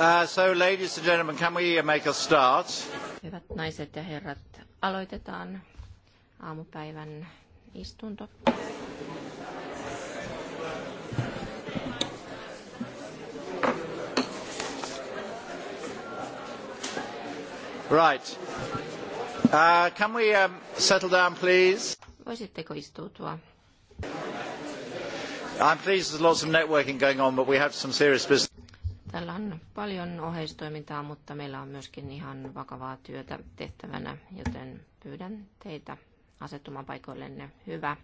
Uh, so, ladies and gentlemen, can we make a start? Hyvät naiset ja herrat, aloitetaan aamupäivän istunto. Right. Uh, can we um, settle down, please? Voisitteko istuutua? I'm pleased there's lots of networking going on, but we have some serious business. Täällä on paljon oheistoimintaa, mutta meillä on myöskin ihan vakavaa työtä tehtävänä, joten pyydän teitä asettumaan paikoillenne. Hyvä.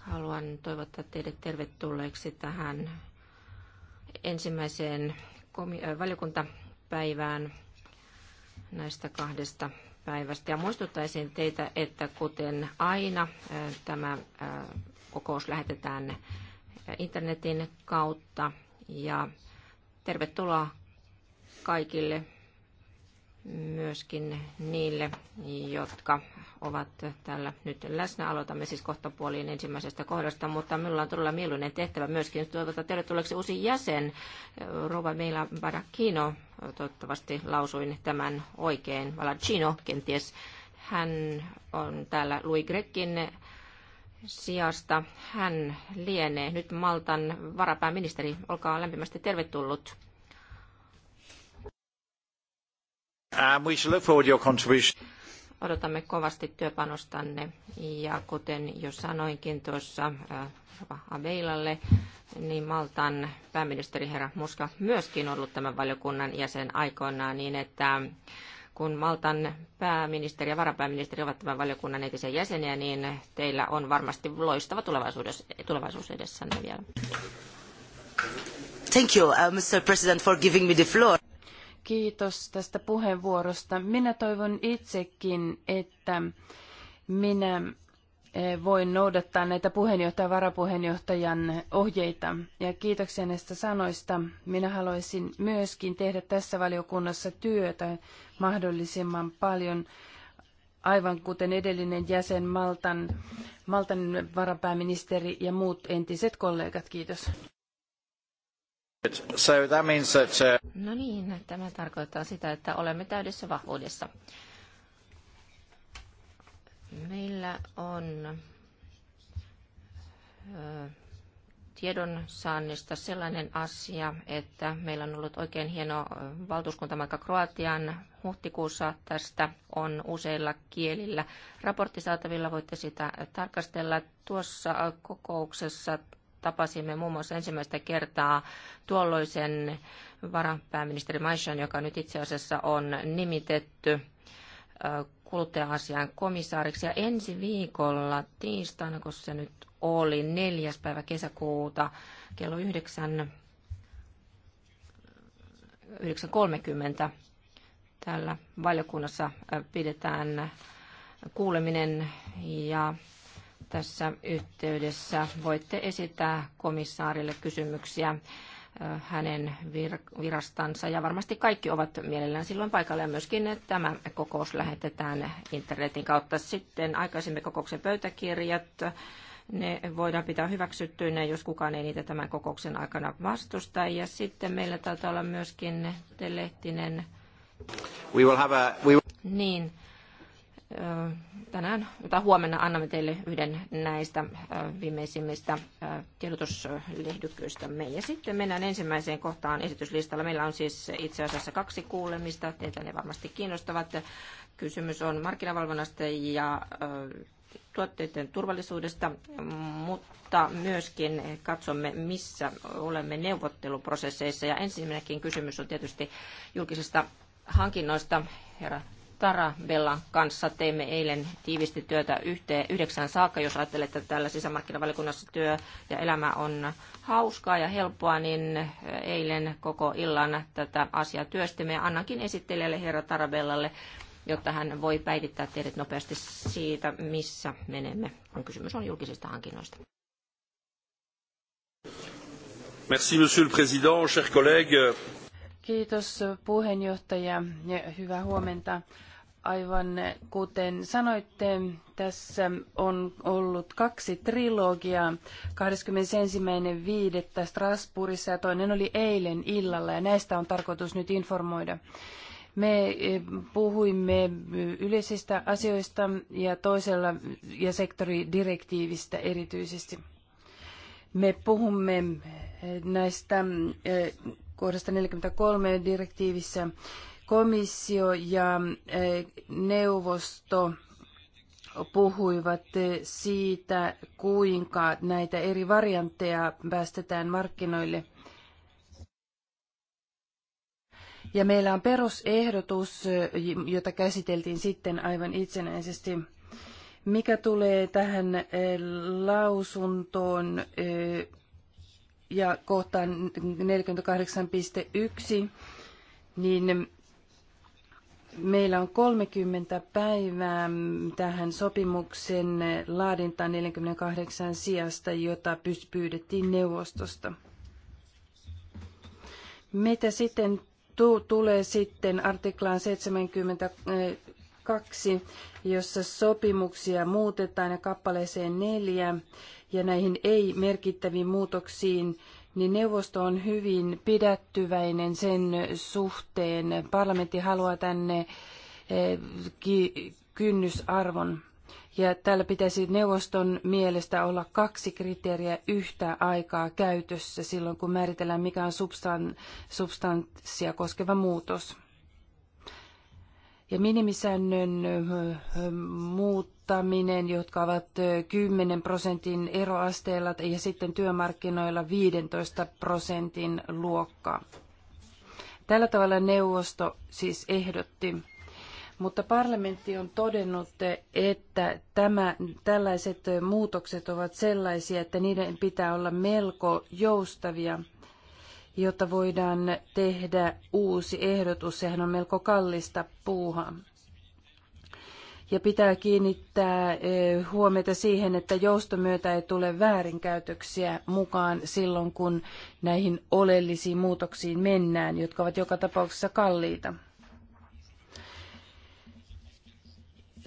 Haluan toivottaa teidät tervetulleeksi tähän ensimmäiseen äh, valiokunta päivään näistä kahdesta päivästä. Ja muistuttaisin teitä, että kuten aina tämä kokous lähetetään internetin kautta ja tervetuloa kaikille myöskin niille, jotka ovat täällä nyt läsnä. Aloitamme siis kohta puoliin ensimmäisestä kohdasta, mutta minulla on todella mieluinen tehtävä myöskin toivota tervetulleeksi uusi jäsen, Rova Meila Barakino, toivottavasti lausuin tämän oikein, Valacino kenties. Hän on täällä Louis Grekin sijasta. Hän lienee nyt Maltan varapääministeri. Olkaa lämpimästi tervetullut. Um, we shall look forward your contribution. Odotamme kovasti työpanostanne ja kuten jo sanoinkin tuossa äh, Aveilalle, niin Maltan pääministeri herra Muska myöskin ollut tämän valiokunnan jäsen aikoinaan, niin että kun Maltan pääministeri ja varapääministeri ovat tämän valiokunnan entisiä jäseniä, niin teillä on varmasti loistava tulevaisuus, tulevaisuus edessänne vielä. Thank you, uh, Mr. President, for giving me the floor kiitos tästä puheenvuorosta. Minä toivon itsekin, että minä eh, voin noudattaa näitä puheenjohtajan varapuheenjohtajan ohjeita. Ja kiitoksia näistä sanoista. Minä haluaisin myöskin tehdä tässä valiokunnassa työtä mahdollisimman paljon, aivan kuten edellinen jäsen Maltan, Maltan varapääministeri ja muut entiset kollegat. Kiitos. So that means that, uh... No niin, tämä tarkoittaa sitä, että olemme täydessä vahvuudessa. Meillä on tiedonsaannista sellainen asia, että meillä on ollut oikein hieno valtuuskuntamatka Kroatian huhtikuussa. Tästä on useilla kielillä raportti saatavilla, voitte sitä tarkastella. Tuossa kokouksessa tapasimme muun muassa ensimmäistä kertaa tuolloisen varapääministeri Maishan, joka nyt itse asiassa on nimitetty kuluttaja-asian komissaariksi. Ja ensi viikolla tiistaina, kun se nyt oli neljäs päivä kesäkuuta kello 9, 9.30 täällä valiokunnassa pidetään kuuleminen ja tässä yhteydessä voitte esittää komissaarille kysymyksiä hänen virastansa ja varmasti kaikki ovat mielellään silloin paikalla ja myöskin tämä kokous lähetetään internetin kautta sitten aikaisemmin kokouksen pöytäkirjat ne voidaan pitää hyväksyttyinä, jos kukaan ei niitä tämän kokouksen aikana vastusta. Ja sitten meillä taitaa olla myöskin Telehtinen. We will have a, we will... Niin, tänään tai huomenna annamme teille yhden näistä viimeisimmistä tiedotuslehdyköistämme. Ja sitten mennään ensimmäiseen kohtaan esityslistalla. Meillä on siis itse asiassa kaksi kuulemista. Teitä ne varmasti kiinnostavat. Kysymys on markkinavalvonnasta ja tuotteiden turvallisuudesta, mutta myöskin katsomme, missä olemme neuvotteluprosesseissa. Ja ensimmäinenkin kysymys on tietysti julkisista hankinnoista. Herra Tarabellan kanssa teimme eilen tiivisti työtä yhteen yhdeksään saakka. Jos ajattelee, että täällä sisämarkkinavalikunnassa työ ja elämä on hauskaa ja helppoa, niin eilen koko illan tätä asiaa työstimme. Ja annankin esittelijälle herra Tarabellalle, jotta hän voi päivittää teidät nopeasti siitä, missä menemme, kun kysymys on julkisista hankinnoista. Merci, monsieur le président, chers collègues. Kiitos puheenjohtaja ja hyvää huomenta. Aivan kuten sanoitte, tässä on ollut kaksi trilogiaa. 21.5. Strasbourgissa ja toinen oli eilen illalla ja näistä on tarkoitus nyt informoida. Me eh, puhuimme yleisistä asioista ja toisella ja sektoridirektiivistä erityisesti. Me puhumme eh, näistä eh, kohdasta 43 direktiivissä Komissio ja eh, neuvosto puhuivat eh, siitä, kuinka näitä eri variantteja päästetään markkinoille. Ja meillä on perusehdotus, eh, jota käsiteltiin sitten aivan itsenäisesti. Mikä tulee tähän lausuntoon ja kohtaan 48.1, niin Meillä on 30 päivää tähän sopimuksen laadintaan 48 sijasta, jota pyydettiin neuvostosta. Mitä sitten tulee sitten artiklaan 72, jossa sopimuksia muutetaan ja kappaleeseen neljä ja näihin ei-merkittäviin muutoksiin niin neuvosto on hyvin pidättyväinen sen suhteen. Parlamentti haluaa tänne eh, kynnysarvon. Ja täällä pitäisi neuvoston mielestä olla kaksi kriteeriä yhtä aikaa käytössä silloin, kun määritellään, mikä on substanssia koskeva muutos ja minimisäännön muuttaminen, jotka ovat 10 prosentin eroasteella ja sitten työmarkkinoilla 15 prosentin luokkaa. Tällä tavalla neuvosto siis ehdotti, mutta parlamentti on todennut, että tämä, tällaiset muutokset ovat sellaisia, että niiden pitää olla melko joustavia – jotta voidaan tehdä uusi ehdotus. Sehän on melko kallista puuhaa. Ja pitää kiinnittää eh, huomiota siihen, että joustomyötä ei tule väärinkäytöksiä mukaan silloin, kun näihin oleellisiin muutoksiin mennään, jotka ovat joka tapauksessa kalliita.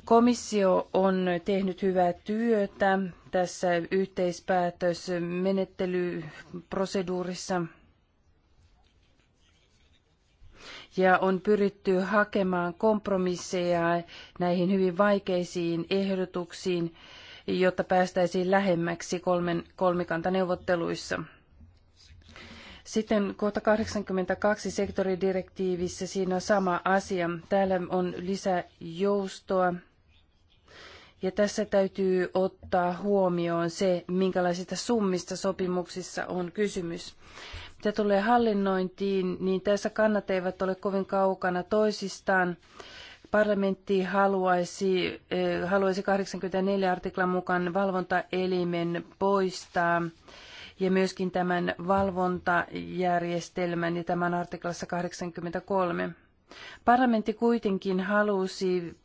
Komissio on tehnyt hyvää työtä tässä yhteispäätösmenettelyproseduurissa. menettelyproseduurissa ja on pyritty hakemaan kompromisseja näihin hyvin vaikeisiin ehdotuksiin, jotta päästäisiin lähemmäksi kolmen, kolmikantaneuvotteluissa. Sitten kohta 82 sektoridirektiivissä siinä on sama asia. Täällä on lisää joustoa. Ja tässä täytyy ottaa huomioon se, minkälaisista summista sopimuksissa on kysymys. Mitä tulee hallinnointiin, niin tässä kannat eivät ole kovin kaukana toisistaan. Parlamentti haluaisi, eh, haluaisi 84 artiklan mukaan valvontaelimen poistaa ja myöskin tämän valvontajärjestelmän ja tämän artiklassa 83. Parlamentti kuitenkin halusi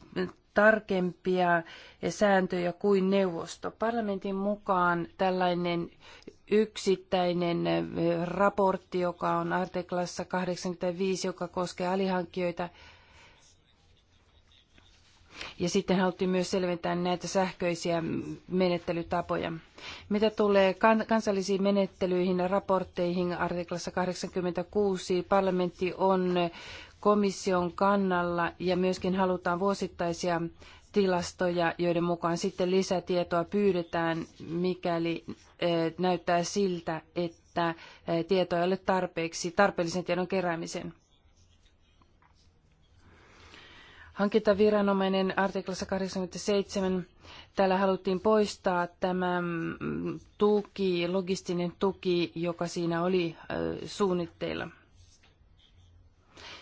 tarkempia sääntöjä kuin neuvosto. Parlamentin mukaan tällainen yksittäinen raportti, joka on artiklassa 85, joka koskee alihankkijoita. Ja sitten haluttiin myös selventää näitä sähköisiä menettelytapoja. Mitä tulee kansallisiin menettelyihin ja raportteihin artiklassa 86, parlamentti on komission kannalla ja myöskin halutaan vuosittaisia tilastoja, joiden mukaan sitten lisätietoa pyydetään, mikäli eh, näyttää siltä, että eh, tietoa ei ole tarpeeksi tarpeellisen tiedon keräämiseen. Hankintaviranomainen artiklassa 87, täällä haluttiin poistaa tämä mm, tuki, logistinen tuki, joka siinä oli eh, suunnitteilla.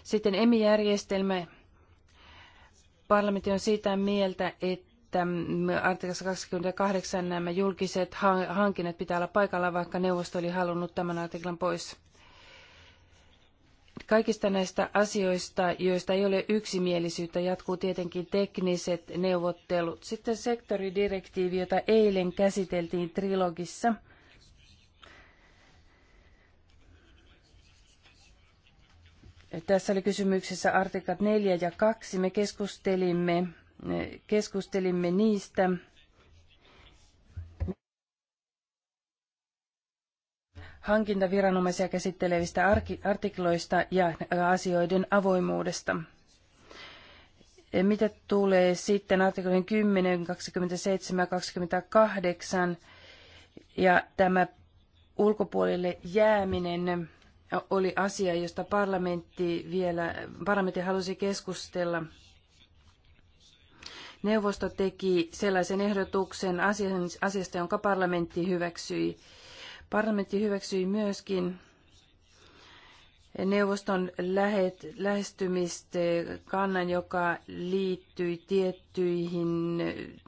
Sitten EMI-järjestelmä Parlamentti on sitä mieltä, että artiklassa 28 nämä julkiset hankinnat pitää olla paikalla, vaikka neuvosto oli halunnut tämän artiklan pois kaikista näistä asioista, joista ei ole yksimielisyyttä, jatkuu tietenkin tekniset neuvottelut. Sitten sektoridirektiivi, jota eilen käsiteltiin trilogissa. Tässä oli kysymyksessä artiklat 4 ja 2. Me keskustelimme, keskustelimme niistä. hankintaviranomaisia käsittelevistä artikloista ja asioiden avoimuudesta. E, mitä tulee sitten artikloihin 10, 27 ja 28 ja tämä ulkopuolelle jääminen oli asia, josta parlamentti vielä, parlamentti halusi keskustella. Neuvosto teki sellaisen ehdotuksen asiasta, jonka parlamentti hyväksyi. Parlamentti hyväksyi myöskin neuvoston lähet, lähestymiskannan, joka liittyi tiettyihin,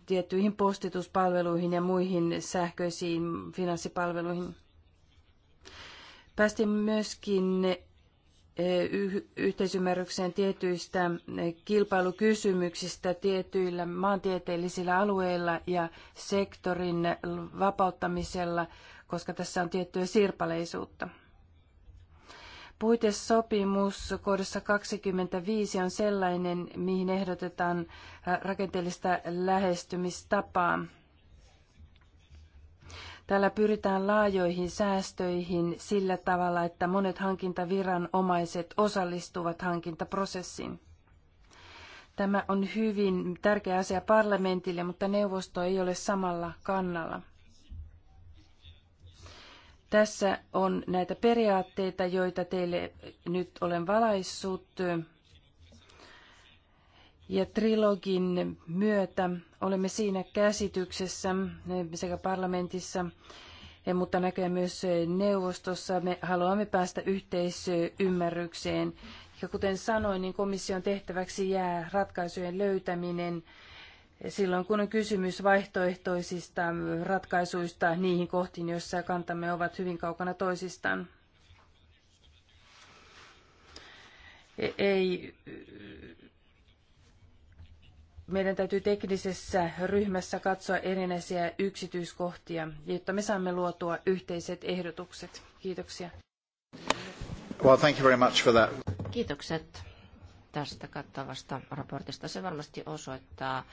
tiettyihin postituspalveluihin ja muihin sähköisiin finanssipalveluihin. Päästiin myöskin eh, yhteisymmärrykseen tietyistä eh, kilpailukysymyksistä tietyillä maantieteellisillä alueilla ja sektorin vapauttamisella, koska tässä on tiettyä sirpaleisuutta. Puitesopimus kohdassa 25 on sellainen, mihin ehdotetaan eh, rakenteellista lähestymistapaa. Täällä pyritään laajoihin säästöihin sillä tavalla, että monet hankintaviranomaiset osallistuvat hankintaprosessiin. Tämä on hyvin tärkeä asia parlamentille, mutta neuvosto ei ole samalla kannalla. Tässä on näitä periaatteita, joita teille nyt olen valaissut. Ja trilogin myötä olemme siinä käsityksessä eh, sekä parlamentissa, eh, mutta näköjään myös eh, neuvostossa. Me haluamme päästä yhteisymmärrykseen. Ja kuten sanoin, niin komission tehtäväksi jää ratkaisujen löytäminen silloin, kun on kysymys vaihtoehtoisista ratkaisuista niihin kohtiin, joissa kantamme ovat hyvin kaukana toisistaan. Ei meidän täytyy teknisessä ryhmässä katsoa erinäisiä yksityiskohtia, jotta me saamme luotua yhteiset ehdotukset. Kiitoksia. Well, thank you very much for that. Kiitokset tästä kattavasta raportista. Se varmasti osoittaa,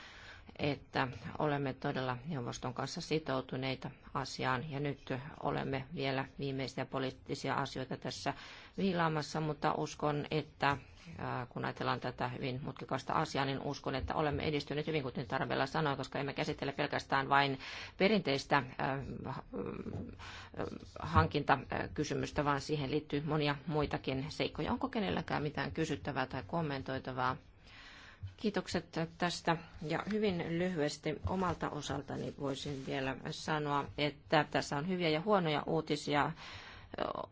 että olemme todella neuvoston kanssa sitoutuneita asiaan. Ja nyt olemme vielä viimeisiä poliittisia asioita tässä viilaamassa, mutta uskon, että kun ajatellaan tätä hyvin mutkikasta asiaa, niin uskon, että olemme edistyneet hyvin, kuten Tarvella sanoi, koska emme käsittele pelkästään vain perinteistä hankintakysymystä, vaan siihen liittyy monia muitakin seikkoja. Onko kenelläkään mitään kysyttävää tai kommentoitavaa? Kiitokset tästä ja hyvin lyhyesti omalta osaltani voisin vielä sanoa, että tässä on hyviä ja huonoja uutisia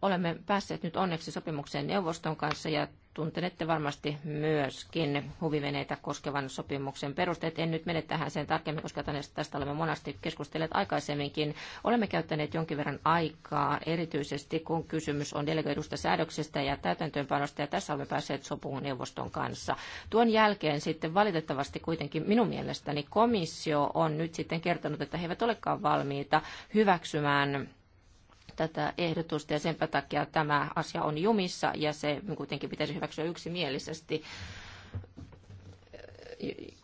olemme päässeet nyt onneksi sopimukseen neuvoston kanssa ja tuntenette varmasti myöskin huviveneitä koskevan sopimuksen perusteet. En nyt mene tähän sen tarkemmin, koska tästä olemme monasti keskustelleet aikaisemminkin. Olemme käyttäneet jonkin verran aikaa, erityisesti kun kysymys on delegoidusta säädöksestä ja täytäntöönpanosta, ja tässä olemme päässeet sopuun neuvoston kanssa. Tuon jälkeen sitten valitettavasti kuitenkin minun mielestäni komissio on nyt sitten kertonut, että he eivät olekaan valmiita hyväksymään tätä ehdotusta ja sen takia tämä asia on jumissa ja se kuitenkin pitäisi hyväksyä yksimielisesti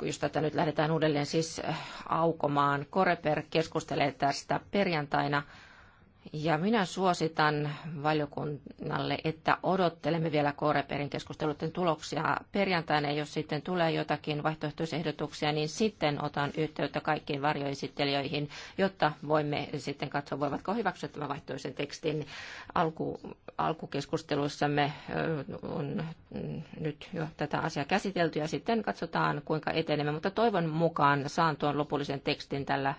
jos tätä nyt lähdetään uudelleen siis aukomaan. Koreper keskustelee tästä perjantaina ja minä suositan valiokunnalle, että odottelemme vielä Koreperin keskusteluiden tuloksia perjantaina. Jos sitten tulee jotakin vaihtoehtoisehdotuksia, niin sitten otan yhteyttä kaikkiin varjoesittelijöihin, jotta voimme sitten katsoa, voivatko hyväksyä tämän vaihtoehtoisen tekstin. Alku, alkukeskusteluissamme on mm, nyt jo tätä asiaa käsitelty ja sitten katsotaan, kuinka etenemme. Mutta toivon mukaan saan tuon lopullisen tekstin tällä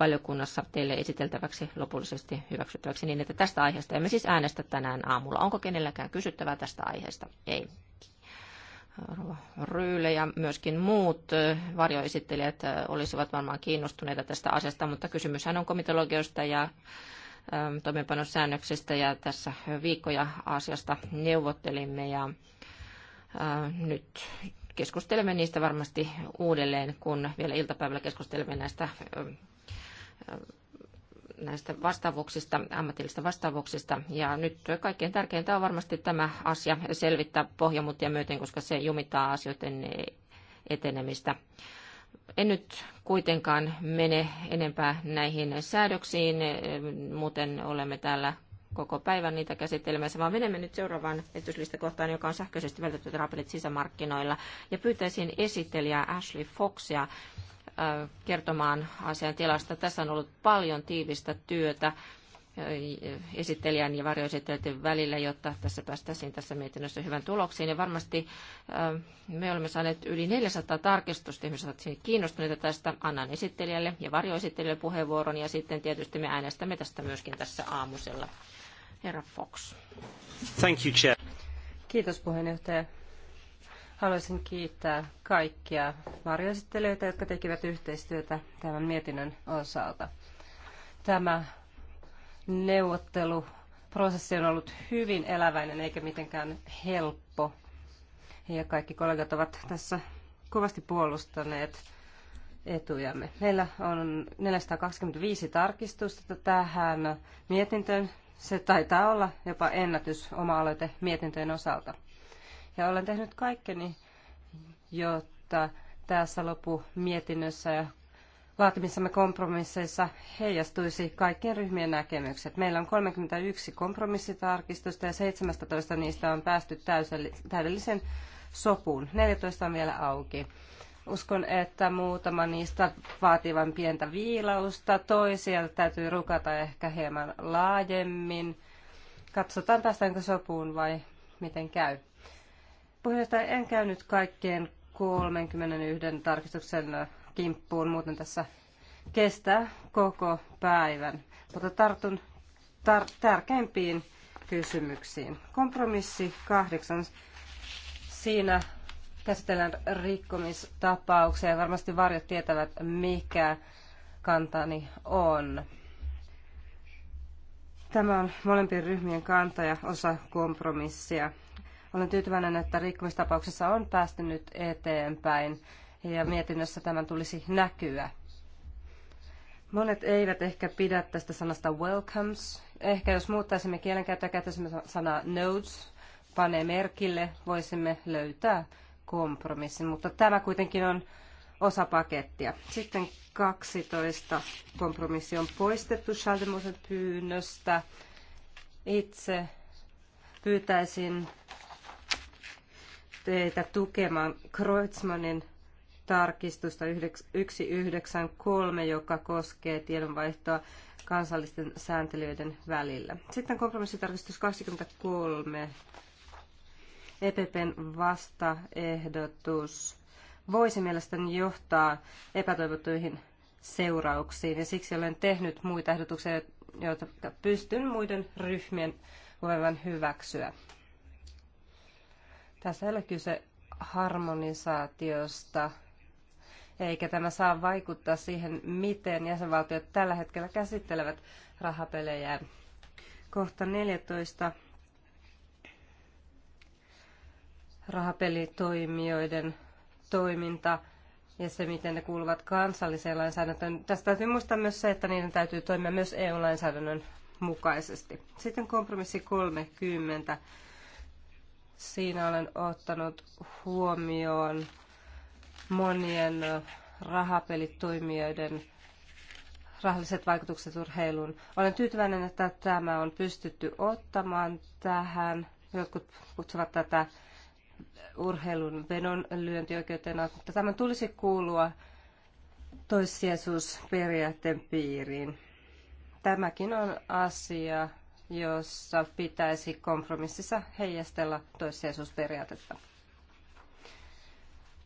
valiokunnassa teille esiteltäväksi lopullisesti hyväksyttäväksi niin, että tästä aiheesta emme siis äänestä tänään aamulla. Onko kenelläkään kysyttävää tästä aiheesta? Ei. Ryyle ja myöskin muut varjoesittelijät olisivat varmaan kiinnostuneita tästä asiasta, mutta kysymyshän on komitologiosta ja toimeenpanosäännöksestä ja tässä viikkoja asiasta neuvottelimme ja nyt keskustelemme niistä varmasti uudelleen, kun vielä iltapäivällä keskustelemme näistä näistä vastaavuuksista, ammatillisista vastaavuuksista. Ja nyt kaikkein tärkeintä on varmasti tämä asia selvittää pohjamuuttia myöten, koska se jumittaa asioiden etenemistä. En nyt kuitenkaan mene enempää näihin säädöksiin, muuten olemme täällä koko päivän niitä käsittelemässä, vaan menemme nyt seuraavaan esityslistakohtaan, joka on sähköisesti vältetty rapelit sisämarkkinoilla. Ja pyytäisin esittelijää Ashley Foxia Äh, kertomaan asian tilasta. Tässä on ollut paljon tiivistä työtä äh, esittelijän ja varjoesittelijän välillä, jotta tässä päästäisiin tässä mietinnössä hyvän tuloksiin. Ja varmasti äh, me olemme saaneet yli 400 tarkistusta, ihmiset ovat kiinnostuneita tästä. Annan esittelijälle ja varjoesittelijälle puheenvuoron ja sitten tietysti me äänestämme tästä myöskin tässä aamusella. Herra Fox. Thank you, Chair. Kiitos puheenjohtaja. Haluaisin kiittää kaikkia varjoesittelijöitä, jotka tekivät yhteistyötä tämän mietinnön osalta. Tämä neuvotteluprosessi on ollut hyvin eläväinen eikä mitenkään helppo. Ja kaikki kollegat ovat tässä kovasti puolustaneet etujamme. Meillä on 425 tarkistusta tähän mietintöön. Se taitaa olla jopa ennätys oma-aloite mietintöjen osalta. Ja olen tehnyt kaikkeni, jotta tässä mietinnössä ja laatimissamme kompromisseissa heijastuisi kaikkien ryhmien näkemykset. Meillä on 31 kompromissitarkistusta ja 17 niistä on päästy täydellisen sopuun. 14 on vielä auki. Uskon, että muutama niistä vaativan pientä viilausta, toisia täytyy rukata ehkä hieman laajemmin. Katsotaan, päästäänkö sopuun vai miten käy. Puheenjohtaja, en käynyt kaikkien 31 tarkistuksen kimppuun, muuten tässä kestää koko päivän. Mutta tartun tar- tärkeimpiin kysymyksiin. Kompromissi kahdeksan. Siinä käsitellään rikkomistapauksia ja varmasti varjot tietävät, mikä kantani on. Tämä on molempien ryhmien kanta ja osa kompromissia. Olen tyytyväinen, että rikkomistapauksessa on päästy nyt eteenpäin ja mietinnössä tämän tulisi näkyä. Monet eivät ehkä pidä tästä sanasta welcomes. Ehkä jos muuttaisimme kielenkäyttöä, käyttäisimme sanaa notes, panee merkille, voisimme löytää kompromissin. Mutta tämä kuitenkin on osa pakettia. Sitten 12 kompromissi on poistettu Schaldemosen pyynnöstä. Itse pyytäisin teitä tukemaan Kreutzmannin tarkistusta 193, joka koskee tiedonvaihtoa kansallisten sääntelyiden välillä. Sitten kompromissitarkistus 23, EPPn vastaehdotus voisi mielestäni johtaa epätoivottuihin seurauksiin, ja siksi olen tehnyt muita ehdotuksia, joita pystyn muiden ryhmien voivan hyväksyä. Tässä ei ole kyse harmonisaatiosta, eikä tämä saa vaikuttaa siihen, miten jäsenvaltiot tällä hetkellä käsittelevät rahapelejä. Kohta 14. Rahapelitoimijoiden toiminta ja se, miten ne kuuluvat kansalliseen lainsäädäntöön. Tästä täytyy muistaa myös se, että niiden täytyy toimia myös EU-lainsäädännön mukaisesti. Sitten kompromissi 30. Siinä olen ottanut huomioon monien rahapelitoimijoiden rahalliset vaikutukset urheiluun. Olen tyytyväinen, että tämä on pystytty ottamaan tähän. Jotkut kutsuvat tätä urheilun lyöntioikeutena, mutta tämä tulisi kuulua toissijaisuusperiaatteen piiriin. Tämäkin on asia, jossa pitäisi kompromississa heijastella toissijaisuusperiaatetta.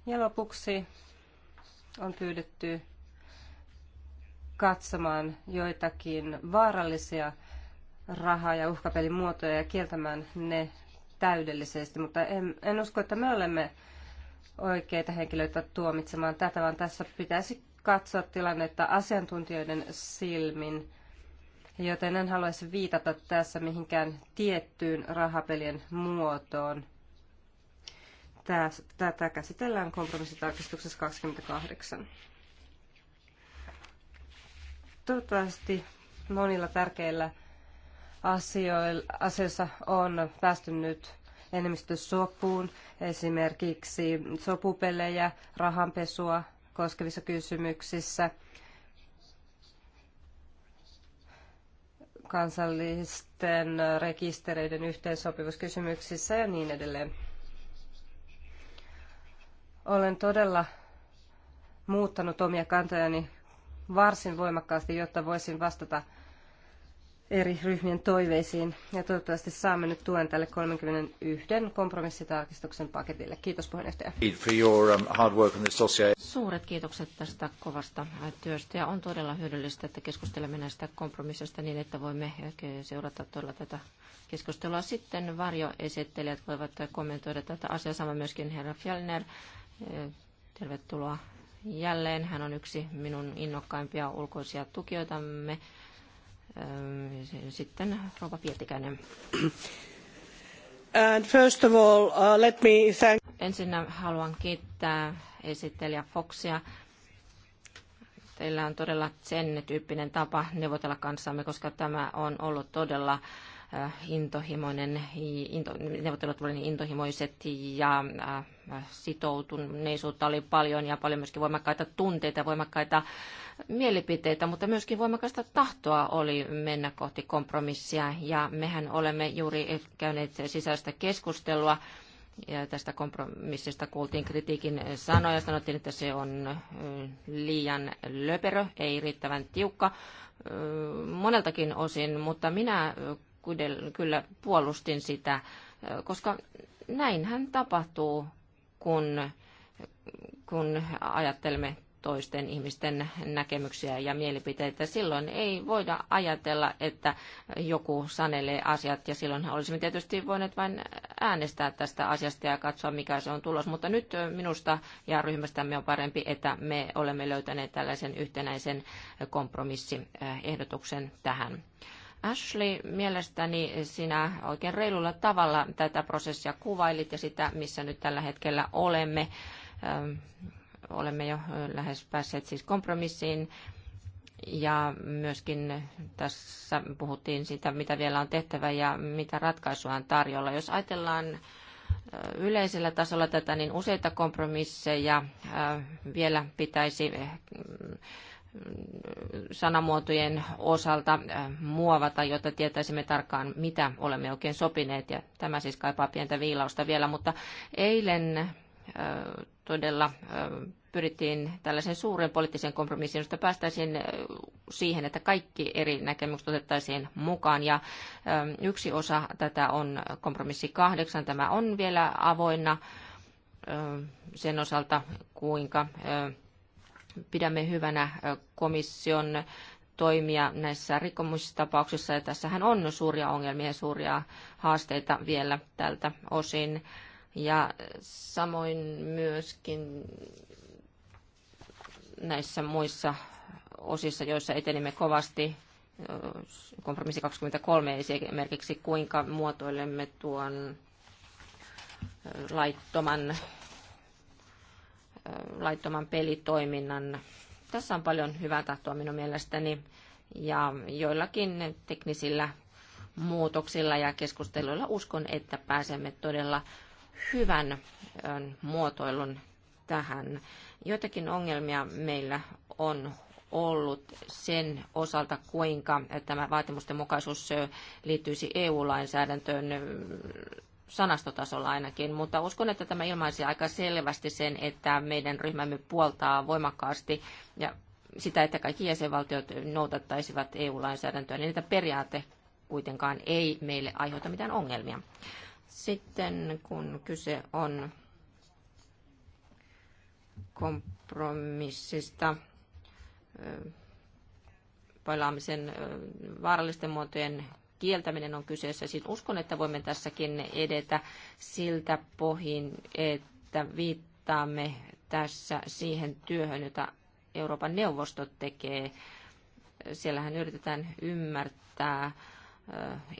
Ja lopuksi on pyydetty katsomaan joitakin vaarallisia raha- ja uhkapelimuotoja muotoja ja kieltämään ne täydellisesti, mutta en, en usko, että me olemme oikeita henkilöitä tuomitsemaan tätä, vaan tässä pitäisi katsoa tilannetta asiantuntijoiden silmin Joten en haluaisi viitata tässä mihinkään tiettyyn rahapelien muotoon. Tätä käsitellään kompromissitarkistuksessa 28. Toivottavasti monilla tärkeillä asioilla, asioissa on päästy nyt enemmistösopuun, esimerkiksi sopupelejä, rahanpesua koskevissa kysymyksissä – kansallisten rekistereiden yhteensopivuuskysymyksissä ja niin edelleen. Olen todella muuttanut omia kantojani varsin voimakkaasti, jotta voisin vastata eri ryhmien toiveisiin. Ja toivottavasti saamme nyt tuen tälle 31 kompromissitarkistuksen paketille. Kiitos puheenjohtaja. Um, Suuret kiitokset tästä kovasta työstä ja on todella hyödyllistä, että keskustelemme näistä kompromissista niin, että voimme seurata todella tätä keskustelua. Sitten varjoesittelijät voivat kommentoida tätä asiaa, sama myöskin herra Fjellner. Tervetuloa jälleen. Hän on yksi minun innokkaimpia ulkoisia tukijoitamme sitten rouva Pietikäinen. And first of all, uh, let me thank... haluan kiittää esittelijä Foxia teillä on todella sen tyyppinen tapa neuvotella kanssamme, koska tämä on ollut todella Äh, intohimoinen, into, neuvottelut olivat niin intohimoiset ja äh, äh, sitoutuneisuutta oli paljon ja paljon myöskin voimakkaita tunteita, voimakkaita mielipiteitä, mutta myöskin voimakasta tahtoa oli mennä kohti kompromissia ja mehän olemme juuri käyneet sisäistä keskustelua ja tästä kompromissista kuultiin kritiikin sanoja. Sanottiin, että se on liian löperö, ei riittävän tiukka moneltakin osin, mutta minä kyllä puolustin sitä, koska näinhän tapahtuu, kun, kun ajattelemme toisten ihmisten näkemyksiä ja mielipiteitä. Silloin ei voida ajatella, että joku sanelee asiat ja silloin olisimme tietysti voineet vain äänestää tästä asiasta ja katsoa, mikä se on tulos. Mutta nyt minusta ja ryhmästämme on parempi, että me olemme löytäneet tällaisen yhtenäisen kompromissiehdotuksen tähän. Ashley, mielestäni sinä oikein reilulla tavalla tätä prosessia kuvailit ja sitä, missä nyt tällä hetkellä olemme. Ähm, olemme jo äh, lähes päässeet siis kompromissiin. Ja myöskin tässä puhuttiin siitä, mitä vielä on tehtävä ja mitä ratkaisua on tarjolla. Jos ajatellaan äh, yleisellä tasolla tätä, niin useita kompromisseja äh, vielä pitäisi sanamuotojen osalta äh, muovata, jotta tietäisimme tarkkaan, mitä olemme oikein sopineet. Ja tämä siis kaipaa pientä viilausta vielä, mutta eilen äh, todella äh, pyrittiin tällaisen suuren poliittisen kompromissin, josta päästäisiin siihen, että kaikki eri näkemykset otettaisiin mukaan. Ja yksi osa tätä on kompromissi kahdeksan. Tämä on vielä avoinna sen osalta, kuinka pidämme hyvänä komission toimia näissä rikkomustapauksissa. Ja tässähän on suuria ongelmia ja suuria haasteita vielä tältä osin. Ja samoin myöskin näissä muissa osissa, joissa etenimme kovasti, kompromissi 23 esimerkiksi, kuinka muotoilemme tuon laittoman laittoman pelitoiminnan. Tässä on paljon hyvää tahtoa minun mielestäni ja joillakin teknisillä muutoksilla ja keskusteluilla uskon, että pääsemme todella hyvän muotoilun tähän. Joitakin ongelmia meillä on ollut sen osalta, kuinka tämä vaatimusten mukaisuus liittyisi EU-lainsäädäntöön sanastotasolla ainakin, mutta uskon, että tämä ilmaisi aika selvästi sen, että meidän ryhmämme puoltaa voimakkaasti ja sitä, että kaikki jäsenvaltiot noudattaisivat EU-lainsäädäntöä, niin että periaate kuitenkaan ei meille aiheuta mitään ongelmia. Sitten kun kyse on kompromissista, pelaamisen vaarallisten muotojen kieltäminen on kyseessä. Siis uskon, että voimme tässäkin edetä siltä pohin, että viittaamme tässä siihen työhön, jota Euroopan neuvosto tekee. Siellähän yritetään ymmärtää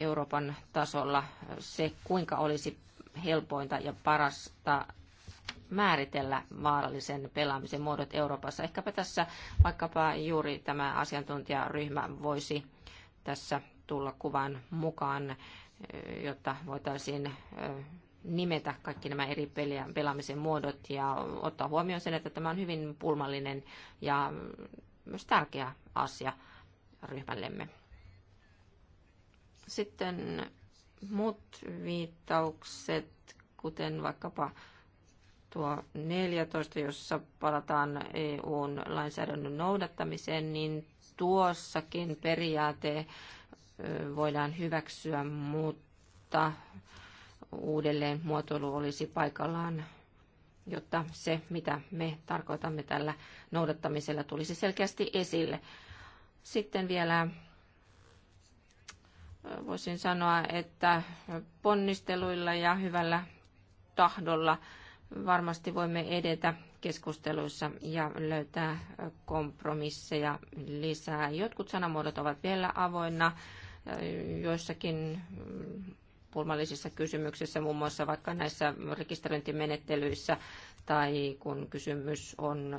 Euroopan tasolla se, kuinka olisi helpointa ja parasta määritellä vaarallisen pelaamisen muodot Euroopassa. Ehkäpä tässä vaikkapa juuri tämä asiantuntijaryhmä voisi tässä tulla kuvan mukaan, eh, jotta voitaisiin eh, nimetä kaikki nämä eri peliä, pelaamisen muodot ja ottaa huomioon sen, että tämä on hyvin pulmallinen ja myös tärkeä asia ryhmällemme. Sitten muut viittaukset, kuten vaikkapa tuo 14, jossa palataan EUn lainsäädännön noudattamiseen, niin tuossakin periaate voidaan hyväksyä, mutta uudelleen muotoilu olisi paikallaan, jotta se, mitä me tarkoitamme tällä noudattamisella, tulisi selkeästi esille. Sitten vielä voisin sanoa, että ponnisteluilla ja hyvällä tahdolla varmasti voimme edetä keskusteluissa ja löytää kompromisseja lisää. Jotkut sanamuodot ovat vielä avoinna joissakin mm, pulmallisissa kysymyksissä, muun muassa vaikka näissä rekisteröintimenettelyissä tai kun kysymys on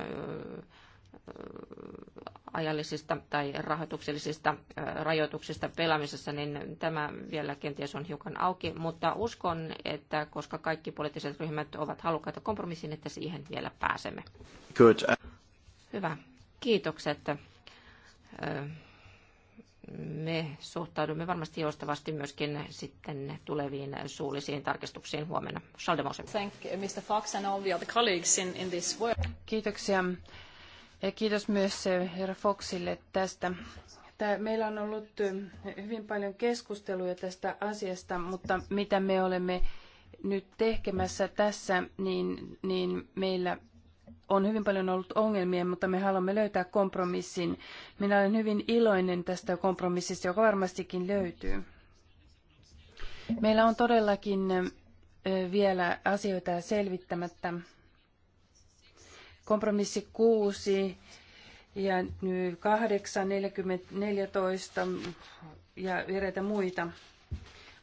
ajallisista tai rahoituksellisista rajoituksista pelaamisessa, niin tämä vielä kenties on hiukan auki, mutta uskon, että koska kaikki poliittiset ryhmät ovat halukkaita kompromissiin, että siihen vielä pääsemme. Good. Hyvä. Kiitokset me suhtaudumme varmasti joustavasti myöskin sitten tuleviin suullisiin tarkistuksiin huomenna. Thank Mr. and all the colleagues in, in this work. Kiitoksia. Ja kiitos myös eh, herra Foxille tästä. Tämä, meillä on ollut eh, hyvin paljon keskusteluja tästä asiasta, mutta mitä me olemme nyt tekemässä tässä, niin, niin meillä on hyvin paljon ollut ongelmia, mutta me haluamme löytää kompromissin. Minä olen hyvin iloinen tästä kompromissista, joka varmastikin löytyy. Meillä on todellakin vielä asioita selvittämättä. Kompromissi 6 ja 8, 40, 14 ja eräitä muita.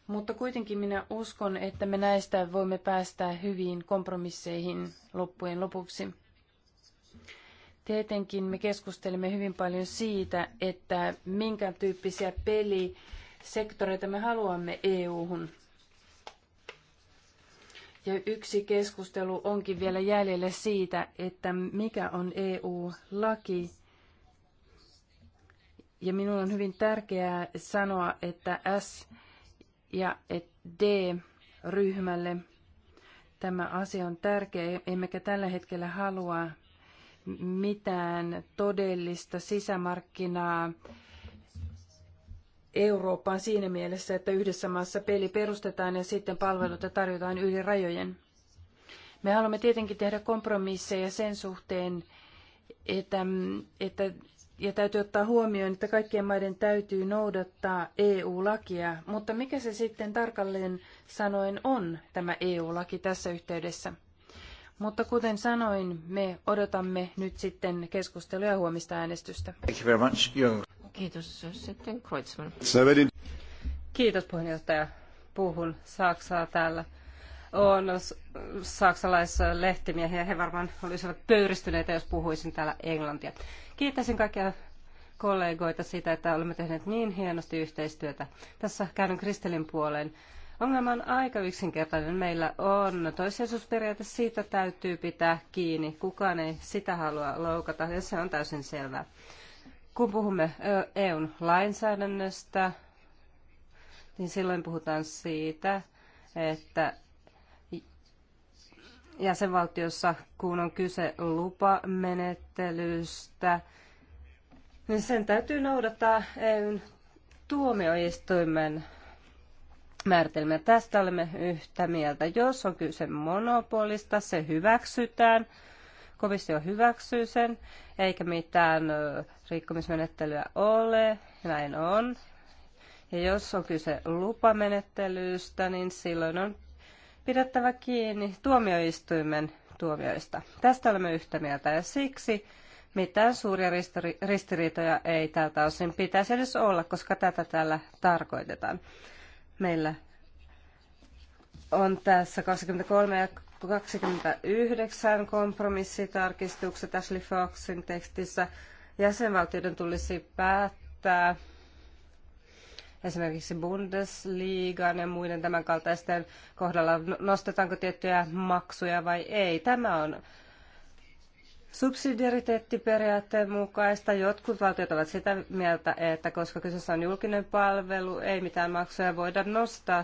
Mutta kuitenkin minä uskon, että me näistä voimme päästä hyviin kompromisseihin loppujen lopuksi. Tietenkin me keskustelimme hyvin paljon siitä, että minkä tyyppisiä pelisektoreita me haluamme EU-hun. Ja yksi keskustelu onkin vielä jäljellä siitä, että mikä on EU-laki. Ja minun on hyvin tärkeää sanoa, että S ja D-ryhmälle tämä asia on tärkeä, emmekä tällä hetkellä halua mitään todellista sisämarkkinaa Eurooppaan siinä mielessä, että yhdessä maassa peli perustetaan ja sitten palveluita tarjotaan yli rajojen. Me haluamme tietenkin tehdä kompromisseja sen suhteen, että, että ja täytyy ottaa huomioon, että kaikkien maiden täytyy noudattaa EU-lakia, mutta mikä se sitten tarkalleen sanoen on, tämä EU-laki tässä yhteydessä? Mutta kuten sanoin, me odotamme nyt sitten keskustelua ja huomista äänestystä. Thank you very much. Kiitos. Sitten Kreutzmann. Kiitos puheenjohtaja. Puhun Saksaa täällä. On saksalaislehtimiehiä. He varmaan olisivat pöyristyneitä, jos puhuisin täällä englantia. Kiittäisin kaikkia kollegoita siitä, että olemme tehneet niin hienosti yhteistyötä. Tässä käyn Kristelin puoleen. Ongelma on aika yksinkertainen. Meillä on toissijaisuusperiaate, siitä täytyy pitää kiinni. Kukaan ei sitä halua loukata ja se on täysin selvää. Kun puhumme EUn lainsäädännöstä, niin silloin puhutaan siitä, että jäsenvaltiossa, kun on kyse lupamenettelystä, niin sen täytyy noudattaa EUn tuomioistuimen määritelmä. Tästä olemme yhtä mieltä. Jos on kyse monopolista, se hyväksytään. Komissio hyväksyy sen, eikä mitään rikkomismenettelyä ole. Näin on. Ja jos on kyse lupamenettelystä, niin silloin on pidettävä kiinni tuomioistuimen tuomioista. Tästä olemme yhtä mieltä ja siksi mitään suuria ristiriitoja ei tältä osin pitäisi edes olla, koska tätä täällä tarkoitetaan. Meillä on tässä 23 ja 29 kompromissitarkistukset Ashley Foxin tekstissä. Jäsenvaltioiden tulisi päättää esimerkiksi Bundesliigan ja muiden tämänkaltaisten kohdalla, nostetaanko tiettyjä maksuja vai ei. Tämä on subsidiariteettiperiaatteen mukaista. Jotkut valtiot ovat sitä mieltä, että koska kyseessä on julkinen palvelu, ei mitään maksuja voida nostaa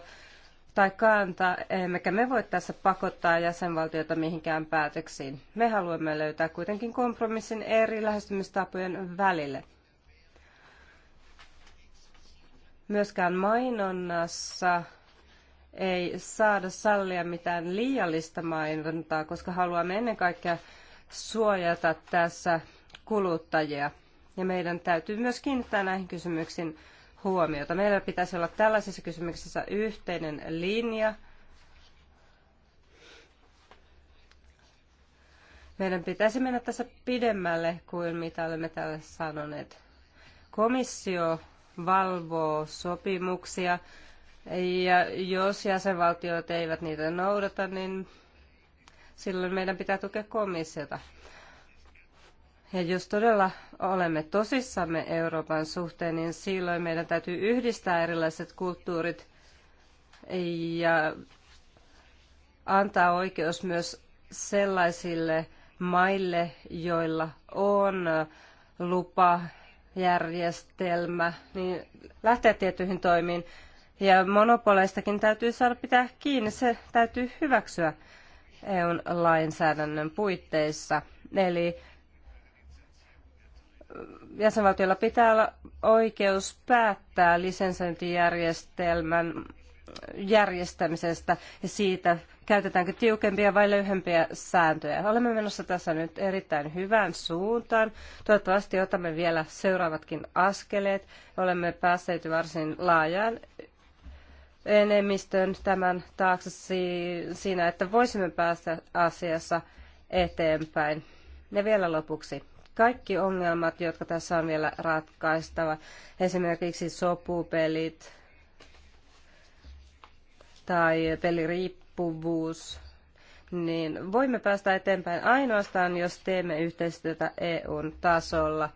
tai kantaa, emmekä me voi tässä pakottaa jäsenvaltioita mihinkään päätöksiin. Me haluamme löytää kuitenkin kompromissin eri lähestymistapojen välille. Myöskään mainonnassa ei saada sallia mitään liiallista mainontaa, koska haluamme ennen kaikkea suojata tässä kuluttajia. Ja meidän täytyy myös kiinnittää näihin kysymyksiin huomiota. Meillä pitäisi olla tällaisissa kysymyksissä yhteinen linja. Meidän pitäisi mennä tässä pidemmälle kuin mitä olemme täällä sanoneet. Komissio valvoo sopimuksia ja jos jäsenvaltiot eivät niitä noudata, niin silloin meidän pitää tukea komissiota. Ja jos todella olemme tosissamme Euroopan suhteen, niin silloin meidän täytyy yhdistää erilaiset kulttuurit ja antaa oikeus myös sellaisille maille, joilla on lupa, järjestelmä, niin lähteä tiettyihin toimiin. Ja monopoleistakin täytyy saada pitää kiinni, se täytyy hyväksyä eu lainsäädännön puitteissa. Eli jäsenvaltiolla pitää olla oikeus päättää lisensointijärjestelmän järjestämisestä ja siitä, käytetäänkö tiukempia vai löyhempiä sääntöjä. Olemme menossa tässä nyt erittäin hyvään suuntaan. Toivottavasti otamme vielä seuraavatkin askeleet. Olemme päässeet varsin laajaan enemmistön tämän taakse siinä, että voisimme päästä asiassa eteenpäin. Ja vielä lopuksi. Kaikki ongelmat, jotka tässä on vielä ratkaistava, esimerkiksi sopupelit tai peliriippuvuus, niin voimme päästä eteenpäin ainoastaan, jos teemme yhteistyötä EUn tasolla.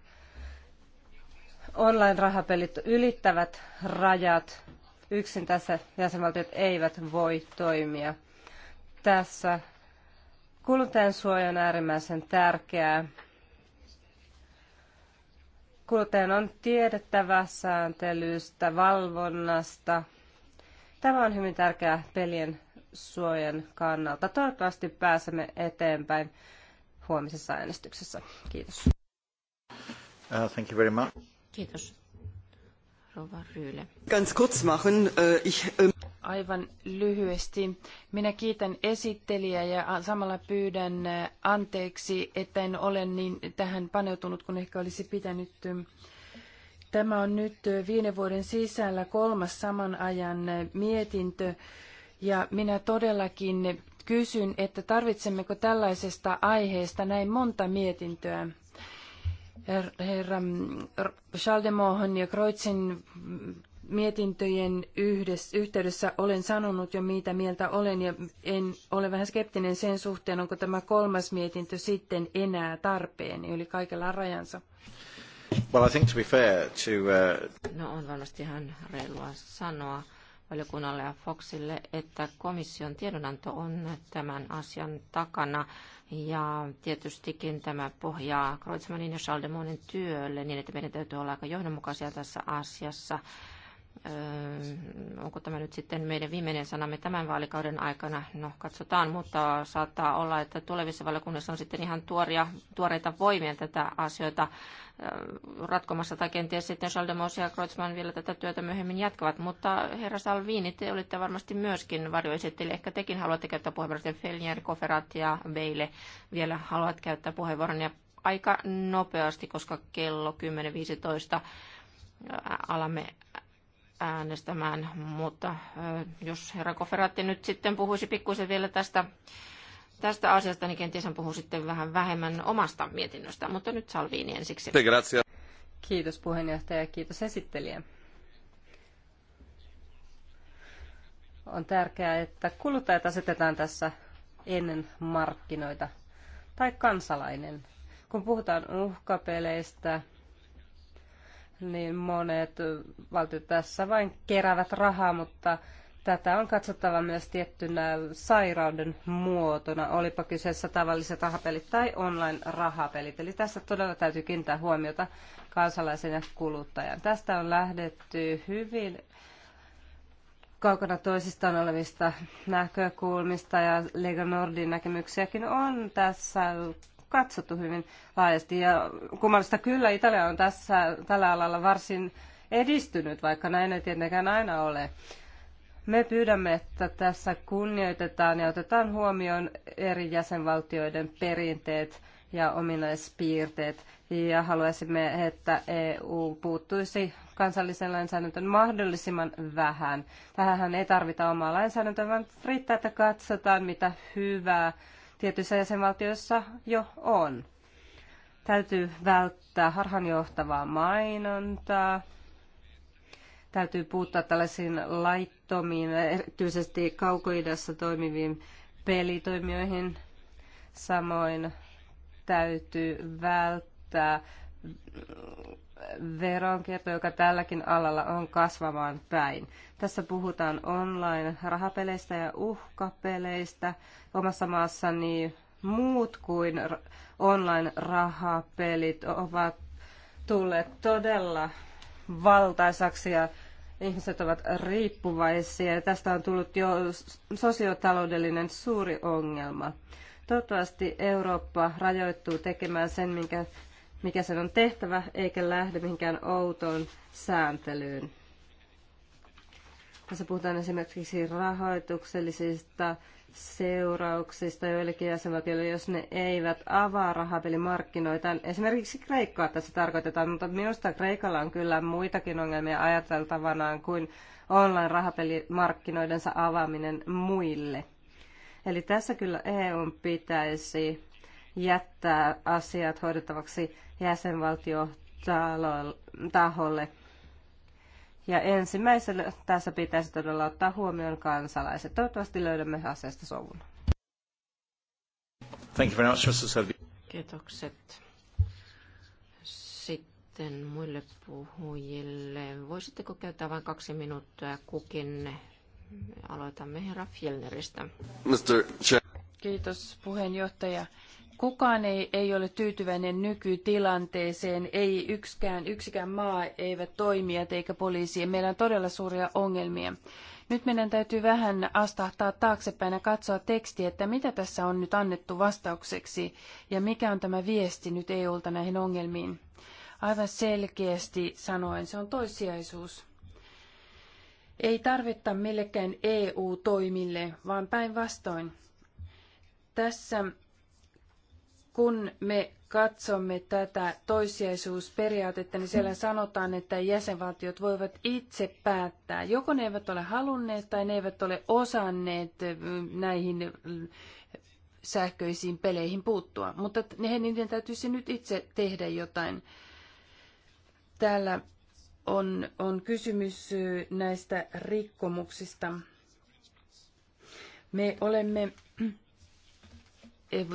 Online-rahapelit ylittävät rajat Yksin tässä jäsenvaltiot eivät voi toimia. Tässä kuluttajan suoja on äärimmäisen tärkeää. Kuluttajan on tiedettävä sääntelystä, valvonnasta. Tämä on hyvin tärkeää pelien suojan kannalta. Toivottavasti pääsemme eteenpäin huomisessa äänestyksessä. Kiitos. Uh, thank you very much. Kiitos rouva Ryyle. Ganz kurz machen. Äh, ich, ähm Aivan lyhyesti. Minä kiitän esittelijää ja samalla pyydän äh, anteeksi, että en ole niin tähän paneutunut kun ehkä olisi pitänyt. Tämä on nyt äh, viiden vuoden sisällä kolmas saman ajan mietintö ja minä todellakin kysyn, että tarvitsemmeko tällaisesta aiheesta näin monta mietintöä herra Schaldemohon ja Kreutzin mietintöjen yhdessä, yhteydessä olen sanonut jo, mitä mieltä olen, ja en ole vähän skeptinen sen suhteen, onko tämä kolmas mietintö sitten enää tarpeen, eli kaikella rajansa. Well, I think to be fair to, uh... No on varmasti ihan reilua sanoa valiokunnalle ja Foxille, että komission tiedonanto on tämän asian takana ja tietystikin tämä pohjaa Kreutzmannin ja Schaldemonin työlle niin, että meidän täytyy olla aika johdonmukaisia tässä asiassa Öö, onko tämä nyt sitten meidän viimeinen sanamme tämän vaalikauden aikana? No, katsotaan, mutta saattaa olla, että tulevissa valiokunnissa on sitten ihan tuoria, tuoreita voimia tätä asioita öö, ratkomassa, tai kenties sitten Schaldemos ja Kreutzmann vielä tätä työtä myöhemmin jatkavat. Mutta herra Salvini, te olitte varmasti myöskin varjoesittelijä. Ehkä tekin haluatte käyttää puheenvuoron, Felnier, Koferat ja Beile vielä haluat käyttää puheenvuoron, ja aika nopeasti, koska kello 10.15 alamme äänestämään, mutta jos herra Koferatti nyt sitten puhuisi pikkuisen vielä tästä, tästä asiasta, niin kenties hän puhuu sitten vähän vähemmän omasta mietinnöstä, mutta nyt Salviini ensiksi. Grazie. Kiitos puheenjohtaja ja kiitos esittelijä. On tärkeää, että kuluttajat asetetaan tässä ennen markkinoita tai kansalainen. Kun puhutaan uhkapeleistä, niin monet valtiot tässä vain keräävät rahaa, mutta tätä on katsottava myös tiettynä sairauden muotona, olipa kyseessä tavalliset rahapelit tai online-rahapelit. Eli tässä todella täytyy kiinnittää huomiota kansalaisen ja kuluttajan. Tästä on lähdetty hyvin kaukana toisistaan olevista näkökulmista ja Lega Nordin näkemyksiäkin on tässä katsottu hyvin laajasti. Ja kummallista kyllä Italia on tässä, tällä alalla varsin edistynyt, vaikka näin ei tietenkään aina ole. Me pyydämme, että tässä kunnioitetaan ja otetaan huomioon eri jäsenvaltioiden perinteet ja ominaispiirteet. Ja haluaisimme, että EU puuttuisi kansallisen lainsäädäntön mahdollisimman vähän. Tähän ei tarvita omaa lainsäädäntöä, vaan riittää, että katsotaan, mitä hyvää tietyissä jäsenvaltioissa jo on. Täytyy välttää harhanjohtavaa mainontaa, täytyy puuttua tällaisiin laittomiin, erityisesti kaukoidassa toimiviin pelitoimijoihin. Samoin täytyy välttää veronkierto, joka tälläkin alalla on kasvamaan päin. Tässä puhutaan online-rahapeleistä ja uhkapeleistä. Omassa maassani muut kuin online-rahapelit ovat tulleet todella valtaisaksi ja ihmiset ovat riippuvaisia. Tästä on tullut jo sosiotaloudellinen suuri ongelma. Toivottavasti Eurooppa rajoittuu tekemään sen, minkä mikä sen on tehtävä, eikä lähde mihinkään outoon sääntelyyn. Tässä puhutaan esimerkiksi rahoituksellisista seurauksista joillekin jäsenvaltioille, jos ne eivät avaa rahapelimarkkinoita. Esimerkiksi Kreikkaa tässä tarkoitetaan, mutta minusta Kreikalla on kyllä muitakin ongelmia ajateltavanaan kuin online-rahapelimarkkinoidensa avaaminen muille. Eli tässä kyllä EU pitäisi jättää asiat hoidettavaksi jäsenvaltiotaholle. Ja ensimmäisellä tässä pitäisi todella ottaa huomioon kansalaiset. Toivottavasti löydämme asiasta sovun. Thank you very much, Mr. Kiitokset sitten muille puhujille. Voisitteko käyttää vain kaksi minuuttia kukin? Aloitamme herra Fjellneristä. Mr. Kiitos puheenjohtaja. Kukaan ei, ei ole tyytyväinen nykytilanteeseen, ei yksikään, yksikään maa, eivät toimia eikä poliisi. Meillä on todella suuria ongelmia. Nyt meidän täytyy vähän astahtaa taaksepäin ja katsoa tekstiä, että mitä tässä on nyt annettu vastaukseksi ja mikä on tämä viesti nyt EUlta näihin ongelmiin. Aivan selkeästi sanoen, se on toissijaisuus. Ei tarvitta millekään EU-toimille, vaan päinvastoin. Tässä kun me katsomme tätä toissijaisuusperiaatetta, niin siellä sanotaan, että jäsenvaltiot voivat itse päättää. Joko ne eivät ole halunneet tai ne eivät ole osanneet näihin sähköisiin peleihin puuttua. Mutta ne, niiden täytyisi nyt itse tehdä jotain. Täällä on, on kysymys näistä rikkomuksista. Me olemme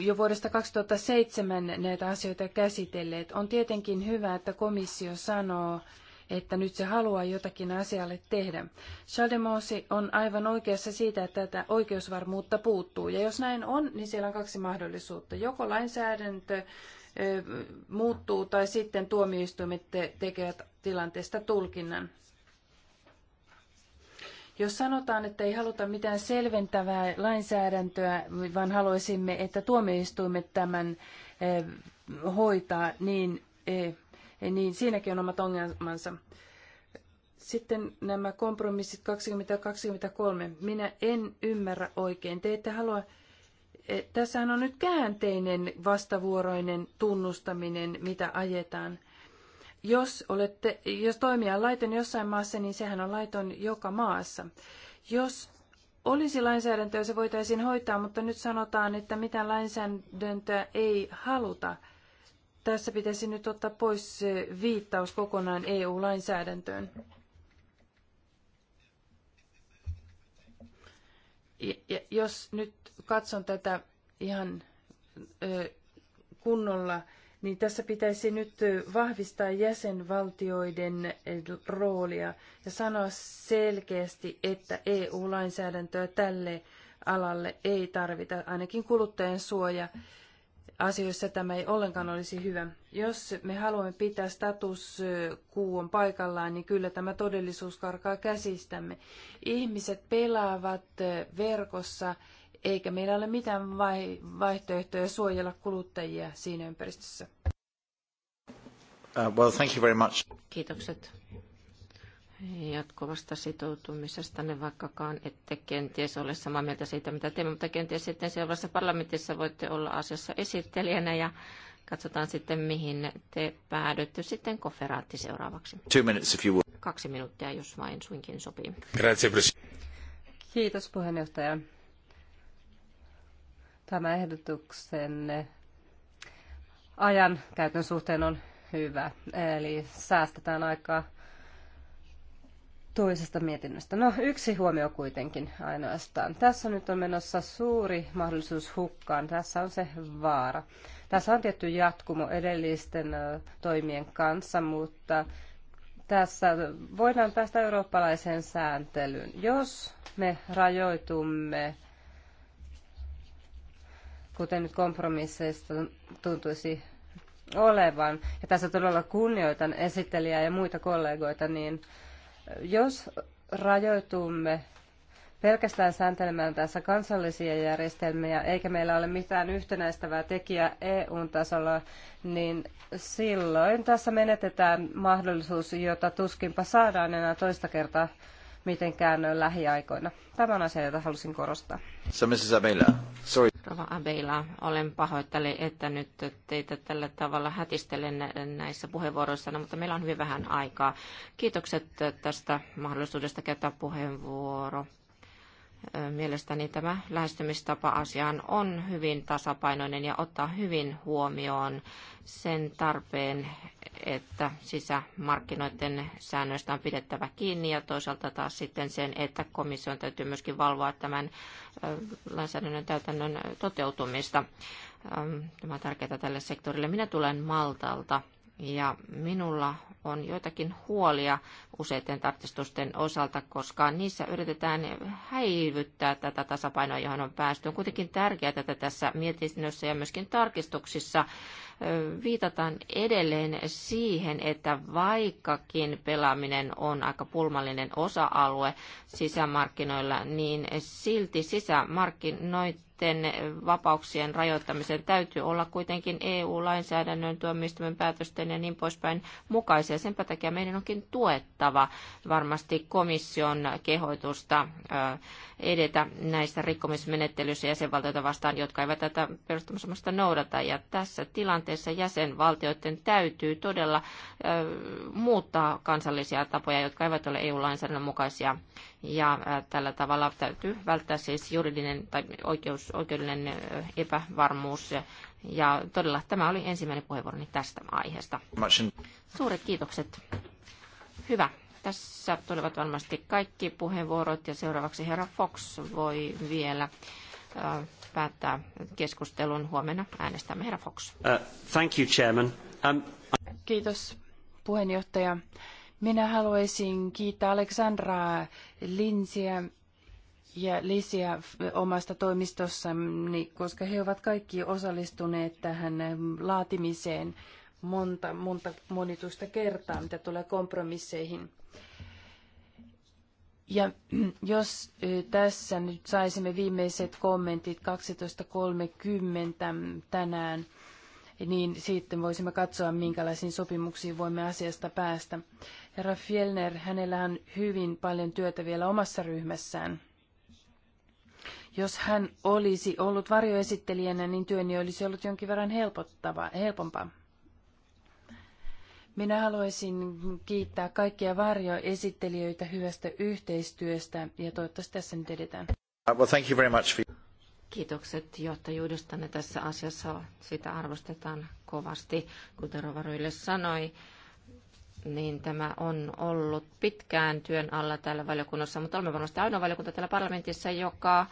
jo vuodesta 2007 näitä asioita käsitelleet. On tietenkin hyvä, että komissio sanoo, että nyt se haluaa jotakin asialle tehdä. Chaldemosi on aivan oikeassa siitä, että tätä oikeusvarmuutta puuttuu. Ja jos näin on, niin siellä on kaksi mahdollisuutta. Joko lainsäädäntö muuttuu tai sitten tuomioistuimet tekevät tilanteesta tulkinnan. Jos sanotaan, että ei haluta mitään selventävää lainsäädäntöä, vaan haluaisimme, että tuomioistuimet tämän eh, hoitaa, niin, eh, niin siinäkin on omat ongelmansa. Sitten nämä kompromissit 2023. Minä en ymmärrä oikein. Te ette halua eh, tässähän on nyt käänteinen vastavuoroinen tunnustaminen, mitä ajetaan. Jos, olette, jos toimia on laiton jossain maassa, niin sehän on laiton joka maassa. Jos olisi lainsäädäntöä, se voitaisiin hoitaa, mutta nyt sanotaan, että mitä lainsäädäntöä ei haluta. Tässä pitäisi nyt ottaa pois viittaus kokonaan EU-lainsäädäntöön. Ja jos nyt katson tätä ihan kunnolla, niin tässä pitäisi nyt vahvistaa jäsenvaltioiden roolia ja sanoa selkeästi, että EU-lainsäädäntöä tälle alalle ei tarvita, ainakin kuluttajan suoja. Asioissa tämä ei ollenkaan olisi hyvä. Jos me haluamme pitää status kuun paikallaan, niin kyllä tämä todellisuus karkaa käsistämme. Ihmiset pelaavat verkossa eikä meillä ole mitään vai, vaihtoehtoja suojella kuluttajia siinä ympäristössä. Uh, well, thank you very much. Kiitokset jatkuvasta sitoutumisesta ne vaikkakaan ette kenties ole samaa mieltä siitä, mitä teemme, mutta kenties sitten seuraavassa parlamentissa voitte olla asiassa esittelijänä ja katsotaan sitten, mihin te päädytte. Sitten koferaatti seuraavaksi. Two minutes if you will. Kaksi minuuttia, jos vain suinkin sopii. Grazie, Kiitos puheenjohtaja tämä ehdotuksen ajan käytön suhteen on hyvä. Eli säästetään aikaa toisesta mietinnöstä. No yksi huomio kuitenkin ainoastaan. Tässä nyt on menossa suuri mahdollisuus hukkaan. Tässä on se vaara. Tässä on tietty jatkumo edellisten toimien kanssa, mutta tässä voidaan päästä eurooppalaiseen sääntelyyn. Jos me rajoitumme kuten nyt kompromisseista tuntuisi olevan, ja tässä todella kunnioitan esittelijää ja muita kollegoita, niin jos rajoitumme pelkästään sääntelemään tässä kansallisia järjestelmiä, eikä meillä ole mitään yhtenäistävää tekijää EU-tasolla, niin silloin tässä menetetään mahdollisuus, jota tuskinpa saadaan enää toista kertaa mitenkään lähiaikoina. Tämä on asia, jota halusin korostaa. So Mrs. Abela, sorry. Rova Abela, olen pahoitteli, että nyt teitä tällä tavalla hätistelen näissä puheenvuoroissa, mutta meillä on hyvin vähän aikaa. Kiitokset tästä mahdollisuudesta käyttää puheenvuoro. Mielestäni tämä lähestymistapa asiaan on hyvin tasapainoinen ja ottaa hyvin huomioon sen tarpeen, että sisämarkkinoiden säännöistä on pidettävä kiinni ja toisaalta taas sitten sen, että komission täytyy myöskin valvoa tämän lainsäädännön täytännön toteutumista. Tämä on tärkeää tälle sektorille. Minä tulen Maltalta ja minulla on joitakin huolia useiden tarkistusten osalta, koska niissä yritetään häivyttää tätä tasapainoa, johon on päästy. On kuitenkin tärkeää, että tässä mietinnössä ja myöskin tarkistuksissa viitataan edelleen siihen, että vaikkakin pelaaminen on aika pulmallinen osa-alue sisämarkkinoilla, niin silti sisämarkkinoita vapauksien rajoittamisen täytyy olla kuitenkin EU-lainsäädännön, tuomioistuimen päätösten ja niin poispäin mukaisia. Sen takia meidän onkin tuettava varmasti komission kehoitusta edetä näissä rikkomismenettelyissä jäsenvaltioita vastaan, jotka eivät tätä perustamusomasta noudata. Ja tässä tilanteessa tilanteessa jäsenvaltioiden täytyy todella muuttaa kansallisia tapoja, jotka eivät ole EU-lainsäädännön mukaisia. Ja tällä tavalla täytyy välttää siis juridinen tai oikeus, oikeudellinen epävarmuus. Ja todella tämä oli ensimmäinen puheenvuoroni tästä aiheesta. Suuret kiitokset. Hyvä. Tässä tulevat varmasti kaikki puheenvuorot ja seuraavaksi herra Fox voi vielä päättää keskustelun. Huomenna äänestämme herra Fox. Uh, thank you, Chairman. Um, Kiitos puheenjohtaja. Minä haluaisin kiittää Aleksandraa Linsiä ja Lisiä omasta toimistossani, koska he ovat kaikki osallistuneet tähän laatimiseen monta, monta monituista kertaa, mitä tulee kompromisseihin. Ja jos tässä nyt saisimme viimeiset kommentit 12.30 tänään, niin sitten voisimme katsoa, minkälaisiin sopimuksiin voimme asiasta päästä. Herra Fjellner, hänellä on hyvin paljon työtä vielä omassa ryhmässään. Jos hän olisi ollut varjoesittelijänä, niin työni olisi ollut jonkin verran helpottava, helpompaa. Minä haluaisin kiittää kaikkia varjoesittelijöitä hyvästä yhteistyöstä ja toivottavasti tässä nyt edetään. Uh, well, thank you very much for... Kiitokset johtajuudestanne tässä asiassa. Sitä arvostetaan kovasti, kuten Rova Ryille sanoi niin tämä on ollut pitkään työn alla täällä valiokunnassa, mutta olemme varmasti ainoa valiokunta täällä parlamentissa, joka äh,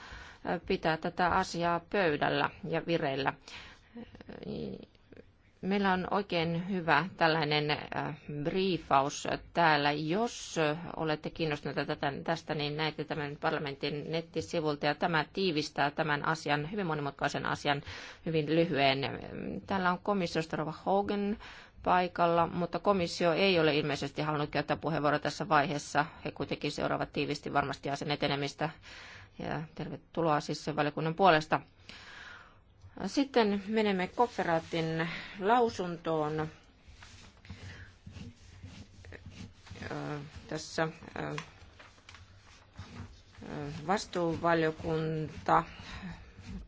pitää tätä asiaa pöydällä ja vireillä. Meillä on oikein hyvä tällainen äh, briefaus täällä. Jos äh, olette kiinnostuneita tästä, niin näette tämän parlamentin nettisivulta ja tämä tiivistää tämän asian, hyvin monimutkaisen asian, hyvin lyhyen. Täällä on komissiosta Rova Hogan paikalla, mutta komissio ei ole ilmeisesti halunnut käyttää puheenvuoroa tässä vaiheessa. He kuitenkin seuraavat tiivisti varmasti asian etenemistä ja tervetuloa siis sen valiokunnan puolesta. Sitten menemme Kofferaatin lausuntoon. Tässä vastuuvaliokunta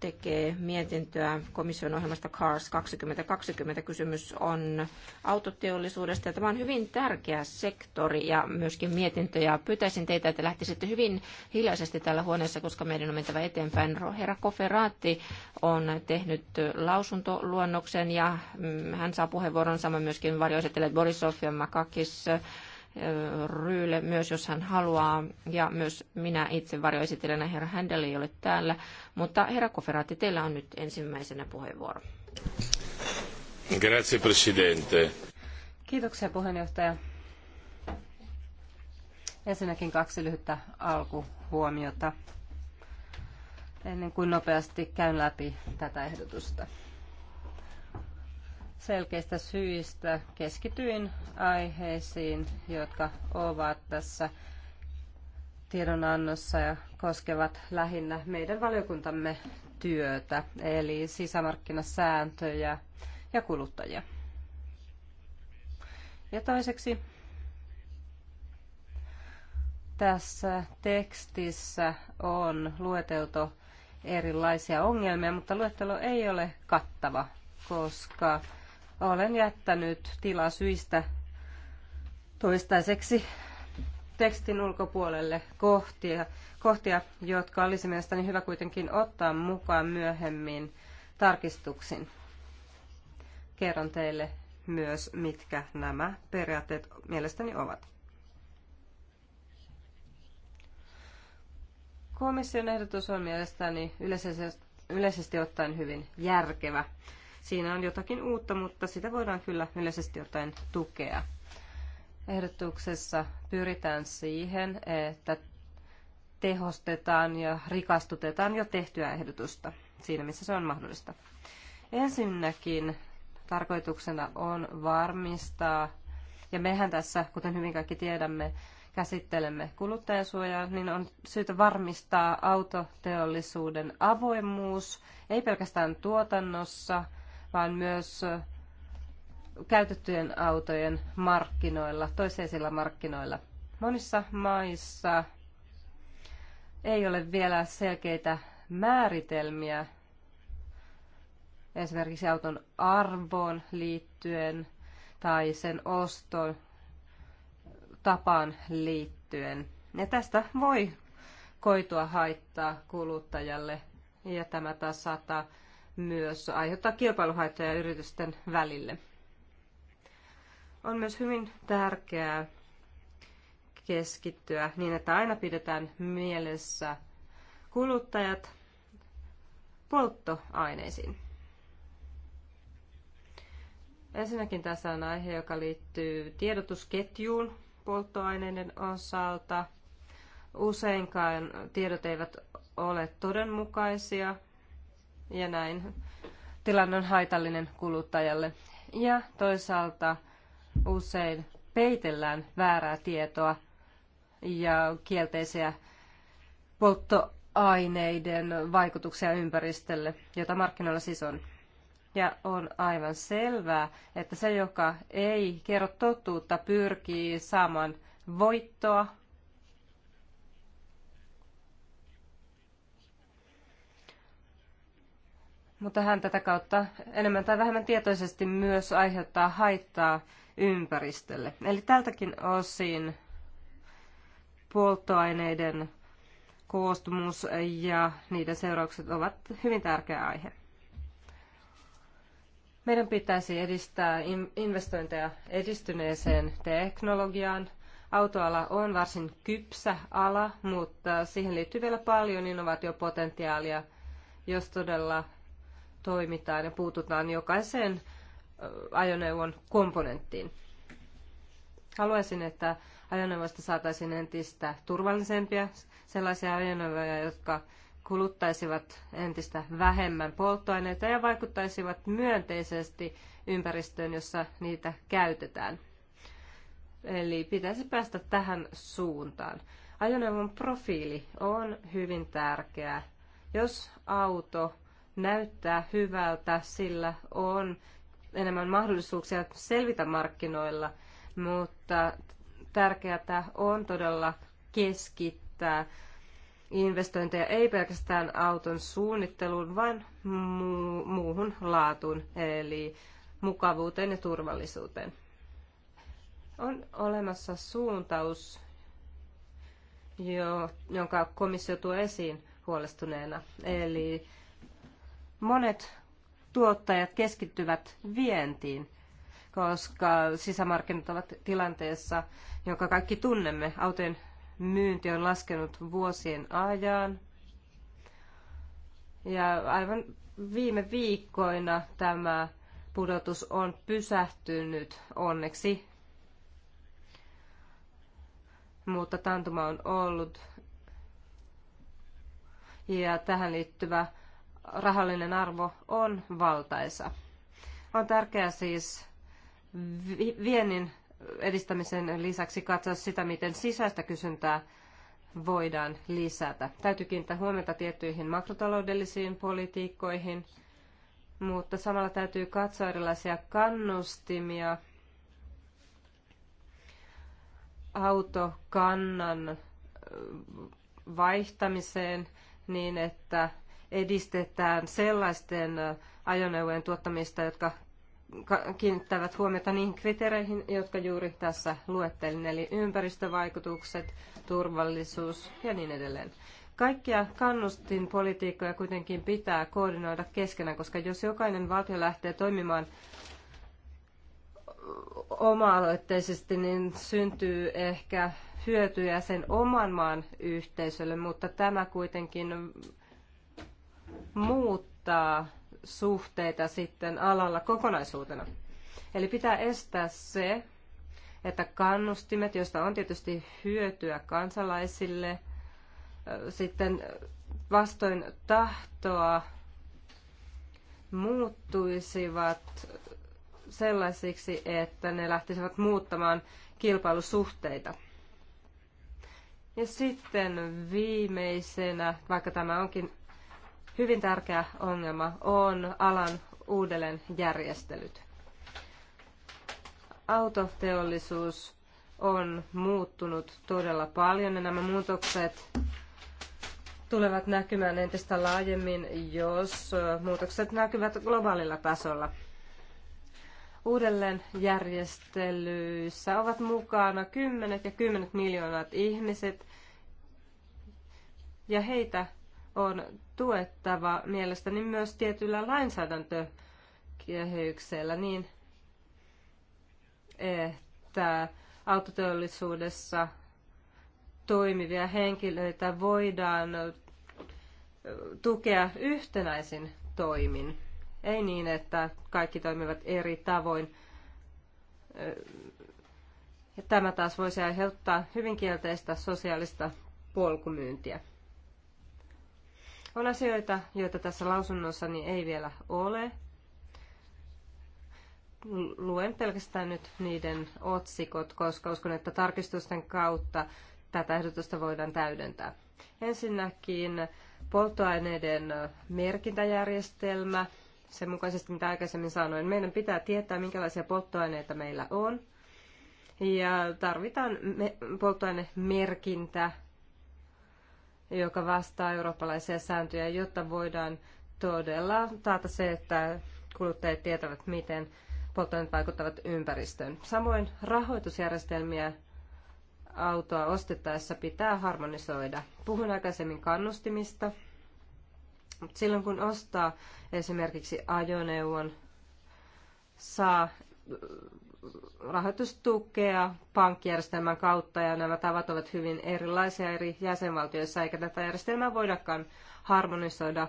tekee mietintöä komission ohjelmasta CARS 2020. Kysymys on autoteollisuudesta tämä on hyvin tärkeä sektori ja myöskin mietintö. Ja pyytäisin teitä, että lähtisitte hyvin hiljaisesti täällä huoneessa, koska meidän on mentävä eteenpäin. Herra Koferaatti on tehnyt lausuntoluonnoksen ja mm, hän saa puheenvuoron samoin myöskin varjoisettelijat Borisov ja Makakis Ryyle myös, jos hän haluaa. Ja myös minä itse varjoesittelenä herra Händel ei ole täällä. Mutta herra Koferaatti, teillä on nyt ensimmäisenä puheenvuoro. Grazie, Presidente. Kiitoksia puheenjohtaja. Ensinnäkin kaksi lyhyttä alkuhuomiota ennen kuin nopeasti käyn läpi tätä ehdotusta selkeistä syistä keskityin aiheisiin, jotka ovat tässä tiedonannossa ja koskevat lähinnä meidän valiokuntamme työtä, eli sisämarkkinasääntöjä ja kuluttajia. Ja toiseksi tässä tekstissä on lueteltu erilaisia ongelmia, mutta luettelo ei ole kattava, koska olen jättänyt tilaa syistä toistaiseksi tekstin ulkopuolelle kohtia, kohtia, jotka olisi mielestäni hyvä kuitenkin ottaa mukaan myöhemmin tarkistuksin. Kerron teille myös, mitkä nämä periaatteet mielestäni ovat. Komission ehdotus on mielestäni yleisesti, yleisesti ottaen hyvin järkevä. Siinä on jotakin uutta, mutta sitä voidaan kyllä yleisesti jotain tukea. Ehdotuksessa pyritään siihen, että tehostetaan ja rikastutetaan jo tehtyä ehdotusta siinä, missä se on mahdollista. Ensinnäkin tarkoituksena on varmistaa, ja mehän tässä, kuten hyvin kaikki tiedämme, käsittelemme kuluttajansuojaa, niin on syytä varmistaa autoteollisuuden avoimuus, ei pelkästään tuotannossa, vaan myös käytettyjen autojen markkinoilla, toiseisilla markkinoilla. Monissa maissa ei ole vielä selkeitä määritelmiä esimerkiksi auton arvoon liittyen tai sen oston tapaan liittyen. Ja tästä voi koitua haittaa kuluttajalle ja tämä taas saattaa myös aiheuttaa kilpailuhaittoja yritysten välille. On myös hyvin tärkeää keskittyä niin, että aina pidetään mielessä kuluttajat polttoaineisiin. Ensinnäkin tässä on aihe, joka liittyy tiedotusketjuun polttoaineiden osalta. Useinkaan tiedot eivät ole todenmukaisia ja näin tilanne on haitallinen kuluttajalle. Ja toisaalta usein peitellään väärää tietoa ja kielteisiä polttoaineiden vaikutuksia ympäristölle, jota markkinoilla siis on. Ja on aivan selvää, että se, joka ei kerro totuutta, pyrkii saamaan voittoa mutta hän tätä kautta enemmän tai vähemmän tietoisesti myös aiheuttaa haittaa ympäristölle. Eli tältäkin osin polttoaineiden koostumus ja niiden seuraukset ovat hyvin tärkeä aihe. Meidän pitäisi edistää investointeja edistyneeseen teknologiaan. Autoala on varsin kypsä ala, mutta siihen liittyy vielä paljon innovaatiopotentiaalia, jos todella toimitaan ja puututaan jokaiseen ajoneuvon komponenttiin. Haluaisin, että ajoneuvoista saataisiin entistä turvallisempia, sellaisia ajoneuvoja, jotka kuluttaisivat entistä vähemmän polttoaineita ja vaikuttaisivat myönteisesti ympäristöön, jossa niitä käytetään. Eli pitäisi päästä tähän suuntaan. Ajoneuvon profiili on hyvin tärkeä. Jos auto näyttää hyvältä, sillä on enemmän mahdollisuuksia selvitä markkinoilla, mutta tärkeää on todella keskittää investointeja ei pelkästään auton suunnitteluun, vaan muuhun laatuun, eli mukavuuteen ja turvallisuuteen. On olemassa suuntaus, jo, jonka komissio tuo esiin huolestuneena, eli Monet tuottajat keskittyvät vientiin, koska sisämarkkinat ovat tilanteessa, jonka kaikki tunnemme. Autojen myynti on laskenut vuosien ajan. Ja aivan viime viikkoina tämä pudotus on pysähtynyt onneksi. Mutta tantuma on ollut. Ja tähän liittyvä rahallinen arvo on valtaisa. On tärkeää siis viennin edistämisen lisäksi katsoa sitä, miten sisäistä kysyntää voidaan lisätä. Täytyy kiinnittää huomiota tiettyihin makrotaloudellisiin politiikkoihin, mutta samalla täytyy katsoa erilaisia kannustimia, autokannan vaihtamiseen niin, että edistetään sellaisten ajoneuvojen tuottamista, jotka kiinnittävät huomiota niihin kriteereihin, jotka juuri tässä luettelin, eli ympäristövaikutukset, turvallisuus ja niin edelleen. Kaikkia kannustinpolitiikkoja kuitenkin pitää koordinoida keskenään, koska jos jokainen valtio lähtee toimimaan oma-aloitteisesti, niin syntyy ehkä hyötyjä sen oman maan yhteisölle, mutta tämä kuitenkin muuttaa suhteita sitten alalla kokonaisuutena. Eli pitää estää se, että kannustimet, joista on tietysti hyötyä kansalaisille, sitten vastoin tahtoa muuttuisivat sellaisiksi, että ne lähtisivät muuttamaan kilpailusuhteita. Ja sitten viimeisenä, vaikka tämä onkin hyvin tärkeä ongelma on alan uudelleenjärjestelyt. Autoteollisuus on muuttunut todella paljon ja nämä muutokset tulevat näkymään entistä laajemmin, jos muutokset näkyvät globaalilla tasolla. Uudelleenjärjestelyissä ovat mukana kymmenet ja kymmenet miljoonat ihmiset, ja heitä on tuettava mielestäni myös tietyllä lainsäädäntökehyksellä niin, että autoteollisuudessa toimivia henkilöitä voidaan tukea yhtenäisin toimin. Ei niin, että kaikki toimivat eri tavoin. tämä taas voisi aiheuttaa hyvin kielteistä sosiaalista polkumyyntiä. On asioita, joita tässä lausunnossani ei vielä ole. Luen pelkästään nyt niiden otsikot, koska uskon, että tarkistusten kautta tätä ehdotusta voidaan täydentää. Ensinnäkin polttoaineiden merkintäjärjestelmä. Sen mukaisesti, mitä aikaisemmin sanoin, meidän pitää tietää, minkälaisia polttoaineita meillä on. Ja tarvitaan me- polttoainemerkintä joka vastaa eurooppalaisia sääntöjä, jotta voidaan todella taata se, että kuluttajat tietävät, miten polttoaineet vaikuttavat ympäristöön. Samoin rahoitusjärjestelmiä autoa ostettaessa pitää harmonisoida. Puhun aikaisemmin kannustimista, mutta silloin kun ostaa esimerkiksi ajoneuvon, saa rahoitustukea pankkijärjestelmän kautta ja nämä tavat ovat hyvin erilaisia eri jäsenvaltioissa eikä tätä järjestelmää voidakaan harmonisoida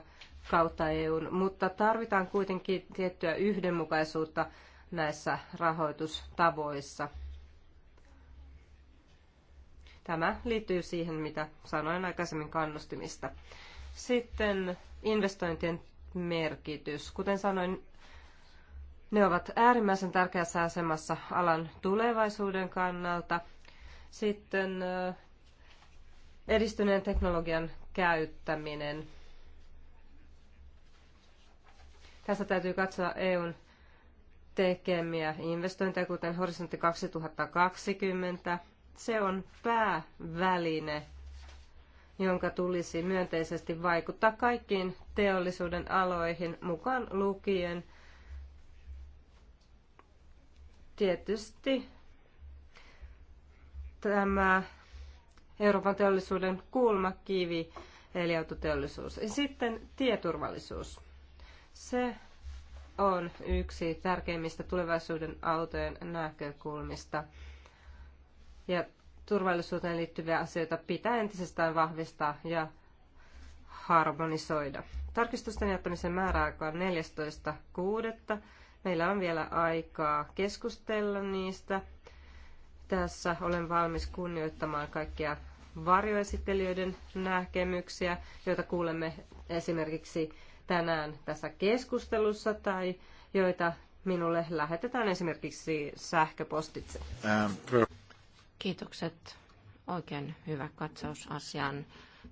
kautta EUn, mutta tarvitaan kuitenkin tiettyä yhdenmukaisuutta näissä rahoitustavoissa. Tämä liittyy siihen, mitä sanoin aikaisemmin kannustimista. Sitten investointien merkitys. Kuten sanoin, ne ovat äärimmäisen tärkeässä asemassa alan tulevaisuuden kannalta. Sitten edistyneen teknologian käyttäminen. Tässä täytyy katsoa EUn tekemiä investointeja, kuten Horisontti 2020. Se on pääväline, jonka tulisi myönteisesti vaikuttaa kaikkiin teollisuuden aloihin, mukaan lukien – Tietysti tämä Euroopan teollisuuden kulmakivi, eli autoteollisuus. Sitten tieturvallisuus. Se on yksi tärkeimmistä tulevaisuuden autojen näkökulmista. Ja turvallisuuteen liittyviä asioita pitää entisestään vahvistaa ja harmonisoida. Tarkistusten jättämisen määräaika on Meillä on vielä aikaa keskustella niistä. Tässä olen valmis kunnioittamaan kaikkia varjoesittelijöiden näkemyksiä, joita kuulemme esimerkiksi tänään tässä keskustelussa tai joita minulle lähetetään esimerkiksi sähköpostitse. Kiitokset. Oikein hyvä katsaus asiaan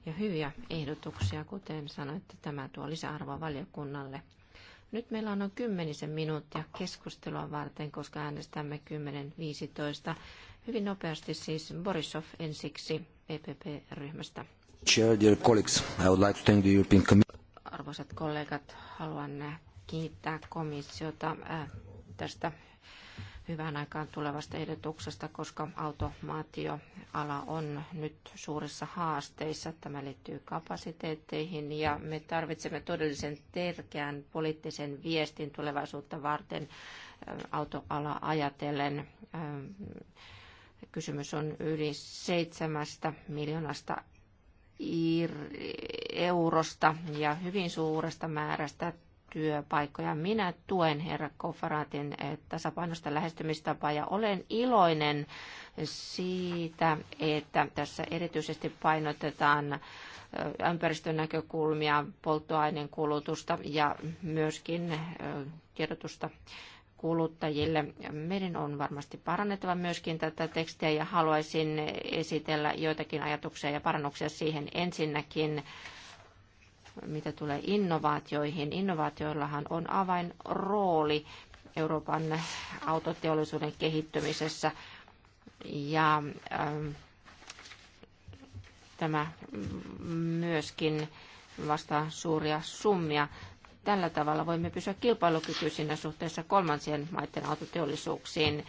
ja hyviä ehdotuksia, kuten sanoitte, tämä tuo lisäarvoa valiokunnalle. Nyt meillä on noin kymmenisen minuuttia keskustelua varten, koska äänestämme 10.15. Hyvin nopeasti siis Borisov ensiksi EPP-ryhmästä. Chair, dear colleagues, I would like to thank the European Commission. Arvoisat kollegat, haluan kiittää komissiota tästä hyvään aikaan tulevasta ehdotuksesta, koska automaatioala on nyt suurissa haasteissa. Tämä liittyy kapasiteetteihin ja me tarvitsemme todellisen tärkeän poliittisen viestin tulevaisuutta varten äh, autoala ajatellen. Ähm, kysymys on yli seitsemästä miljoonasta eurosta ja hyvin suuresta määrästä työpaikkoja. Minä tuen herra Kofaratin eh, tasapainosta lähestymistapaa ja olen iloinen siitä, että tässä erityisesti painotetaan eh, ympäristön näkökulmia, polttoaineen kulutusta ja myöskin eh, tiedotusta kuluttajille. Meidän on varmasti parannettava myöskin tätä tekstiä ja haluaisin esitellä joitakin ajatuksia ja parannuksia siihen ensinnäkin mitä tulee innovaatioihin. Innovaatioillahan on avainrooli Euroopan autoteollisuuden kehittymisessä ja ähm, tämä myöskin vastaa suuria summia. Tällä tavalla voimme pysyä kilpailukykyisinä suhteessa kolmansien maiden autoteollisuuksiin.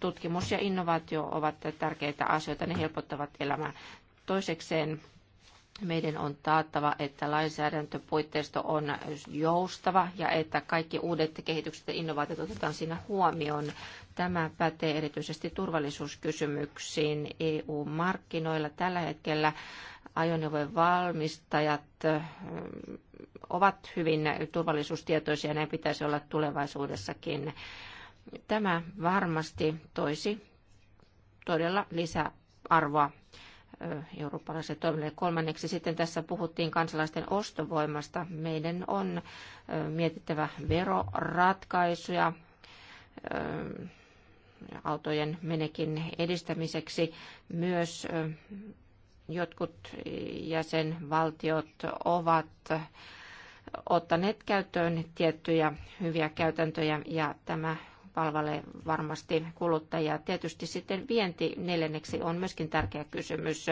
Tutkimus ja innovaatio ovat tärkeitä asioita, ne helpottavat elämää. Toisekseen meidän on taattava, että lainsäädäntöpuitteisto on joustava ja että kaikki uudet kehitykset ja innovaatiot otetaan siinä huomioon. Tämä pätee erityisesti turvallisuuskysymyksiin EU-markkinoilla. Tällä hetkellä ajoneuvojen valmistajat mm, ovat hyvin turvallisuustietoisia ja näin pitäisi olla tulevaisuudessakin. Tämä varmasti toisi todella lisäarvoa eurooppalaiselle toiminnalle. Kolmanneksi sitten tässä puhuttiin kansalaisten ostovoimasta. Meidän on mietittävä veroratkaisuja autojen menekin edistämiseksi. Myös jotkut jäsenvaltiot ovat ottaneet käyttöön tiettyjä hyviä käytäntöjä ja tämä palvelee varmasti kuluttajia. Tietysti sitten vienti neljänneksi on myöskin tärkeä kysymys.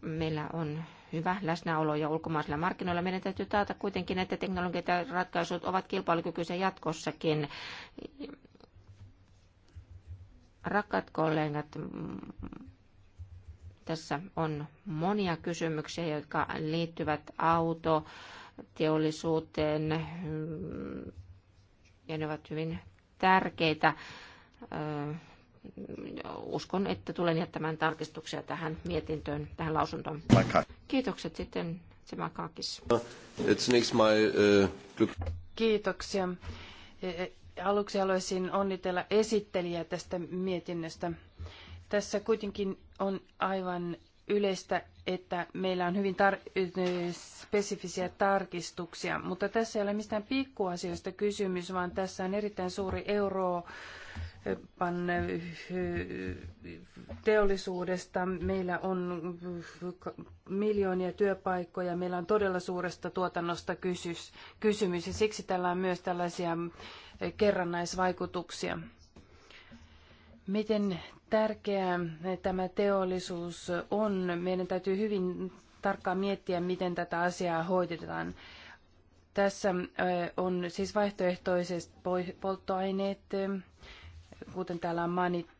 Meillä on hyvä läsnäolo ja ulkomaisilla markkinoilla. Meidän täytyy taata kuitenkin, että teknologiat ja ratkaisut ovat kilpailukykyisiä jatkossakin. Rakkaat kollegat, tässä on monia kysymyksiä, jotka liittyvät auto, ja ne ovat hyvin tärkeitä. Uskon, että tulen jättämään tarkistuksia tähän mietintöön, tähän lausuntoon. Kiitokset sitten Tsemakakis. Uh, Kiitoksia. E, e, aluksi haluaisin onnitella esittelijää tästä mietinnöstä. Tässä kuitenkin on aivan yleistä, että meillä on hyvin äh, spesifisiä tarkistuksia, mutta tässä ei ole mistään pikkuasioista kysymys, vaan tässä on erittäin suuri Euroopan äh, äh, teollisuudesta. Meillä on miljoonia työpaikkoja, meillä on todella suuresta tuotannosta kysymys ja siksi tällä on myös tällaisia kerrannaisvaikutuksia miten tärkeää tämä teollisuus on. Meidän täytyy hyvin tarkkaan miettiä, miten tätä asiaa hoidetaan. Tässä on siis vaihtoehtoiset polttoaineet, kuten täällä on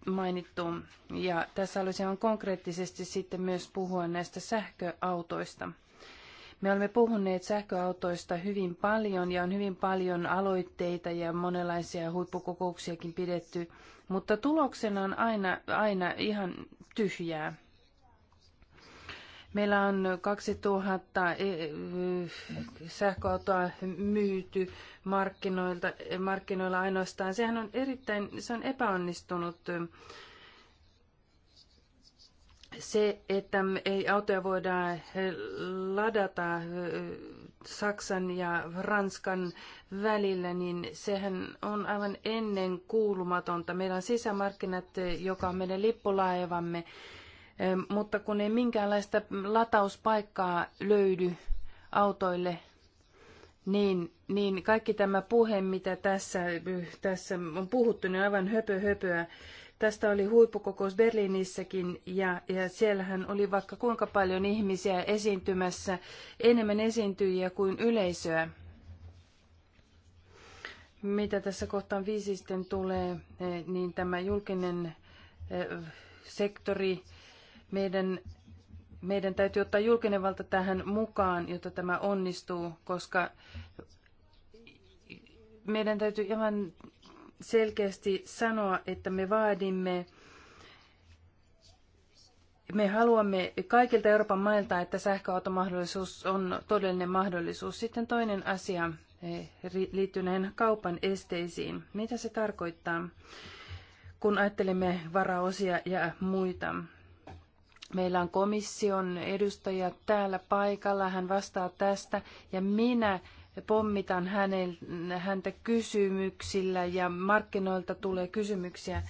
mainittu. Ja tässä olisi on konkreettisesti sitten myös puhua näistä sähköautoista. Me olemme puhuneet sähköautoista hyvin paljon ja on hyvin paljon aloitteita ja monenlaisia huippukokouksiakin pidetty, mutta tuloksena on aina, aina ihan tyhjää. Meillä on 2000 eh, sähköautoa myyty markkinoilta, markkinoilla ainoastaan. Sehän on erittäin, se on epäonnistunut se, että ei autoja voida eh, ladata eh, Saksan ja Ranskan välillä, niin sehän on aivan ennen kuulumatonta. Meillä on sisämarkkinat, eh, joka on meidän lippulaivamme, mutta kun ei minkäänlaista latauspaikkaa löydy autoille, niin, niin kaikki tämä puhe, mitä tässä, tässä on puhuttu, niin on aivan höpö höpöä Tästä oli huippukokous Berliinissäkin ja, ja siellähän oli vaikka kuinka paljon ihmisiä esiintymässä, enemmän esiintyjiä kuin yleisöä. Mitä tässä kohtaan viisi sitten tulee, eh, niin tämä julkinen eh, sektori, meidän meidän täytyy ottaa julkinen valta tähän mukaan, jotta tämä onnistuu, koska meidän täytyy ihan selkeästi sanoa, että me vaadimme, me haluamme kaikilta Euroopan mailta, että sähköautomahdollisuus on todellinen mahdollisuus. Sitten toinen asia eh, liittyy näihin kaupan esteisiin. Mitä se tarkoittaa, kun ajattelemme varaosia ja muita? Meillä on komission edustaja täällä paikalla, hän vastaa tästä ja minä pommitan hänen, häntä kysymyksillä ja markkinoilta tulee kysymyksiä.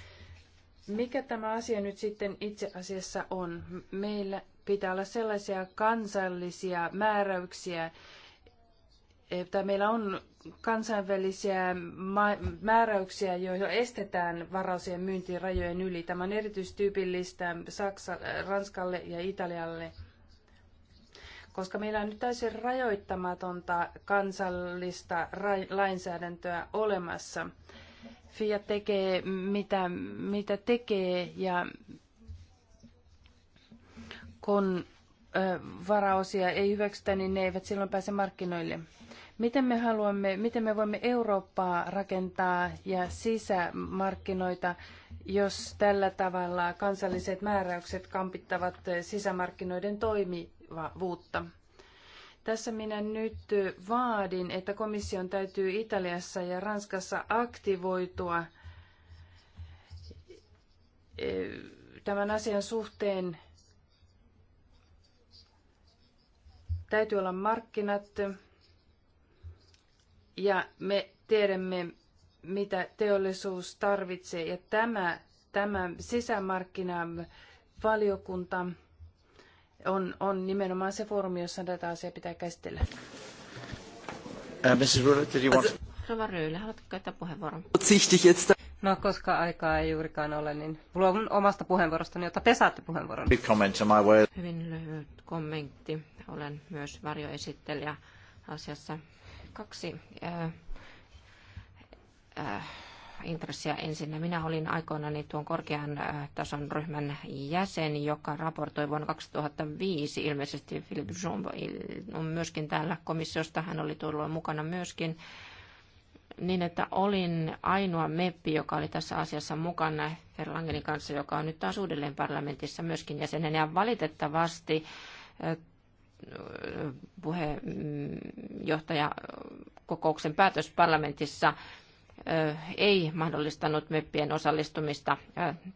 Mikä tämä asia nyt sitten itse asiassa on? Meillä pitää olla sellaisia kansallisia määräyksiä, että meillä on kansainvälisiä määräyksiä, joilla estetään varausien myynti rajojen yli. Tämä on erityistyypillistä Saksa, Ranskalle ja Italialle – koska meillä on nyt täysin rajoittamatonta kansallista lainsäädäntöä olemassa. FIA tekee mitä, mitä tekee ja kun varaosia ei hyväksytä, niin ne eivät silloin pääse markkinoille. Miten me, haluamme, miten me voimme Eurooppaa rakentaa ja sisämarkkinoita jos tällä tavalla kansalliset määräykset kampittavat sisämarkkinoiden toimivuutta. Tässä minä nyt vaadin, että komission täytyy Italiassa ja Ranskassa aktivoitua e, tämän asian suhteen. Täytyy olla markkinat ja me tiedämme, mitä teollisuus tarvitsee. Ja tämä, tämä sisämarkkinavaliokunta on, on nimenomaan se foorumi, jossa tätä asiaa pitää käsitellä. Uh, Rova Röylä, haluatko käyttää puheenvuoron? No, koska aikaa ei juurikaan ole, niin luovun omasta puheenvuorostani, jotta te saatte puheenvuoron. Hyvin lyhyt kommentti. Olen myös varjoesittelijä asiassa. Kaksi äh, Äh, intressiä ensin. Minä olin aikoinani tuon korkean äh, tason ryhmän jäsen, joka raportoi vuonna 2005 ilmeisesti. Philip Jumbo on myöskin täällä komissiosta, hän oli tullut mukana myöskin. Niin, että olin ainoa meppi, joka oli tässä asiassa mukana Ferlangenin kanssa, joka on nyt taas uudelleen parlamentissa myöskin jäsenenä. Ja valitettavasti äh, puheenjohtaja kokouksen päätös parlamentissa ei mahdollistanut meppien osallistumista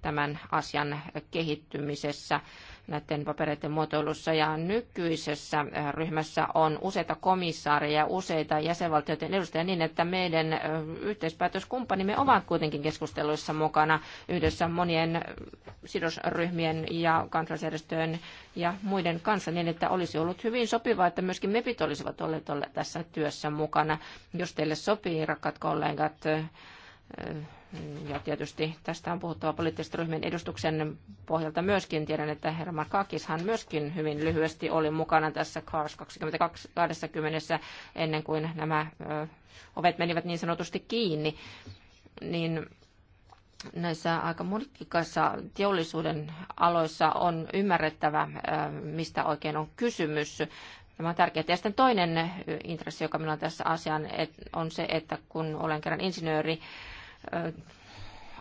tämän asian kehittymisessä näiden papereiden muotoilussa. Ja nykyisessä äh, ryhmässä on useita komissaareja, useita jäsenvaltioiden edustajia niin, että meidän äh, yhteispäätöskumppanimme ovat kuitenkin keskusteluissa mukana yhdessä monien äh, sidosryhmien ja kansalaisjärjestöjen ja muiden kanssa niin, että olisi ollut hyvin sopivaa, että myöskin MEPit olisivat olleet tässä työssä mukana. Jos teille sopii, rakkaat kollegat, ja tietysti tästä on puhuttava poliittisten ryhmien edustuksen pohjalta myöskin. Tiedän, että herra Markakishan myöskin hyvin lyhyesti oli mukana tässä Cars 2020 ennen kuin nämä ovet menivät niin sanotusti kiinni. Niin näissä aika monikkaissa teollisuuden aloissa on ymmärrettävä, mistä oikein on kysymys. Tämä on tärkeää. Ja sitten toinen intressi, joka minulla on tässä asiaan on se, että kun olen kerran insinööri, äh,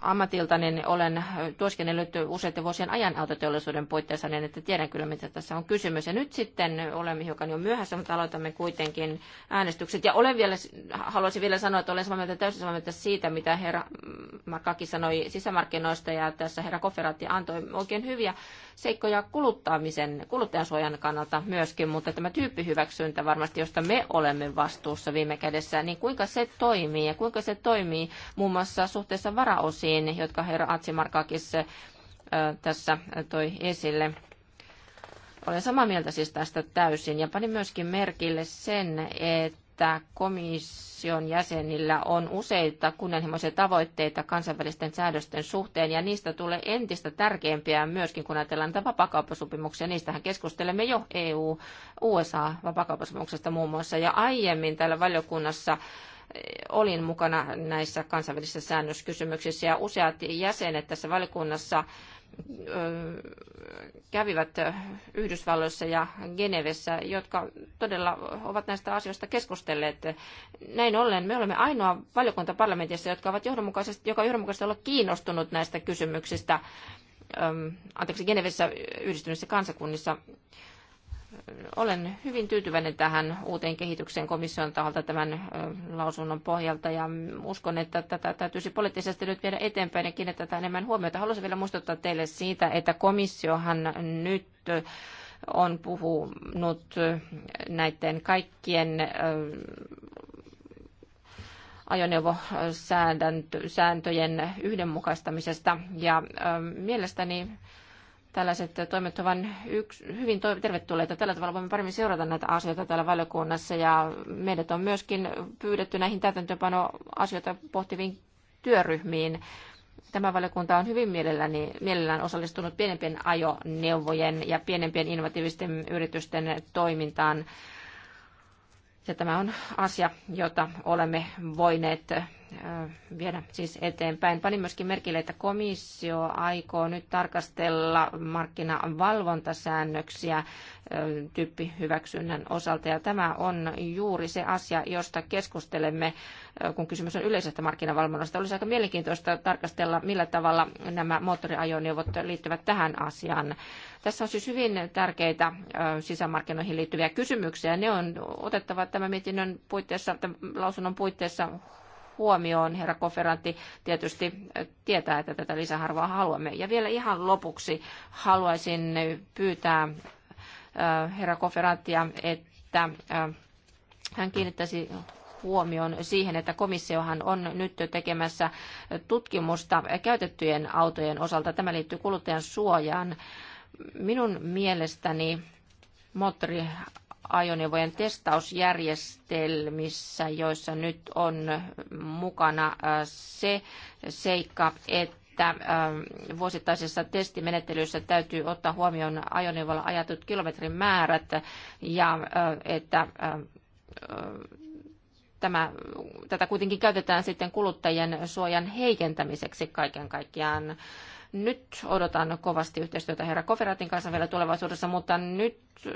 ammatiltani niin olen työskennellyt useiden vuosien ajan autoteollisuuden puitteissa, niin että tiedän kyllä, mitä tässä on kysymys. Ja nyt sitten olemme hiukan jo myöhässä, mutta aloitamme kuitenkin äänestykset. Ja olen vielä, haluaisin vielä sanoa, että olen samaa mieltä, täysin samaa mieltä siitä, mitä herra mm, Markaki sanoi sisämarkkinoista, ja tässä herra Koferatti antoi oikein hyviä seikkoja kuluttamisen, kuluttajansuojan kannalta myöskin, mutta tämä tyyppihyväksyntä varmasti, josta me olemme vastuussa viime kädessä, niin kuinka se toimii, ja kuinka se toimii muun muassa suhteessa varaosiin, aiheisiin, jotka herra Atsimarkakis tässä toi esille. Olen samaa mieltä siis tästä täysin ja panin myöskin merkille sen, että komission jäsenillä on useita kunnianhimoisia tavoitteita kansainvälisten säädösten suhteen ja niistä tulee entistä tärkeämpiä myöskin, kun ajatellaan näitä vapakauppasopimuksia. Niistähän keskustelemme jo EU-USA vapakauppasopimuksesta muun muassa ja aiemmin täällä valiokunnassa olin mukana näissä kansainvälisissä säännöskysymyksissä ja useat jäsenet tässä valikunnassa kävivät Yhdysvalloissa ja Genevessä, jotka todella ovat näistä asioista keskustelleet. Näin ollen me olemme ainoa valiokunta parlamentissa, jotka ovat johdonmukaisesti, joka on johdonmukaisesti ollut kiinnostunut näistä kysymyksistä, anteeksi, Genevessä yhdistyneissä kansakunnissa olen hyvin tyytyväinen tähän uuteen kehitykseen komission taholta tämän lausunnon pohjalta ja uskon, että tätä täytyisi poliittisesti nyt viedä eteenpäin ja kiinnittää enemmän huomiota. Haluaisin vielä muistuttaa teille siitä, että komissiohan nyt on puhunut näiden kaikkien ajoneuvosääntöjen yhdenmukaistamisesta ja mielestäni tällaiset toimet ovat hyvin tervetulleita. Tällä tavalla voimme paremmin seurata näitä asioita täällä valiokunnassa ja meidät on myöskin pyydetty näihin täytäntöönpanoasioita pohtiviin työryhmiin. Tämä valiokunta on hyvin mielelläni, mielellään osallistunut pienempien ajoneuvojen ja pienempien innovatiivisten yritysten toimintaan. Ja tämä on asia, jota olemme voineet viedä siis eteenpäin. Panin myöskin merkille, että komissio aikoo nyt tarkastella markkinavalvontasäännöksiä tyyppihyväksynnän osalta. Ja tämä on juuri se asia, josta keskustelemme, kun kysymys on yleisestä markkinavalvonnasta. Olisi aika mielenkiintoista tarkastella, millä tavalla nämä moottoriajoneuvot liittyvät tähän asiaan. Tässä on siis hyvin tärkeitä sisämarkkinoihin liittyviä kysymyksiä. Ne on otettava tämän mietinnön puitteissa, tämän lausunnon puitteissa huomioon. Herra Koferanti tietysti äh, tietää, että tätä lisäharvaa haluamme. Ja vielä ihan lopuksi haluaisin pyytää äh, herra Koferanttia, että äh, hän kiinnittäisi huomioon siihen, että komissiohan on nyt tekemässä tutkimusta käytettyjen autojen osalta. Tämä liittyy kuluttajan suojaan. Minun mielestäni moottori ajoneuvojen testausjärjestelmissä, joissa nyt on mukana äh, se seikka, että että äh, vuosittaisessa testimenettelyssä täytyy ottaa huomioon ajoneuvolla ajatut kilometrin määrät ja äh, että tämä, tätä kuitenkin käytetään sitten kuluttajien suojan heikentämiseksi kaiken kaikkiaan. Nyt odotan kovasti yhteistyötä herra Koferatin kanssa vielä tulevaisuudessa, mutta nyt äh,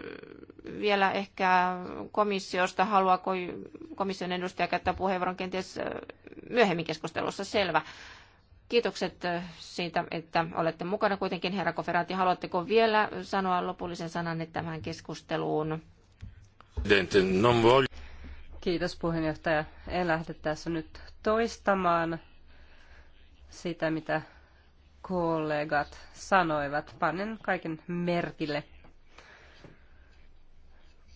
vielä ehkä komissiosta. haluaa komission edustaja käyttää puheenvuoron kenties äh, myöhemmin keskustelussa? Selvä. Kiitokset äh, siitä, että olette mukana kuitenkin, herra Koferati. Haluatteko vielä sanoa lopullisen sanan tämän keskusteluun? Kiitos puheenjohtaja. En lähde tässä nyt toistamaan sitä, mitä kollegat sanoivat. Panen kaiken merkille.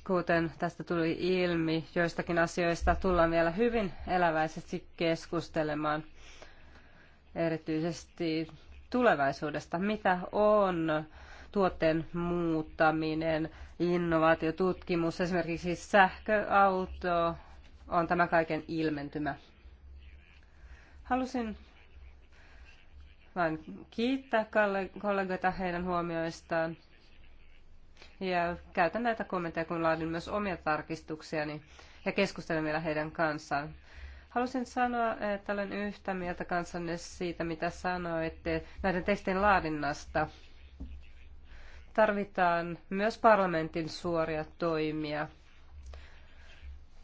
Kuten tästä tuli ilmi, joistakin asioista tullaan vielä hyvin eläväisesti keskustelemaan, erityisesti tulevaisuudesta. Mitä on tuotteen muuttaminen, innovaatiotutkimus, esimerkiksi sähköauto, on tämä kaiken ilmentymä. Halusin vain kiittää kollegoita heidän huomioistaan. Ja käytän näitä kommentteja, kun laadin myös omia tarkistuksiani ja keskustelen vielä heidän kanssaan. Halusin sanoa, että olen yhtä mieltä kanssanne siitä, mitä sanoitte näiden tekstien laadinnasta. Tarvitaan myös parlamentin suoria toimia.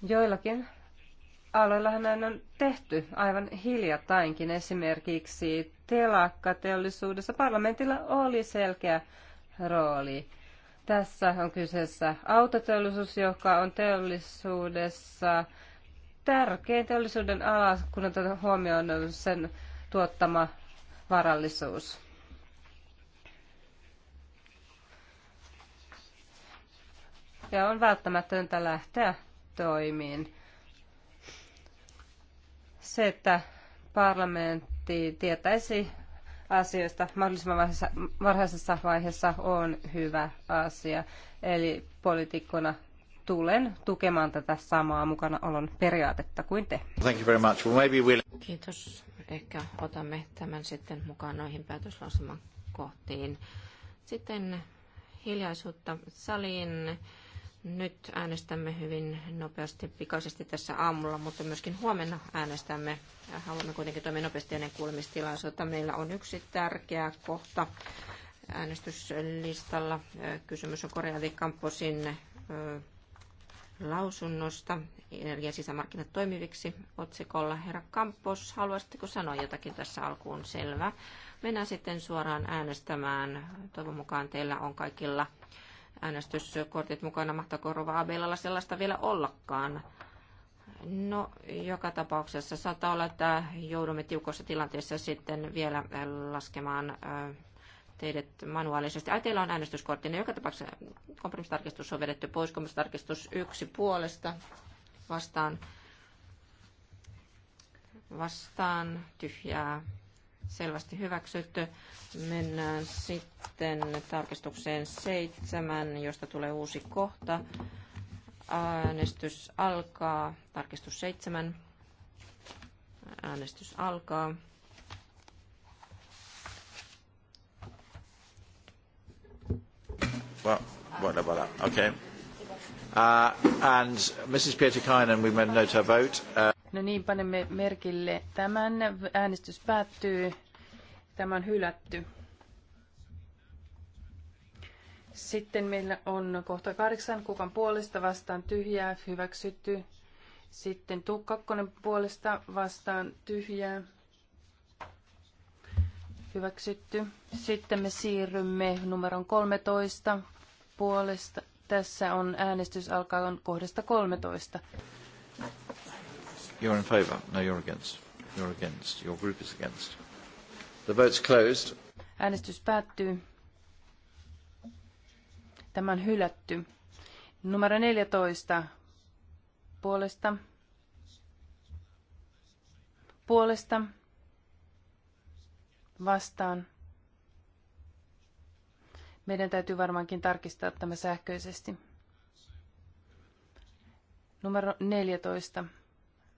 Joillakin aloillahan näin on tehty aivan hiljattainkin Esimerkiksi telakkateollisuudessa parlamentilla oli selkeä rooli. Tässä on kyseessä autoteollisuus, joka on teollisuudessa tärkein teollisuuden ala, kun otetaan huomioon sen tuottama varallisuus. Ja on välttämätöntä lähteä toimiin se, että parlamentti tietäisi asioista mahdollisimman varhaisessa vaiheessa on hyvä asia. Eli poliitikkona tulen tukemaan tätä samaa mukanaolon periaatetta kuin te. Thank you very much. Well, maybe we'll... Kiitos. Ehkä otamme tämän sitten mukaan noihin päätöslausuman kohtiin. Sitten hiljaisuutta saliin. Nyt äänestämme hyvin nopeasti, pikaisesti tässä aamulla, mutta myöskin huomenna äänestämme. Haluamme kuitenkin toimia nopeasti ennen kuulemistilaisuutta. Meillä on yksi tärkeä kohta äänestyslistalla. Kysymys on Koreali Kamposin lausunnosta energia- ja sisämarkkinat toimiviksi otsikolla. Herra Kampos, haluaisitteko sanoa jotakin tässä alkuun? Selvä. Mennään sitten suoraan äänestämään. Toivon mukaan teillä on kaikilla äänestyskortit mukana. mahtako Rova Abelalla sellaista vielä ollakaan? No, joka tapauksessa saattaa olla, että joudumme tiukossa tilanteessa sitten vielä äh, laskemaan äh, teidät manuaalisesti. Ai, teillä on äänestyskortti, niin joka tapauksessa kompromissitarkistus on vedetty pois. Kompromissitarkistus yksi puolesta vastaan, vastaan tyhjää selvästi hyväksytty. Mennään sitten tarkistukseen seitsemän, josta tulee uusi kohta. Äänestys alkaa. Tarkistus seitsemän. Äänestys alkaa. Well, about that? Okay. Uh, and Mrs. Pietikainen, we made note her vote. Uh, No niin, panemme merkille tämän. Äänestys päättyy. Tämä on hylätty. Sitten meillä on kohta kahdeksan kukan puolesta vastaan tyhjää, hyväksytty. Sitten tukkakkonen puolesta vastaan tyhjää, hyväksytty. Sitten me siirrymme numeron 13 puolesta. Tässä on äänestys alkaa on kohdasta 13. You're in favour? No, you're against. You're against. Your group is against. The vote's closed. Äänestys päättyy. Tämä on hylätty. Numero 14 puolesta. Puolesta. Vastaan. Meidän täytyy varmaankin tarkistaa tämä sähköisesti. Numero 14.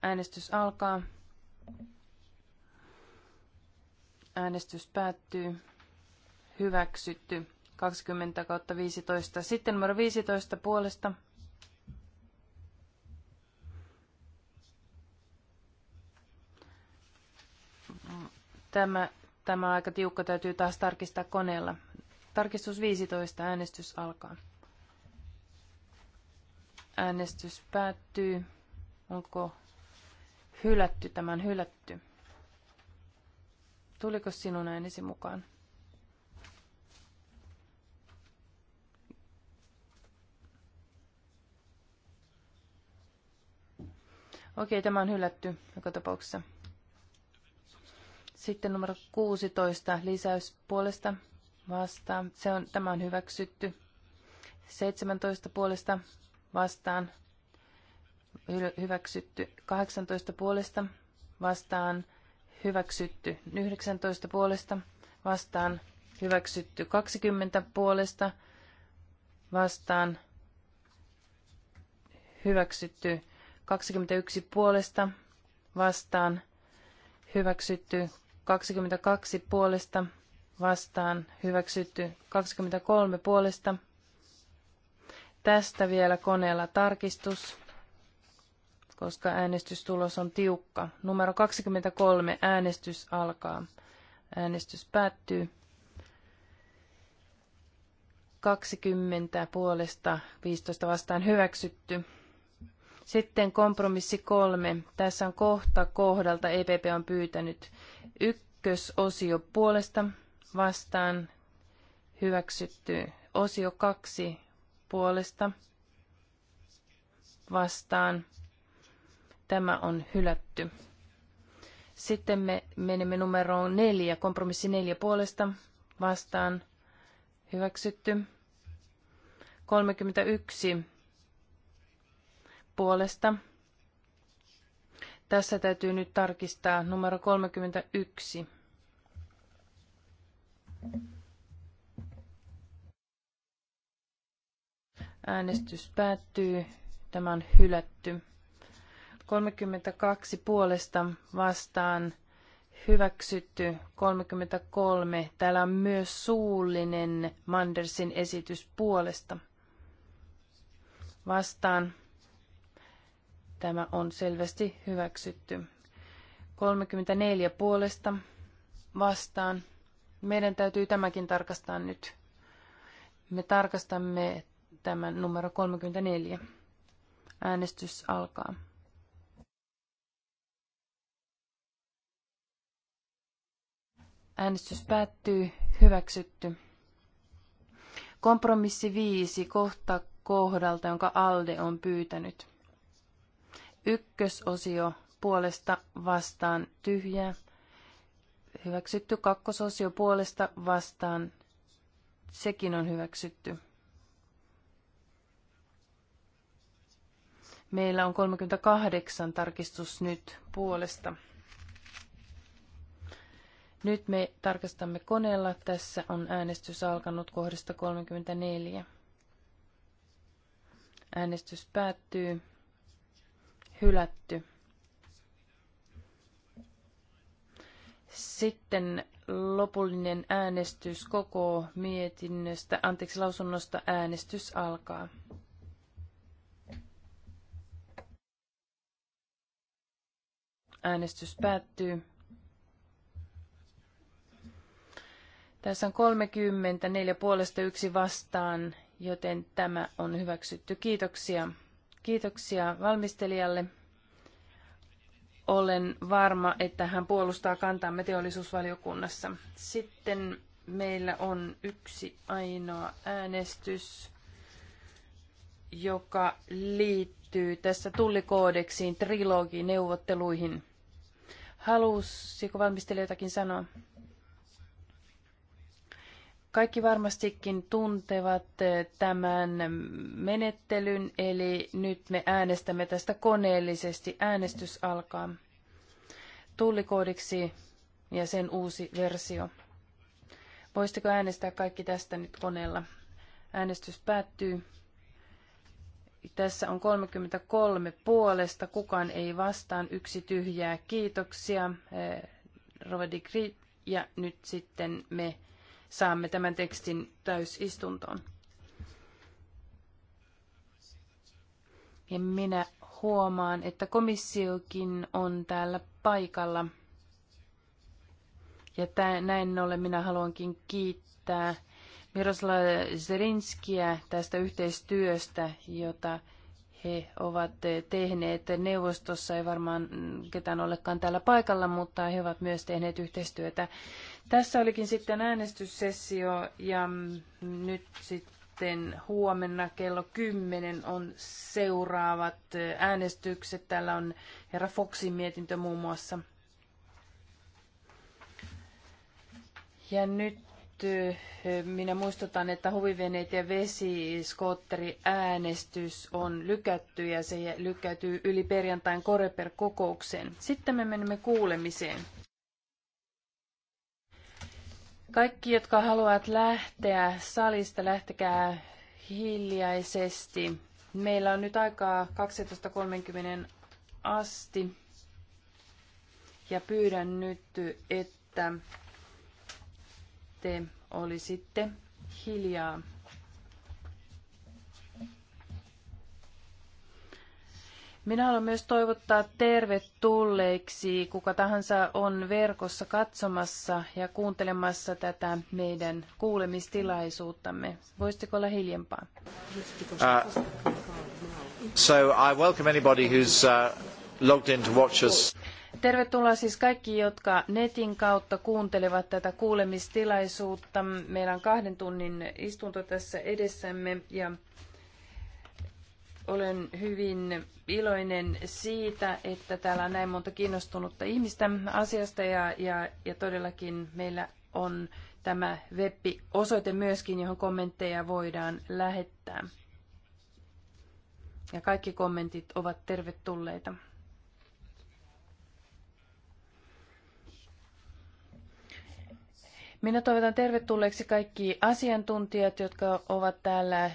Äänestys alkaa. Äänestys päättyy. Hyväksytty. 20 kautta 15. Sitten numero 15 puolesta. Tämä, tämä aika tiukka täytyy taas tarkistaa koneella. Tarkistus 15. Äänestys alkaa. Äänestys päättyy. Onko Hylätty, tämän hylätty. Tuliko sinun äänesi mukaan? Okei, tämä on hylätty joka tapauksessa. Sitten numero 16, lisäys puolesta vastaan. Se on, tämä on hyväksytty. 17 puolesta vastaan hyväksytty 18 puolesta vastaan, hyväksytty 19 puolesta vastaan, hyväksytty 20 puolesta vastaan, hyväksytty 21 puolesta vastaan, hyväksytty 22 puolesta vastaan, hyväksytty 23 puolesta. Tästä vielä koneella tarkistus koska äänestystulos on tiukka. Numero 23, äänestys alkaa. Äänestys päättyy. 20 puolesta 15 vastaan hyväksytty. Sitten kompromissi kolme. Tässä on kohta kohdalta EPP on pyytänyt ykkösosio puolesta vastaan hyväksytty. Osio kaksi puolesta vastaan Tämä on hylätty. Sitten me menemme numeroon neljä, kompromissi neljä puolesta vastaan hyväksytty. 31 puolesta. Tässä täytyy nyt tarkistaa numero 31. Äänestys päättyy. Tämä on hylätty. 32 puolesta vastaan hyväksytty 33. Täällä on myös suullinen Mandersin esitys puolesta. Vastaan tämä on selvästi hyväksytty. 34 puolesta vastaan. Meidän täytyy tämäkin tarkastaa nyt. Me tarkastamme tämän numero 34. Äänestys alkaa. Äänestys päättyy. Hyväksytty. Kompromissi viisi kohta kohdalta, jonka ALDE on pyytänyt. Ykkösosio puolesta vastaan tyhjää. Hyväksytty kakkososio puolesta vastaan. Sekin on hyväksytty. Meillä on 38 tarkistus nyt puolesta nyt me tarkastamme koneella. Tässä on äänestys alkanut kohdasta 34. Äänestys päättyy. Hylätty. Sitten lopullinen äänestys koko mietinnöstä, anteeksi lausunnosta äänestys alkaa. Äänestys päättyy. Tässä on neljä puolesta yksi vastaan, joten tämä on hyväksytty. Kiitoksia. Kiitoksia valmistelijalle. Olen varma, että hän puolustaa kantaamme teollisuusvaliokunnassa. Sitten meillä on yksi ainoa äänestys, joka liittyy tässä tullikoodeksiin trilogineuvotteluihin. Halusiko valmistelija jotakin sanoa? Kaikki varmastikin tuntevat eh, tämän menettelyn, eli nyt me äänestämme tästä koneellisesti. Äänestys alkaa tullikoodiksi ja sen uusi versio. Voisitteko äänestää kaikki tästä nyt koneella? Äänestys päättyy. Tässä on 33 puolesta, kukaan ei vastaan, yksi tyhjää. Kiitoksia, eh, Rovedi Ja nyt sitten me saamme tämän tekstin täysistuntoon. Ja minä huomaan, että komissiokin on täällä paikalla. Ja tämän, näin ollen minä haluankin kiittää Miroslav Zerinskiä tästä yhteistyöstä, jota he ovat eh, tehneet neuvostossa, ei varmaan ketään olekaan täällä paikalla, mutta he ovat myös tehneet yhteistyötä. Tässä olikin sitten äänestyssessio ja nyt sitten huomenna kello 10 on seuraavat eh, äänestykset. Täällä on herra Foxin mietintö muun muassa. Ja nyt minä muistutan, että huviveneet ja vesiskotteri äänestys on lykätty ja se lykkäytyy yli perjantain Koreper-kokoukseen. Sitten me menemme kuulemiseen. Kaikki, jotka haluavat lähteä salista, lähtekää hiljaisesti. Meillä on nyt aikaa 12.30 asti ja pyydän nyt, että te olisitte hiljaa. Minä haluan myös toivottaa tervetulleiksi. Kuka tahansa on verkossa katsomassa ja kuuntelemassa tätä meidän kuulemistilaisuuttamme. Voisitteko olla hiljempaa? Uh, so I welcome anybody who's uh, logged in to watch us. Tervetuloa siis kaikki, jotka netin kautta kuuntelevat tätä kuulemistilaisuutta. Meillä on kahden tunnin istunto tässä edessämme ja olen hyvin iloinen siitä, että täällä on näin monta kiinnostunutta ihmistä asiasta ja, ja, ja todellakin meillä on tämä web-osoite myöskin, johon kommentteja voidaan lähettää. Ja kaikki kommentit ovat tervetulleita. Minä toivotan tervetulleeksi kaikki asiantuntijat, jotka ovat täällä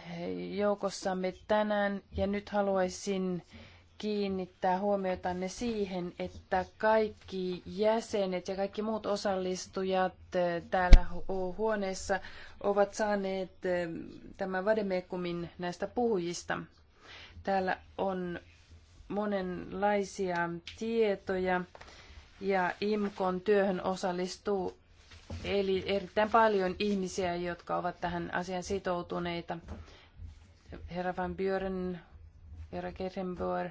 joukossamme tänään. Ja nyt haluaisin kiinnittää huomiotanne siihen, että kaikki jäsenet ja kaikki muut osallistujat eh, täällä huoneessa ovat saaneet eh, tämän vademekumin näistä puhujista. Täällä on monenlaisia tietoja ja IMKON työhön osallistuu Eli erittäin paljon ihmisiä, jotka ovat tähän asiaan sitoutuneita. Herra Van Buren, Herra Kerrenboer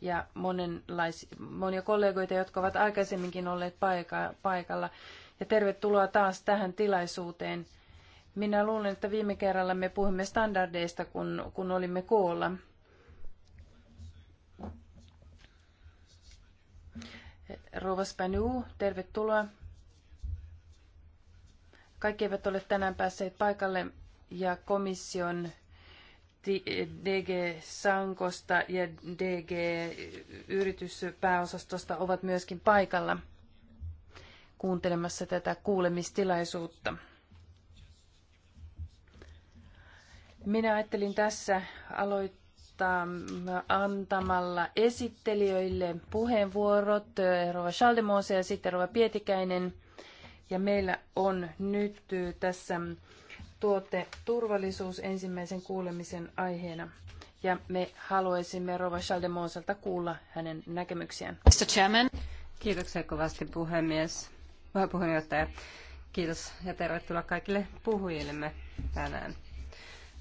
ja monenlais, monia kollegoita, jotka ovat aikaisemminkin olleet paika, paikalla. Ja tervetuloa taas tähän tilaisuuteen. Minä luulen, että viime kerralla me puhumme standardeista, kun, kun olimme koolla. Rouva Spanu, tervetuloa. Kaikki eivät ole tänään päässeet paikalle ja komission DG Sankosta ja DG yrityspääosastosta ovat myöskin paikalla kuuntelemassa tätä kuulemistilaisuutta. Minä ajattelin tässä aloittaa antamalla esittelijöille puheenvuorot, Rova Schaldemose ja sitten Rova Pietikäinen – ja meillä on nyt tässä tuote turvallisuus ensimmäisen kuulemisen aiheena. Ja me haluaisimme Rova Chaldemonselta kuulla hänen näkemyksiään. Mr. Chairman. Kiitoksia kovasti puhemies, puheenjohtaja. Kiitos ja tervetuloa kaikille puhujillemme tänään.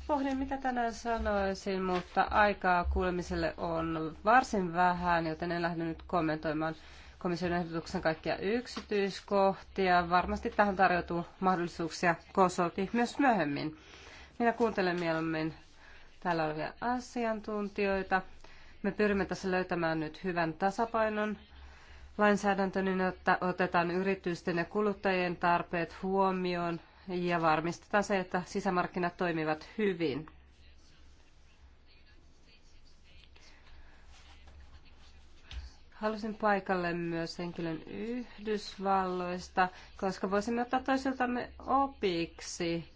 Pohdin, mitä tänään sanoisin, mutta aikaa kuulemiselle on varsin vähän, joten en lähde nyt kommentoimaan komission ehdotuksen kaikkia yksityiskohtia. Varmasti tähän tarjoutuu mahdollisuuksia kosolti myös myöhemmin. Minä kuuntelen mieluummin täällä olevia asiantuntijoita. Me pyrimme tässä löytämään nyt hyvän tasapainon lainsäädäntö, niin että otetaan yritysten ja kuluttajien tarpeet huomioon ja varmistetaan se, että sisämarkkinat toimivat hyvin. Halusin paikalle myös henkilön Yhdysvalloista, koska voisimme ottaa toisiltamme opiksi.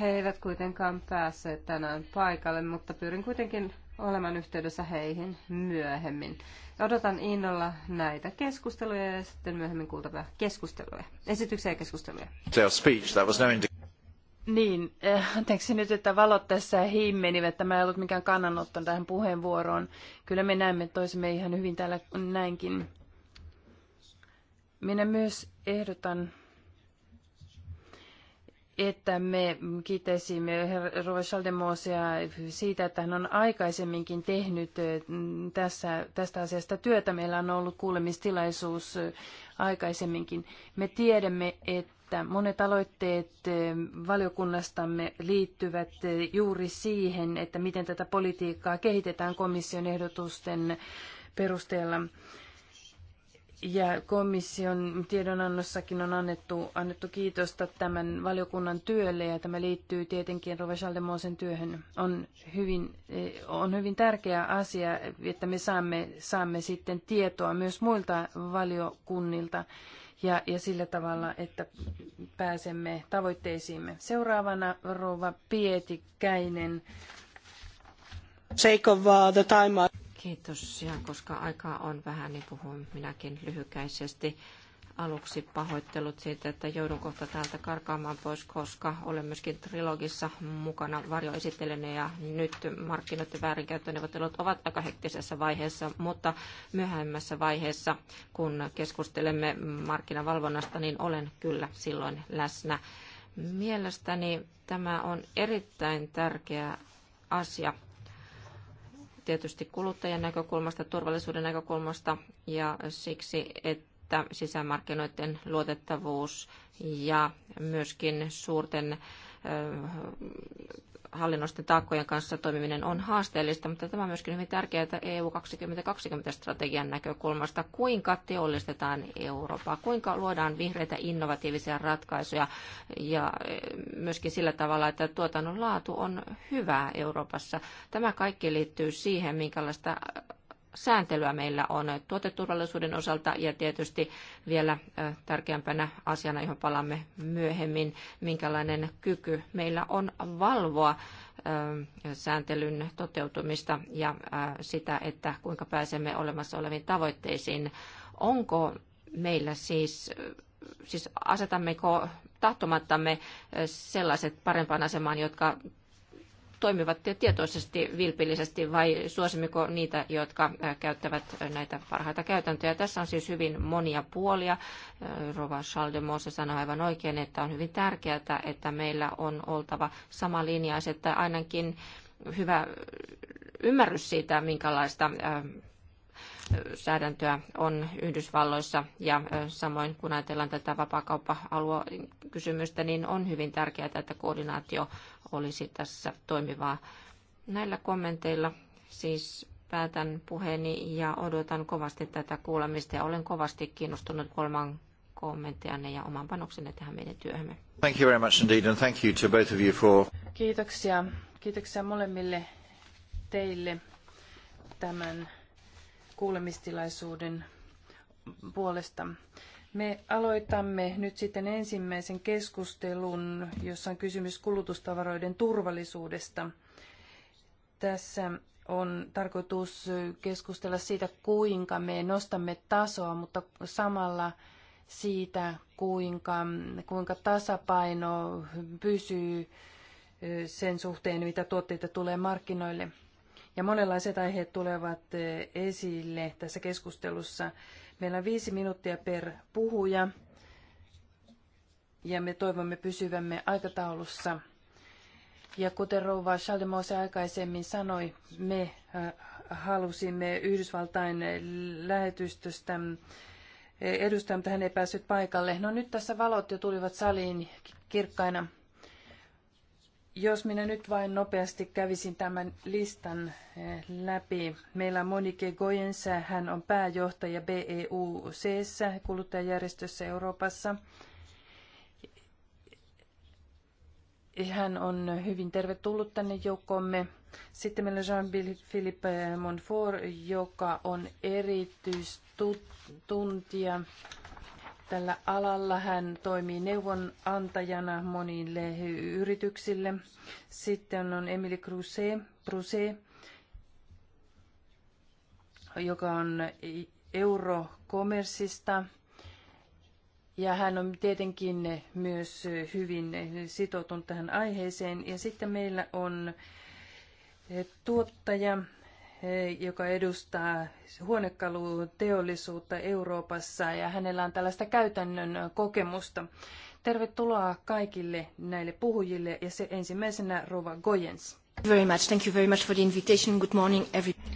He eivät kuitenkaan päässeet tänään paikalle, mutta pyrin kuitenkin olemaan yhteydessä heihin myöhemmin. Odotan innolla näitä keskusteluja ja sitten myöhemmin kuultavia keskusteluja, esityksiä ja keskusteluja. No niin, eh, anteeksi nyt, että valot tässä himmenivät. mä en ollut mikään kannanotto tähän puheenvuoroon. Kyllä me näemme toisemme ihan hyvin täällä näinkin. Minä myös ehdotan, että me kiittäisimme Rova Schaldemosea siitä, että hän on aikaisemminkin tehnyt eh, tässä, tästä asiasta työtä. Meillä on ollut kuulemistilaisuus eh, aikaisemminkin. Me tiedämme, että että monet aloitteet eh, valiokunnastamme liittyvät eh, juuri siihen, että miten tätä politiikkaa kehitetään komission ehdotusten perusteella. Ja komission tiedonannossakin on annettu, annettu kiitosta tämän valiokunnan työlle ja tämä liittyy tietenkin Rova työhön. On hyvin, eh, on hyvin tärkeä asia, että me saamme, saamme sitten tietoa myös muilta valiokunnilta ja, ja sillä tavalla, että pääsemme tavoitteisiimme. Seuraavana rouva Pietikäinen. Sake of uh, the time. Kiitos, ja koska aikaa on vähän, niin puhun minäkin lyhykäisesti aluksi pahoittelut siitä, että joudun kohta täältä karkaamaan pois, koska olen myöskin trilogissa mukana varjoesittelijänä ja nyt ja väärinkäyttöneuvottelut ovat aika hektisessä vaiheessa, mutta myöhemmässä vaiheessa, kun keskustelemme markkinavalvonnasta, niin olen kyllä silloin läsnä. Mielestäni tämä on erittäin tärkeä asia tietysti kuluttajan näkökulmasta, turvallisuuden näkökulmasta ja siksi, että että sisämarkkinoiden luotettavuus ja myöskin suurten hallinnosten taakkojen kanssa toimiminen on haasteellista, mutta tämä on myöskin hyvin tärkeää että EU 2020-strategian näkökulmasta, kuinka teollistetaan Eurooppaa, kuinka luodaan vihreitä innovatiivisia ratkaisuja ja myöskin sillä tavalla, että tuotannon laatu on hyvää Euroopassa. Tämä kaikki liittyy siihen, minkälaista sääntelyä meillä on tuoteturvallisuuden osalta ja tietysti vielä tärkeämpänä asiana, johon palaamme myöhemmin, minkälainen kyky meillä on valvoa sääntelyn toteutumista ja sitä, että kuinka pääsemme olemassa oleviin tavoitteisiin. Onko meillä siis, siis asetammeko tahtomattamme sellaiset parempaan asemaan, jotka toimivat tietoisesti vilpillisesti vai suosimmeko niitä, jotka käyttävät näitä parhaita käytäntöjä. Tässä on siis hyvin monia puolia. Rova Schaldemose sanoi aivan oikein, että on hyvin tärkeää, että meillä on oltava sama linja, että ainakin hyvä ymmärrys siitä, minkälaista säädäntöä on Yhdysvalloissa ja samoin kun ajatellaan tätä vapaakauppa-aluekysymystä, niin on hyvin tärkeää, että koordinaatio olisi tässä toimivaa. Näillä kommenteilla siis päätän puheeni ja odotan kovasti tätä kuulemista ja olen kovasti kiinnostunut kolman kommenttejanne ja oman panoksenne tähän meidän työhömme. Thank you very much indeed and thank you to both of you for... Kiitoksia. Kiitoksia molemmille teille tämän kuulemistilaisuuden puolesta. Me aloitamme nyt sitten ensimmäisen keskustelun, jossa on kysymys kulutustavaroiden turvallisuudesta. Tässä on tarkoitus keskustella siitä, kuinka me nostamme tasoa, mutta samalla siitä, kuinka, kuinka tasapaino pysyy sen suhteen, mitä tuotteita tulee markkinoille. Ja monenlaiset aiheet tulevat eh, esille tässä keskustelussa. Meillä on viisi minuuttia per puhuja ja me toivomme pysyvämme aikataulussa. Ja kuten rouva Chaldemose aikaisemmin sanoi, me eh, halusimme Yhdysvaltain lähetystöstä eh, edustaa, mutta hän ei päässyt paikalle. No nyt tässä valot jo tulivat saliin kirkkaina. Jos minä nyt vain nopeasti kävisin tämän listan eh, läpi. Meillä on Monike Gojensa, hän on pääjohtaja BEUC, kuluttajajärjestössä Euroopassa. Hän on hyvin tervetullut tänne joukkoomme. Sitten meillä on Jean-Philippe Monfort, joka on erityistuntija tällä alalla. Hän toimii neuvonantajana monille yrityksille. Sitten on Emily Bruse, joka on Eurokomersista. Ja hän on tietenkin myös hyvin sitoutunut tähän aiheeseen. Ja sitten meillä on tuottaja joka edustaa huonekaluteollisuutta Euroopassa ja hänellä on tällaista käytännön kokemusta. Tervetuloa kaikille näille puhujille ja se ensimmäisenä Rova Goyens. Very much. Thank you very much for the invitation. Good morning everybody.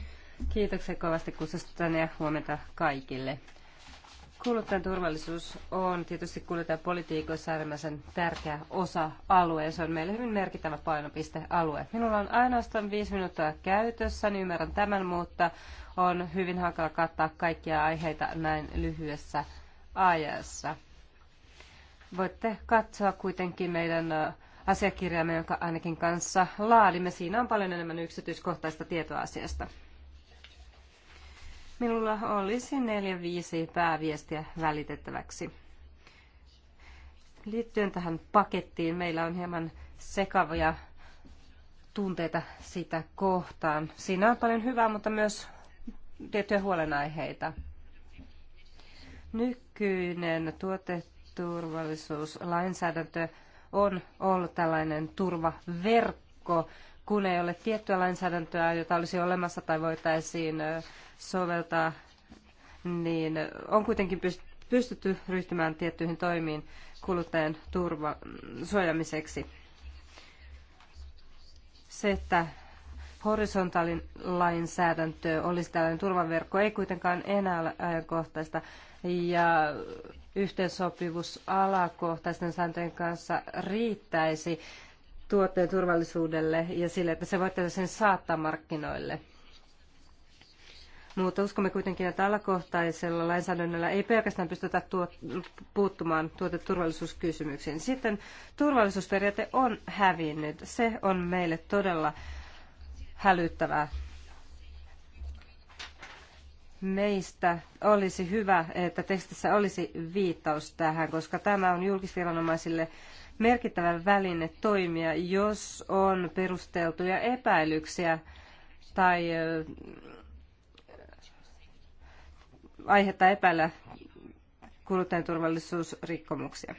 Kiitoksia kovasti kutsusta ja huomenta kaikille. Kuluttajan turvallisuus on tietysti kuluttajapolitiikoissa äärimmäisen tärkeä osa-alue ja se on meille hyvin merkittävä painopistealue. Minulla on ainoastaan viisi minuuttia käytössä, niin ymmärrän tämän, mutta on hyvin hankala kattaa kaikkia aiheita näin lyhyessä ajassa. Voitte katsoa kuitenkin meidän asiakirjaamme, jonka ainakin kanssa laadimme. Siinä on paljon enemmän yksityiskohtaista tietoa asiasta. Minulla olisi neljä viisi pääviestiä välitettäväksi. Liittyen tähän pakettiin, meillä on hieman sekavia tunteita sitä kohtaan. Siinä on paljon hyvää, mutta myös tiettyjä huolenaiheita. Nykyinen tuoteturvallisuuslainsäädäntö on ollut tällainen turvaverkko, kun ei ole tiettyä lainsäädäntöä, jota olisi olemassa tai voitaisiin soveltaa, niin on kuitenkin pystytty ryhtymään tiettyihin toimiin kuluttajan turva, suojamiseksi. Se, että horisontaalin lainsäädäntö olisi tällainen turvaverkko, ei kuitenkaan enää ole ajankohtaista. Ja yhteensopivuus alakohtaisten sääntöjen kanssa riittäisi tuotteen turvallisuudelle ja sille, että se voitaisiin sen saattaa markkinoille. Mutta uskomme kuitenkin, että alakohtaisella lainsäädännöllä ei pelkästään pystytä tuot, puuttumaan tuoteturvallisuuskysymyksiin. Sitten turvallisuusperiaate on hävinnyt. Se on meille todella hälyttävää. Meistä olisi hyvä, että tekstissä olisi viittaus tähän, koska tämä on julkisviranomaisille merkittävä väline toimia, jos on perusteltuja epäilyksiä tai aihetta epäillä kuluttajan turvallisuusrikkomuksia.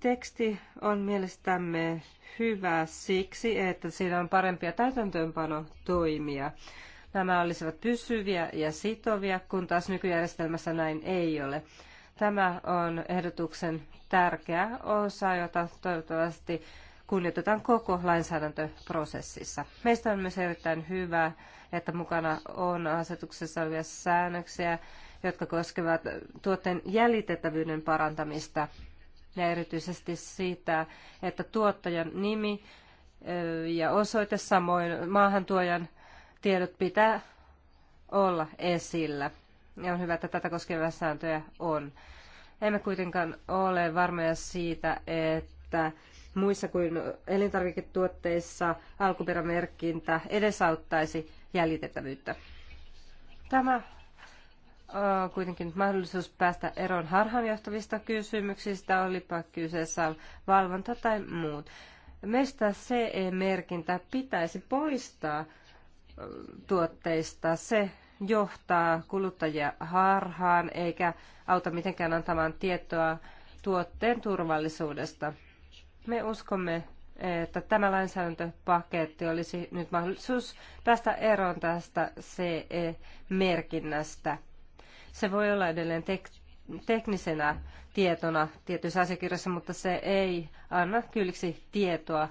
Teksti on mielestämme hyvä siksi, että siinä on parempia täytäntöönpanotoimia. Nämä olisivat pysyviä ja sitovia, kun taas nykyjärjestelmässä näin ei ole. Tämä on ehdotuksen tärkeä osa, jota toivottavasti kuljetetaan koko lainsäädäntöprosessissa. Meistä on myös erittäin hyvä, että mukana on asetuksessa olevia säännöksiä, jotka koskevat tuotteen jäljitettävyyden parantamista ja erityisesti siitä, että tuottajan nimi ja osoite samoin maahantuojan tiedot pitää olla esillä. Ja on hyvä, että tätä koskevia sääntöjä on. Emme kuitenkaan ole varmoja siitä, että muissa kuin elintarviketuotteissa alkuperämerkintä edesauttaisi jäljitettävyyttä. Tämä on kuitenkin mahdollisuus päästä eroon harhaanjohtavista kysymyksistä, olipa kyseessä valvonta tai muut. Meistä CE-merkintä pitäisi poistaa tuotteista. Se johtaa kuluttajia harhaan eikä auta mitenkään antamaan tietoa tuotteen turvallisuudesta. Me uskomme, että tämä lainsäädäntöpaketti olisi nyt mahdollisuus päästä eroon tästä CE-merkinnästä. Se voi olla edelleen tek- teknisenä tietona tietyissä asiakirjoissa, mutta se ei anna kylliksi tietoa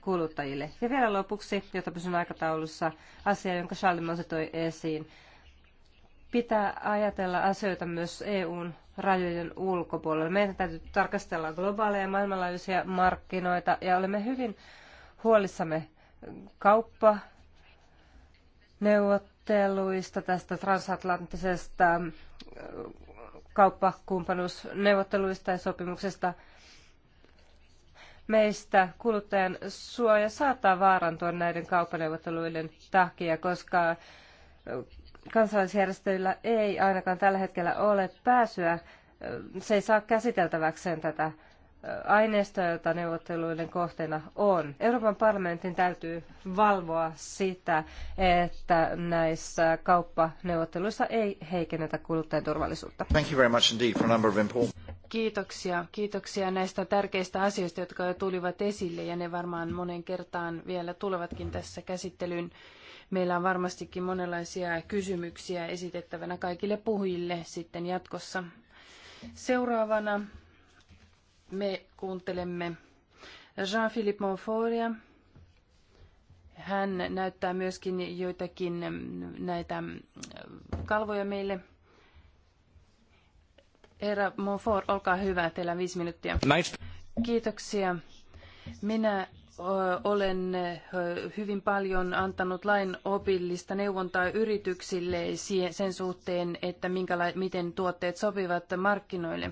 kuluttajille. Ja vielä lopuksi, jotta pysyn aikataulussa, asia, jonka Charlie Mose toi esiin pitää ajatella asioita myös EUn rajojen ulkopuolella. Meidän täytyy tarkastella globaaleja maailmanlaajuisia markkinoita ja olemme hyvin huolissamme kauppa neuvotteluista, tästä transatlanttisesta äh, kauppakumppanuusneuvotteluista ja sopimuksesta. Meistä kuluttajan suoja saattaa vaarantua näiden kauppaneuvotteluiden takia, koska kansalaisjärjestöillä ei ainakaan tällä hetkellä ole pääsyä. Se ei saa käsiteltäväkseen tätä aineistoa, jota neuvotteluiden kohteena on. Euroopan parlamentin täytyy valvoa sitä, että näissä kauppaneuvotteluissa ei heikennetä kuluttajien turvallisuutta. Thank you very much indeed for a number of important... Kiitoksia. Kiitoksia näistä tärkeistä asioista, jotka jo tulivat esille ja ne varmaan monen kertaan vielä tulevatkin tässä käsittelyyn. Meillä on varmastikin monenlaisia kysymyksiä esitettävänä kaikille puhujille sitten jatkossa. Seuraavana me kuuntelemme Jean-Philippe Monforia. Hän näyttää myöskin joitakin näitä kalvoja meille. Herra Monfort, olkaa hyvä, teillä on viisi minuuttia. Kiitoksia. Minä olen hyvin paljon antanut lainopillista neuvontaa yrityksille sen suhteen, että miten tuotteet sopivat markkinoille.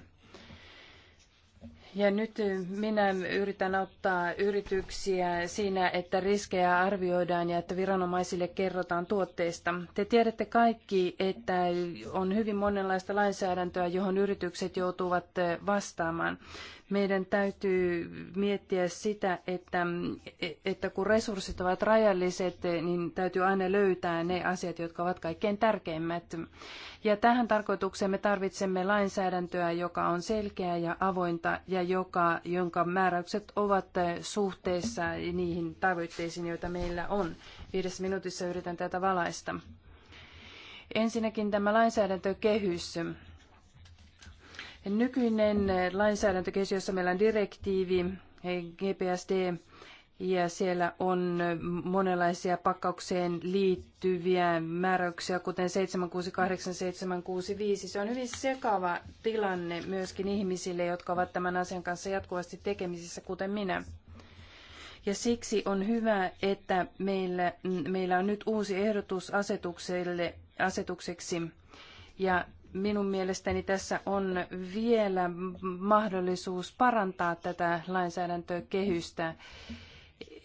Ja nyt minä yritän auttaa yrityksiä siinä, että riskejä arvioidaan ja että viranomaisille kerrotaan tuotteista. Te tiedätte kaikki, että on hyvin monenlaista lainsäädäntöä, johon yritykset joutuvat vastaamaan meidän täytyy miettiä sitä, että, että kun resurssit ovat rajalliset, niin täytyy aina löytää ne asiat, jotka ovat kaikkein tärkeimmät. Ja tähän tarkoitukseen me tarvitsemme lainsäädäntöä, joka on selkeää ja avointa ja joka, jonka määräykset ovat suhteessa niihin tavoitteisiin, joita meillä on. Viidessä minuutissa yritän tätä valaista. Ensinnäkin tämä lainsäädäntökehys Nykyinen lainsäädäntökehys, jossa meillä on direktiivi, GPSD, ja siellä on monenlaisia pakkaukseen liittyviä määräyksiä, kuten 768, 765. Se on hyvin sekava tilanne myöskin ihmisille, jotka ovat tämän asian kanssa jatkuvasti tekemisissä, kuten minä. Ja siksi on hyvä, että meillä, meillä on nyt uusi ehdotus asetukselle, asetukseksi. Ja minun mielestäni tässä on vielä mahdollisuus parantaa tätä lainsäädäntökehystä,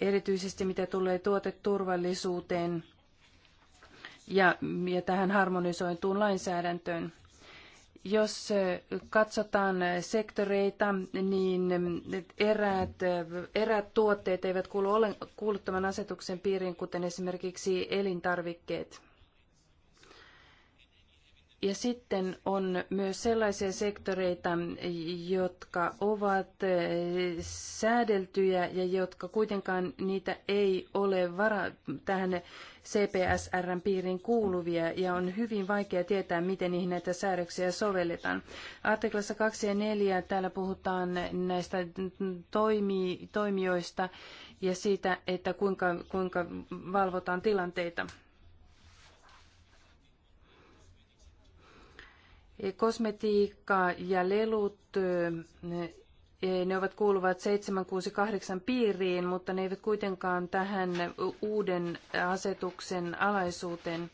erityisesti mitä tulee tuoteturvallisuuteen ja, ja tähän harmonisointuun lainsäädäntöön. Jos katsotaan sektoreita, niin eräät, eräät tuotteet eivät kuulu, kuulu tämän asetuksen piiriin, kuten esimerkiksi elintarvikkeet. Ja sitten on myös sellaisia sektoreita, jotka ovat eh, säädeltyjä ja jotka kuitenkaan niitä ei ole vara, tähän CPSRn piiriin kuuluvia ja on hyvin vaikea tietää, miten niihin näitä säädöksiä sovelletaan. Artiklassa 2 ja 4 täällä puhutaan näistä toimi, toimijoista ja siitä, että kuinka, kuinka valvotaan tilanteita. Kosmetiikka ja lelut, ne ovat kuuluvat 768 piiriin, mutta ne eivät kuitenkaan tähän uuden asetuksen alaisuuteen.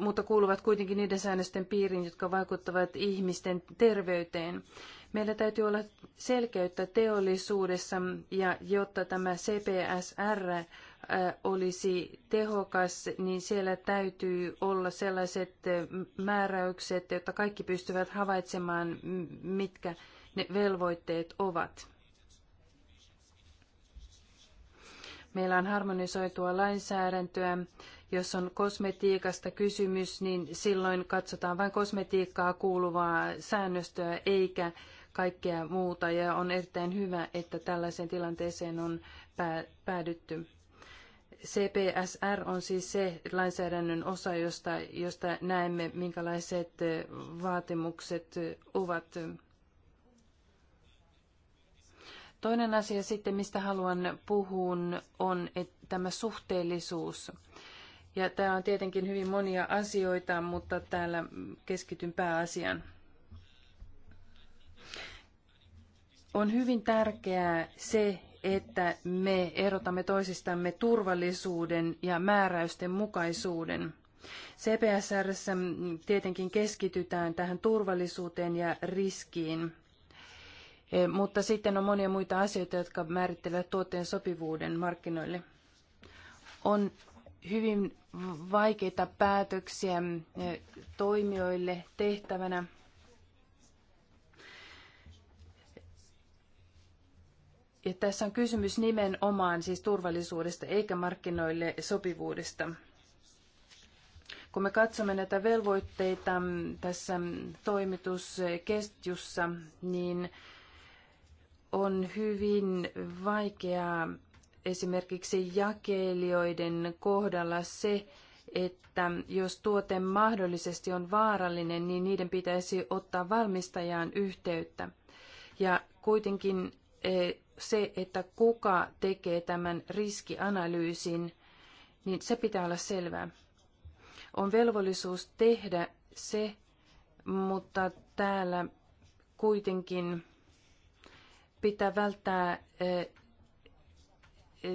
mutta kuuluvat kuitenkin niiden säännösten piiriin, jotka vaikuttavat ihmisten terveyteen. Meillä täytyy olla selkeyttä teollisuudessa, ja jotta tämä CPSR Äh, olisi tehokas, niin siellä täytyy olla sellaiset äh, määräykset, jotta kaikki pystyvät havaitsemaan, mitkä ne velvoitteet ovat. Meillä on harmonisoitua lainsäädäntöä. Jos on kosmetiikasta kysymys, niin silloin katsotaan vain kosmetiikkaa kuuluvaa säännöstöä eikä kaikkea muuta. Ja on erittäin hyvä, että tällaiseen tilanteeseen on päädytty. CPSR on siis se lainsäädännön osa, josta, josta näemme, minkälaiset vaatimukset ovat. Toinen asia sitten, mistä haluan puhun, on että tämä suhteellisuus. Ja tämä on tietenkin hyvin monia asioita, mutta täällä keskityn pääasiaan. On hyvin tärkeää se, että me erotamme toisistamme turvallisuuden ja määräysten mukaisuuden. CPSRssä tietenkin keskitytään tähän turvallisuuteen ja riskiin, e, mutta sitten on monia muita asioita, jotka määrittelevät tuotteen sopivuuden markkinoille. On hyvin vaikeita päätöksiä e, toimijoille tehtävänä Ja tässä on kysymys nimenomaan siis turvallisuudesta eikä markkinoille sopivuudesta. Kun me katsomme näitä velvoitteita tässä toimitusketjussa, niin on hyvin vaikeaa esimerkiksi jakelijoiden kohdalla se, että jos tuote mahdollisesti on vaarallinen, niin niiden pitäisi ottaa valmistajaan yhteyttä. Ja kuitenkin eh, se, että kuka tekee tämän riskianalyysin, niin se pitää olla selvää. On velvollisuus tehdä se, mutta täällä kuitenkin pitää välttää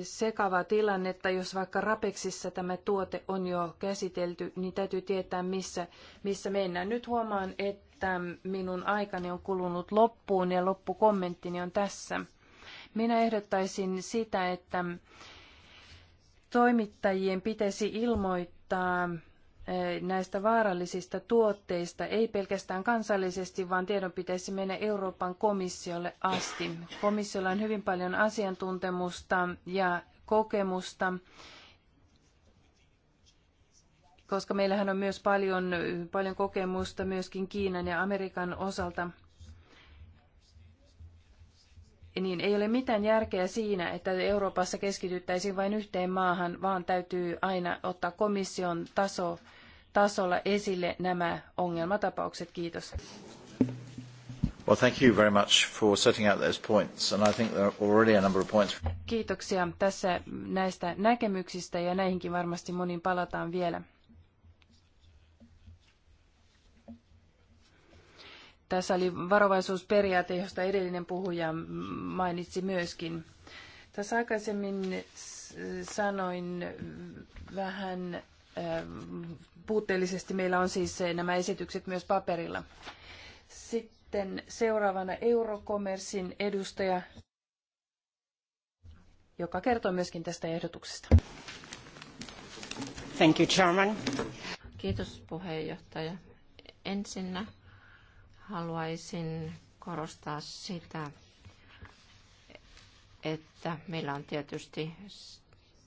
sekava tilannetta, jos vaikka Rapexissa tämä tuote on jo käsitelty, niin täytyy tietää, missä, missä mennään. Nyt huomaan, että minun aikani on kulunut loppuun ja loppukommenttini on tässä. Minä ehdottaisin sitä, että toimittajien pitäisi ilmoittaa eh, näistä vaarallisista tuotteista, ei pelkästään kansallisesti, vaan tiedon pitäisi mennä Euroopan komissiolle asti. Komissiolla on hyvin paljon asiantuntemusta ja kokemusta, koska meillähän on myös paljon, paljon kokemusta myöskin Kiinan ja Amerikan osalta – niin ei ole mitään järkeä siinä, että Euroopassa keskityttäisiin vain yhteen maahan, vaan täytyy aina ottaa komission taso, tasolla esille nämä ongelmatapaukset. Kiitos. Kiitoksia tässä näistä näkemyksistä, ja näihinkin varmasti moniin palataan vielä. Tässä oli varovaisuusperiaate, josta edellinen puhuja mainitsi myöskin. Tässä aikaisemmin sanoin vähän äh, puutteellisesti. Meillä on siis nämä esitykset myös paperilla. Sitten seuraavana Eurokommersin edustaja, joka kertoo myöskin tästä ehdotuksesta. Thank you, Chairman. Kiitos puheenjohtaja. Ensinnä haluaisin korostaa sitä, että meillä on tietysti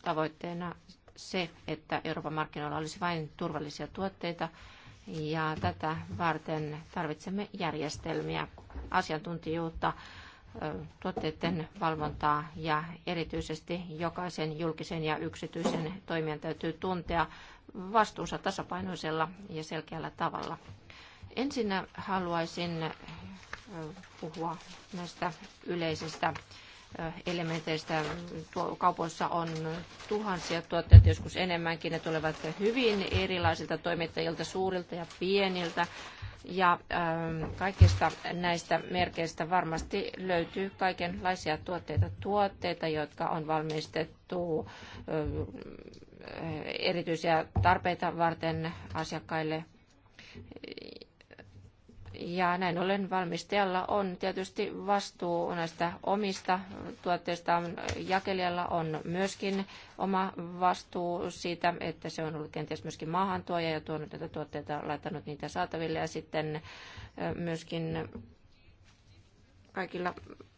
tavoitteena se, että Euroopan markkinoilla olisi vain turvallisia tuotteita, ja tätä varten tarvitsemme järjestelmiä, asiantuntijuutta, tuotteiden valvontaa ja erityisesti jokaisen julkisen ja yksityisen toimijan täytyy tuntea vastuunsa tasapainoisella ja selkeällä tavalla. Ensinnä haluaisin puhua näistä yleisistä elementeistä. Tuo, kaupoissa on tuhansia tuotteita, joskus enemmänkin. Ne tulevat hyvin erilaisilta toimittajilta, suurilta ja pieniltä. Ja ähm, kaikista näistä merkeistä varmasti löytyy kaikenlaisia tuotteita, tuotteita, jotka on valmistettu erityisiä tarpeita varten asiakkaille ja näin ollen valmistajalla on tietysti vastuu näistä omista tuotteistaan. Jakelijalla on myöskin oma vastuu siitä, että se on ollut kenties myöskin maahantuoja ja tuonut näitä tuotteita, laittanut niitä saataville. Ja sitten myöskin kaikilla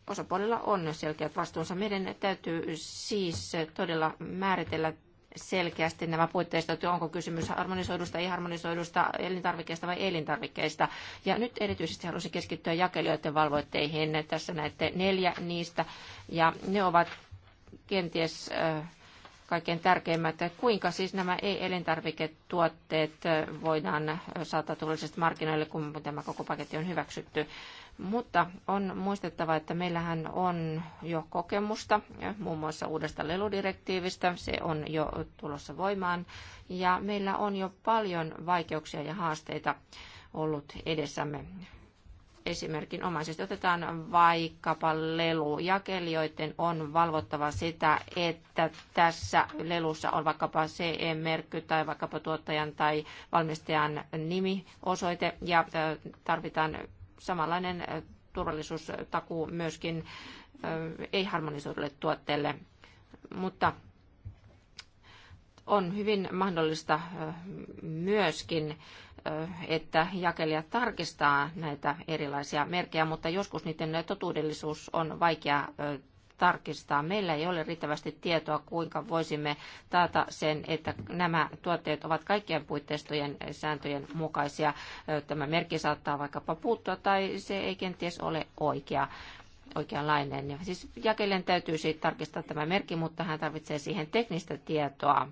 osapuolilla on selkeät vastuunsa. Meidän täytyy siis todella määritellä selkeästi nämä puitteistot, onko kysymys harmonisoidusta, ei harmonisoidusta, elintarvikkeista vai elintarvikkeista. Ja nyt erityisesti halusin keskittyä jakelijoiden valvoitteihin. Tässä näette neljä niistä, ja ne ovat kenties kaikkein tärkeimmät, kuinka siis nämä ei-elintarviketuotteet voidaan saattaa tullisesti markkinoille, kun tämä koko paketti on hyväksytty. Mutta on muistettava, että meillähän on jo kokemusta muun muassa uudesta leludirektiivistä. Se on jo tulossa voimaan ja meillä on jo paljon vaikeuksia ja haasteita ollut edessämme. omaisesti otetaan vaikkapa lelu. Jakelijoiden on valvottava sitä, että tässä lelussa on vaikkapa CE-merkky tai vaikkapa tuottajan tai valmistajan nimi, osoite ja tarvitaan samanlainen turvallisuustaku myöskin ei-harmonisoidulle tuotteelle. Mutta on hyvin mahdollista myöskin, että jakelija tarkistaa näitä erilaisia merkkejä, mutta joskus niiden totuudellisuus on vaikea tarkistaa. Meillä ei ole riittävästi tietoa, kuinka voisimme taata sen, että nämä tuotteet ovat kaikkien puitteistojen sääntöjen mukaisia. Tämä merkki saattaa vaikkapa puuttua tai se ei kenties ole oikea oikeanlainen. siis jakelen täytyy siitä tarkistaa tämä merkki, mutta hän tarvitsee siihen teknistä tietoa.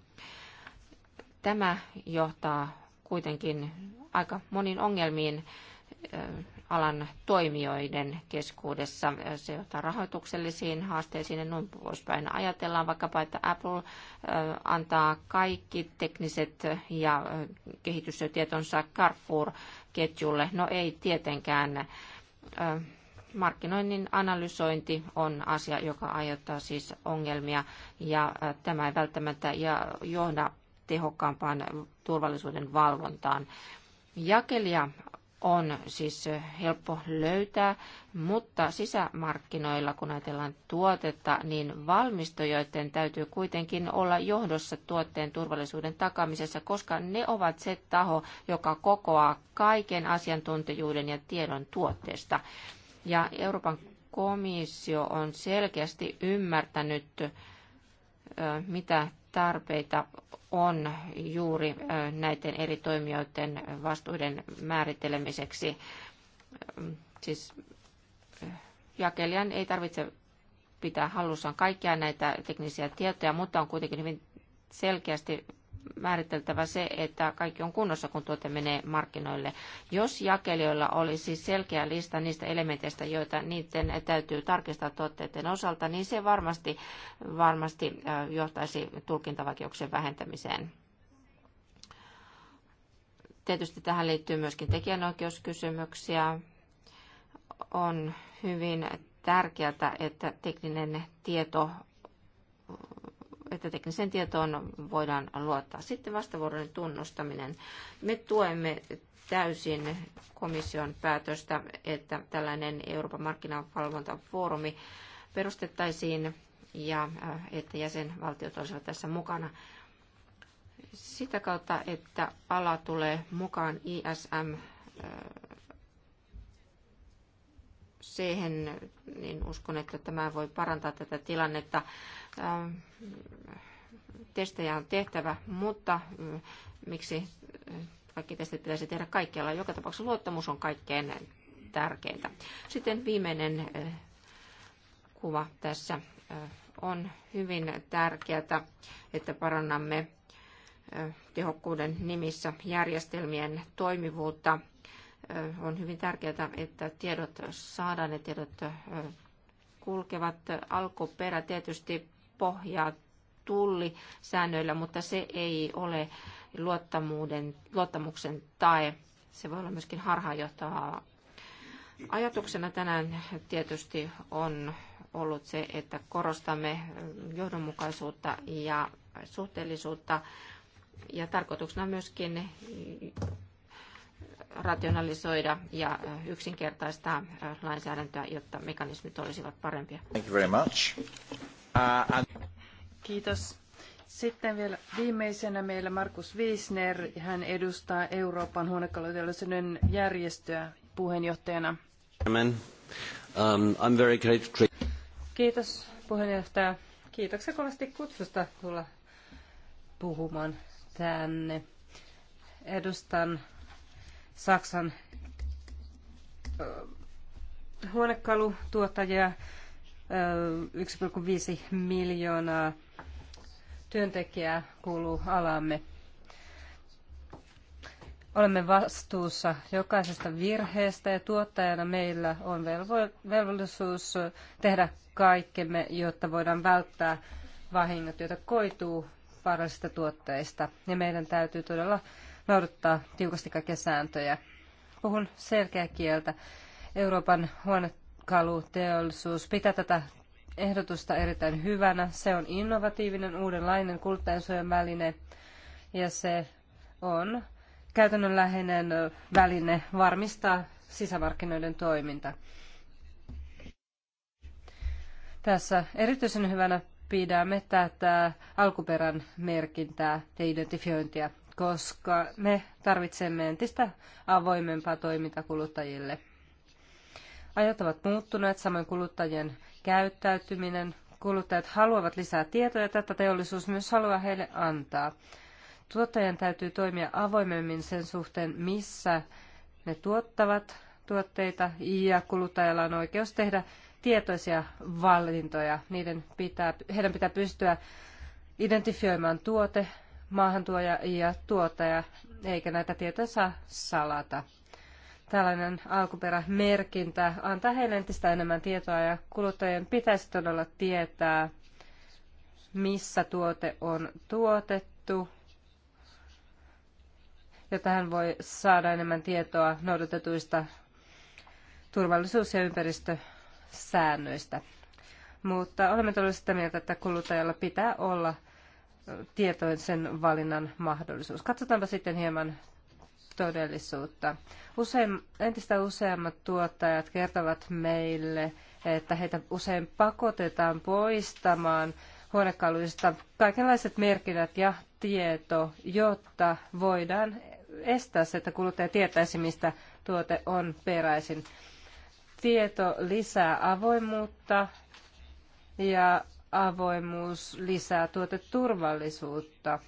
Tämä johtaa kuitenkin aika moniin ongelmiin alan toimijoiden keskuudessa. Se johtaa rahoituksellisiin haasteisiin ja noin poispäin. Ajatellaan vaikkapa, että Apple antaa kaikki tekniset ja kehitystyötietonsa Carrefour-ketjulle. No ei tietenkään. Markkinoinnin analysointi on asia, joka aiheuttaa siis ongelmia ja tämä ei välttämättä johda tehokkaampaan turvallisuuden valvontaan. Jakelija on siis helppo löytää, mutta sisämarkkinoilla, kun ajatellaan tuotetta, niin valmistojoiden täytyy kuitenkin olla johdossa tuotteen turvallisuuden takamisessa, koska ne ovat se taho, joka kokoaa kaiken asiantuntijuuden ja tiedon tuotteesta. Ja Euroopan komissio on selkeästi ymmärtänyt, mitä tarpeita on juuri näiden eri toimijoiden vastuuden määrittelemiseksi. Siis jakelijan ei tarvitse pitää hallussaan kaikkia näitä teknisiä tietoja, mutta on kuitenkin hyvin selkeästi määriteltävä se, että kaikki on kunnossa, kun tuote menee markkinoille. Jos jakelijoilla olisi selkeä lista niistä elementeistä, joita niiden täytyy tarkistaa tuotteiden osalta, niin se varmasti, varmasti johtaisi tulkintavaikeuksien vähentämiseen. Tietysti tähän liittyy myöskin tekijänoikeuskysymyksiä. On hyvin tärkeää, että tekninen tieto että tekniseen tietoon voidaan luottaa. Sitten vastavuoroinen tunnustaminen. Me tuemme täysin komission päätöstä, että tällainen Euroopan markkinavalvontafoorumi perustettaisiin ja äh, että jäsenvaltiot olisivat tässä mukana sitä kautta, että ala tulee mukaan ISM äh, siihen, niin uskon, että tämä voi parantaa tätä tilannetta. Ähm, testejä on tehtävä, mutta äh, miksi kaikki testit pitäisi tehdä kaikkialla? Joka tapauksessa luottamus on kaikkein tärkeintä. Sitten viimeinen äh, kuva tässä äh, on hyvin tärkeää, että parannamme tehokkuuden nimissä järjestelmien toimivuutta – on hyvin tärkeää, että tiedot saadaan ja tiedot kulkevat. Alkuperä tietysti pohjaa säännöillä, mutta se ei ole luottamuuden, luottamuksen tae. Se voi olla myöskin harhaanjohtavaa. Ajatuksena tänään tietysti on ollut se, että korostamme johdonmukaisuutta ja suhteellisuutta. Ja tarkoituksena on myöskin rationalisoida ja yksinkertaistaa lainsäädäntöä, jotta mekanismit olisivat parempia. Thank you very much. Uh, and... Kiitos. Sitten vielä viimeisenä meillä Markus Wiesner. Hän edustaa Euroopan huonekaluteollisuuden järjestöä puheenjohtajana. Amen. Um, I'm very grateful. Kiitos puheenjohtaja. Kiitoksia kovasti kutsusta tulla puhumaan tänne. Edustan Saksan huonekalutuottajia, 1,5 miljoonaa työntekijää kuuluu alamme. Olemme vastuussa jokaisesta virheestä ja tuottajana meillä on velvollisuus tehdä kaikkemme, jotta voidaan välttää vahingot, joita koituu vaarallisista tuotteista. Ja meidän täytyy todella noudattaa tiukasti kaikkia sääntöjä. Puhun selkeä kieltä. Euroopan huonekaluteollisuus pitää tätä ehdotusta erittäin hyvänä. Se on innovatiivinen, uudenlainen kuluttajansuojan väline ja se on käytännönläheinen väline varmistaa sisämarkkinoiden toiminta. Tässä erityisen hyvänä pidämme tätä alkuperän merkintää ja identifiointia koska me tarvitsemme entistä avoimempaa toimintaa kuluttajille. Ajat ovat muuttuneet, samoin kuluttajien käyttäytyminen. Kuluttajat haluavat lisää tietoja, tätä teollisuus myös haluaa heille antaa. Tuottajien täytyy toimia avoimemmin sen suhteen, missä ne tuottavat tuotteita ja kuluttajalla on oikeus tehdä tietoisia valintoja. Niiden pitää, heidän pitää pystyä identifioimaan tuote maahantuoja ja tuotaja, eikä näitä tietoja saa salata. Tällainen alkuperämerkintä antaa heille entistä enemmän tietoa ja kuluttajien pitäisi todella tietää, missä tuote on tuotettu, jotta hän voi saada enemmän tietoa noudatetuista turvallisuus- ja ympäristösäännöistä. Mutta olemme todella sitä mieltä, että kuluttajalla pitää olla tietoisen valinnan mahdollisuus. Katsotaanpa sitten hieman todellisuutta. Usein, entistä useammat tuottajat kertovat meille, että heitä usein pakotetaan poistamaan huonekaluista kaikenlaiset merkinnät ja tieto, jotta voidaan estää se, että kuluttaja tietäisi, mistä tuote on peräisin. Tieto lisää avoimuutta ja avoimuus lisää tuoteturvallisuutta.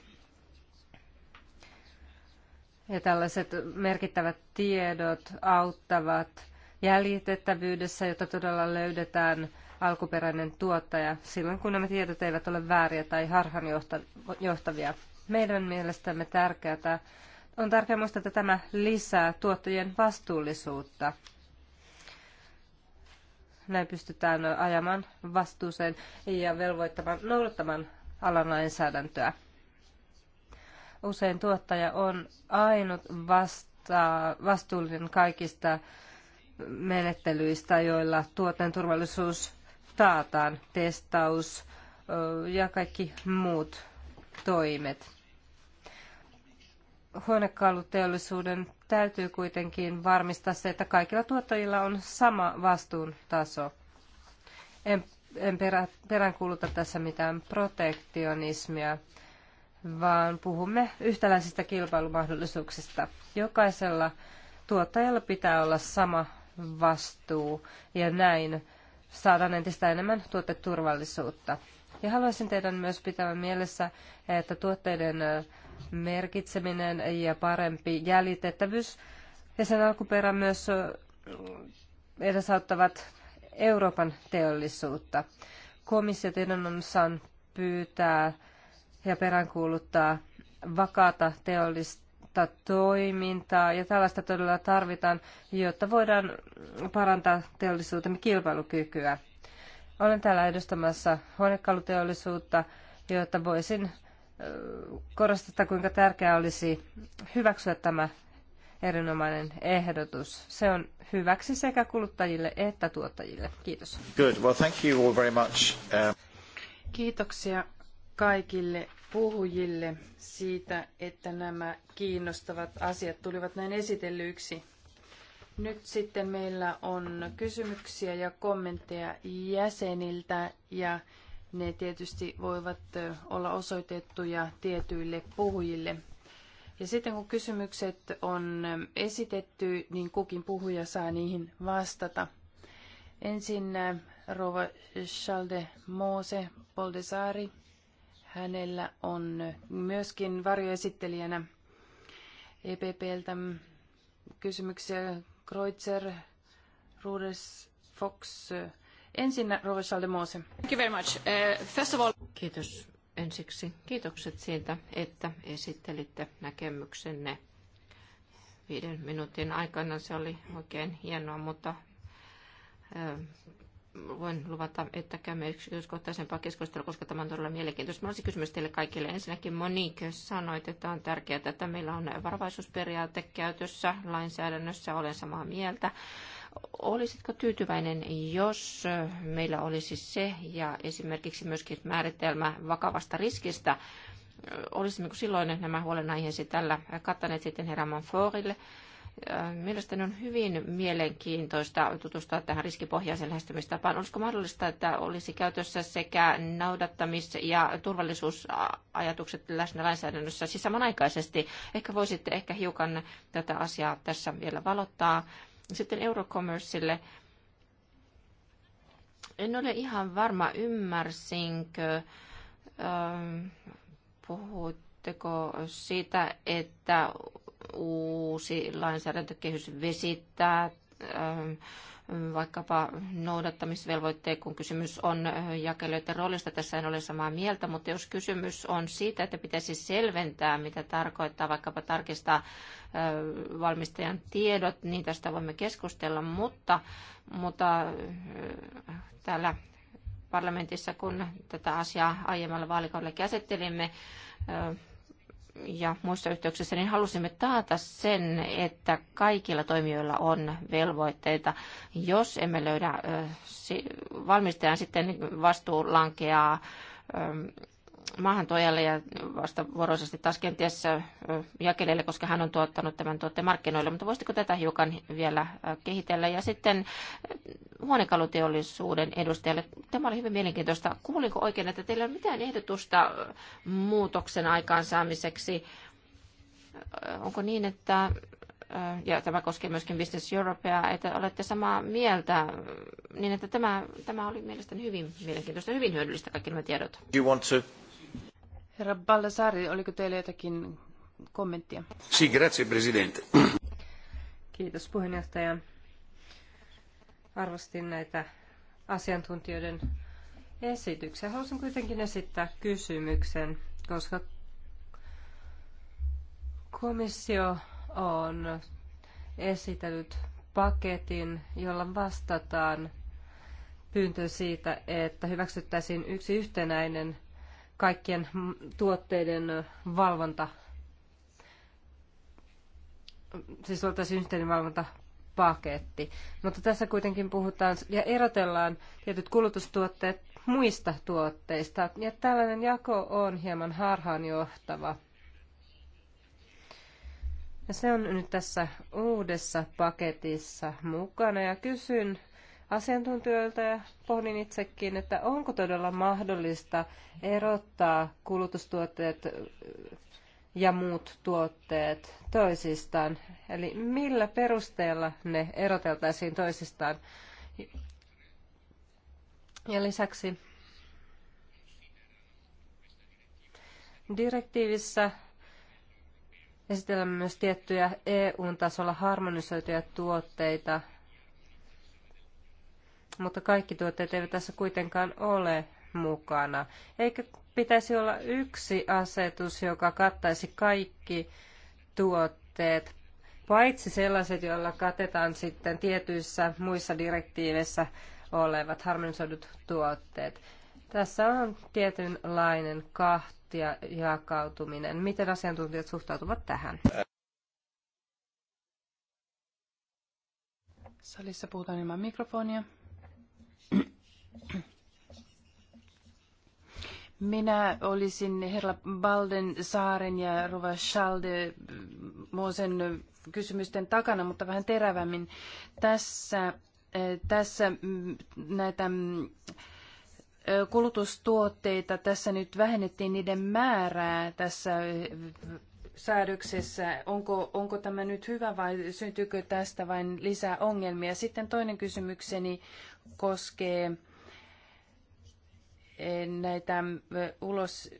Ja tällaiset merkittävät tiedot auttavat jäljitettävyydessä, jotta todella löydetään alkuperäinen tuottaja silloin, kun nämä tiedot eivät ole vääriä tai harhanjohtavia. Meidän mielestämme tärkeää on tärkeää muistaa, että tämä lisää tuottajien vastuullisuutta. Näin pystytään ajamaan vastuuseen ja velvoittamaan noudattamaan alan lainsäädäntöä. Usein tuottaja on ainut vasta, vastuullinen kaikista menettelyistä, joilla tuotteen turvallisuus taataan, testaus ja kaikki muut toimet. Huonekaluteollisuuden täytyy kuitenkin varmistaa se, että kaikilla tuottajilla on sama vastuun taso. En, en perä, peräänkuuluta tässä mitään protektionismia, vaan puhumme yhtäläisistä kilpailumahdollisuuksista. Jokaisella tuottajalla pitää olla sama vastuu ja näin saadaan entistä enemmän tuoteturvallisuutta. Ja haluaisin teidän myös pitävän mielessä, että tuotteiden merkitseminen ja parempi jäljitettävyys ja sen alkuperä myös edesauttavat Euroopan teollisuutta. Komissio tiedonannossaan pyytää ja peräänkuuluttaa vakaata teollista toimintaa ja tällaista todella tarvitaan, jotta voidaan parantaa teollisuutemme kilpailukykyä. Olen täällä edustamassa huonekaluteollisuutta, jotta voisin korosteta, kuinka tärkeää olisi hyväksyä tämä erinomainen ehdotus. Se on hyväksi sekä kuluttajille että tuottajille. Kiitos. Good. Well, thank you all very much. Um, Kiitoksia kaikille puhujille siitä, että nämä kiinnostavat asiat tulivat näin esitellyiksi. Nyt sitten meillä on kysymyksiä ja kommentteja jäseniltä ja ne tietysti voivat olla osoitettuja tietyille puhujille. Ja sitten kun kysymykset on esitetty, niin kukin puhuja saa niihin vastata. Ensin Rova Schalde Moose Poldesaari. Hänellä on myöskin varjoesittelijänä EPPltä kysymyksiä. Kreutzer, Rudes, Fox, Ensin Rove Schaldemose. Thank you very much. Uh, first of all... Kiitos ensiksi. Kiitokset siitä, että esittelitte näkemyksenne viiden minuutin aikana. Se oli oikein hienoa, mutta voin luvata, että käymme yksityiskohtaisempaa keskustelua, koska tämä on todella mielenkiintoista. Mä olisin kysymys teille kaikille. Ensinnäkin Monique sanoi, että on tärkeää, että meillä on varovaisuusperiaate käytössä lainsäädännössä. Olen samaa mieltä. Olisitko tyytyväinen, jos meillä olisi se ja esimerkiksi myöskin määritelmä vakavasta riskistä, olisimmeko silloin nämä huolenaiheesi tällä kattaneet sitten herra Manforille? Mielestäni on hyvin mielenkiintoista tutustua tähän riskipohjaiseen lähestymistapaan. Olisiko mahdollista, että olisi käytössä sekä noudattamis- ja turvallisuusajatukset läsnä lainsäädännössä siis samanaikaisesti? Ehkä voisitte ehkä hiukan tätä asiaa tässä vielä valottaa. Sitten Eurocommerceille. En ole ihan varma, ymmärsinkö, ähm, puhutteko siitä, että uusi lainsäädäntökehys vesittää ähm, vaikkapa noudattamisvelvoitteet, kun kysymys on jakelijoiden roolista. Tässä en ole samaa mieltä, mutta jos kysymys on siitä, että pitäisi selventää, mitä tarkoittaa vaikkapa tarkistaa valmistajan tiedot, niin tästä voimme keskustella, mutta, mutta täällä parlamentissa, kun tätä asiaa aiemmalla vaalikaudella käsittelimme, ja muissa yhteyksissä, niin halusimme taata sen, että kaikilla toimijoilla on velvoitteita. Jos emme löydä valmistajan sitten vastuu lankeaa maahantuojalle ja vastavuoroisesti taas kenties jakelijalle, koska hän on tuottanut tämän tuotteen markkinoille. Mutta voisitko tätä hiukan vielä kehitellä? Ja sitten huonekaluteollisuuden edustajalle. Tämä oli hyvin mielenkiintoista. Kuulinko oikein, että teillä on mitään ehdotusta muutoksen aikaansaamiseksi? Onko niin, että ja tämä koskee myöskin Business Europea, että olette samaa mieltä, niin että tämä, tämä oli mielestäni hyvin mielenkiintoista, hyvin hyödyllistä kaikki nämä tiedot. You want to Herra Ballasari, oliko teillä jotakin kommenttia? Si, grazie, presidente. Kiitos puheenjohtaja. Arvostin näitä asiantuntijoiden esityksiä. Haluaisin kuitenkin esittää kysymyksen, koska komissio on esitellyt paketin, jolla vastataan pyyntöön siitä, että hyväksyttäisiin yksi yhtenäinen kaikkien tuotteiden valvonta, siis oltaisiin yhteinen paketti. Mutta tässä kuitenkin puhutaan ja erotellaan tietyt kulutustuotteet muista tuotteista. Ja tällainen jako on hieman harhaanjohtava. Ja se on nyt tässä uudessa paketissa mukana ja kysyn asiantuntijoilta ja pohdin itsekin, että onko todella mahdollista erottaa kulutustuotteet ja muut tuotteet toisistaan. Eli millä perusteella ne eroteltaisiin toisistaan. Ja lisäksi direktiivissä esitellään myös tiettyjä EU-tasolla harmonisoituja tuotteita mutta kaikki tuotteet eivät tässä kuitenkaan ole mukana. Eikä pitäisi olla yksi asetus, joka kattaisi kaikki tuotteet, paitsi sellaiset, joilla katetaan sitten tietyissä muissa direktiiveissä olevat harmonisoidut tuotteet. Tässä on tietynlainen kahtia jakautuminen. Miten asiantuntijat suhtautuvat tähän? Salissa puhutaan ilman mikrofonia. Minä olisin herra Balden Saaren ja Rova Schalde Moosen kysymysten takana, mutta vähän terävämmin. Tässä, eh, tässä mm, näitä mm, eh, kulutustuotteita, tässä nyt vähennettiin niiden määrää tässä eh, säädöksessä. Onko, onko tämä nyt hyvä vai syntyykö tästä vain lisää ongelmia? Sitten toinen kysymykseni koskee näitä mm, ulos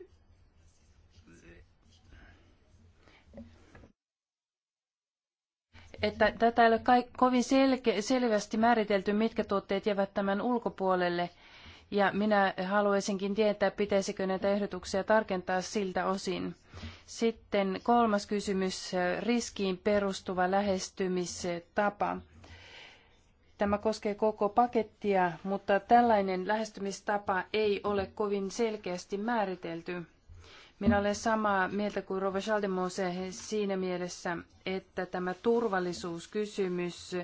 että tätä ei ole kovin selke, selvästi määritelty, mitkä tuotteet jäävät tämän ulkopuolelle. Ja minä haluaisinkin tietää, pitäisikö näitä ehdotuksia tarkentaa siltä osin. Sitten kolmas kysymys, riskiin perustuva lähestymistapa. Tämä koskee koko pakettia, mutta tällainen lähestymistapa ei ole kovin selkeästi määritelty. Minä olen samaa mieltä kuin Rova Chaldemose siinä mielessä, että tämä turvallisuuskysymys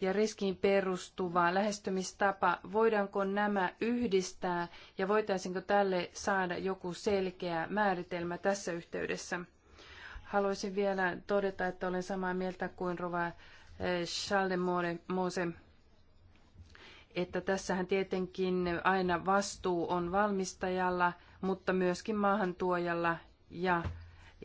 ja riskiin perustuva lähestymistapa, voidaanko nämä yhdistää ja voitaisinko tälle saada joku selkeä määritelmä tässä yhteydessä. Haluaisin vielä todeta, että olen samaa mieltä kuin Rova eh, Chaldemose että tässähän tietenkin aina vastuu on valmistajalla, mutta myöskin maahantuojalla ja,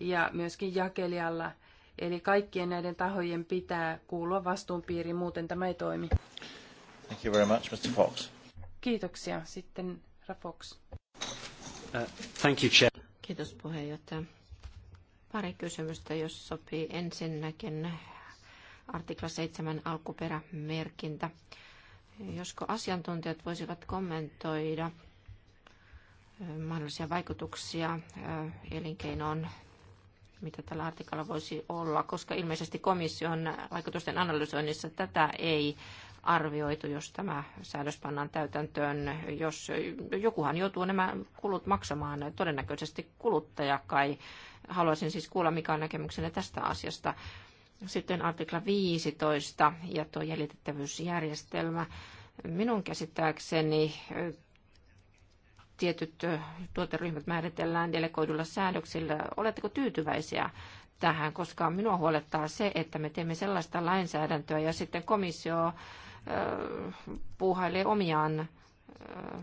ja myöskin jakelijalla. Eli kaikkien näiden tahojen pitää kuulua vastuunpiiriin, muuten tämä ei toimi. Thank you very much, Mr. Fox. Kiitoksia. Sitten Rafox. Uh, thank you, Chair. Kiitos puheenjohtaja. Pari kysymystä, jos sopii. Ensinnäkin artikla 7 alkuperämerkintä. Josko asiantuntijat voisivat kommentoida mahdollisia vaikutuksia elinkeinoon, mitä tällä artikalla voisi olla, koska ilmeisesti komission vaikutusten analysoinnissa tätä ei arvioitu, jos tämä säädös pannaan täytäntöön, jos jokuhan joutuu nämä kulut maksamaan, todennäköisesti kuluttaja kai. Haluaisin siis kuulla, mikä on näkemyksenne tästä asiasta. Sitten artikla 15 ja tuo jäljitettävyysjärjestelmä. Minun käsittääkseni tietyt tuoteryhmät määritellään delegoidulla säädöksillä. Oletteko tyytyväisiä tähän, koska minua huolettaa se, että me teemme sellaista lainsäädäntöä ja sitten komissio äh, puuhailee omiaan, äh,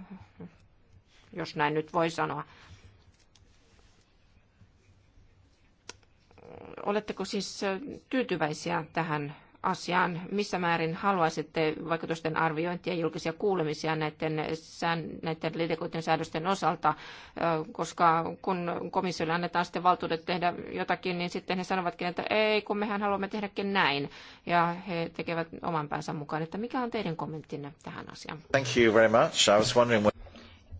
jos näin nyt voi sanoa. Oletteko siis tyytyväisiä tähän asiaan? Missä määrin haluaisitte vaikutusten arviointia ja julkisia kuulemisia näiden, sään, näiden liitekoiden säädösten osalta? Koska kun komissiolle annetaan sitten valtuudet tehdä jotakin, niin sitten he sanovatkin, että ei, kun mehän haluamme tehdäkin näin. Ja he tekevät oman päänsä mukaan. Että mikä on teidän kommenttinne tähän asiaan? Thank you very much. I was wondering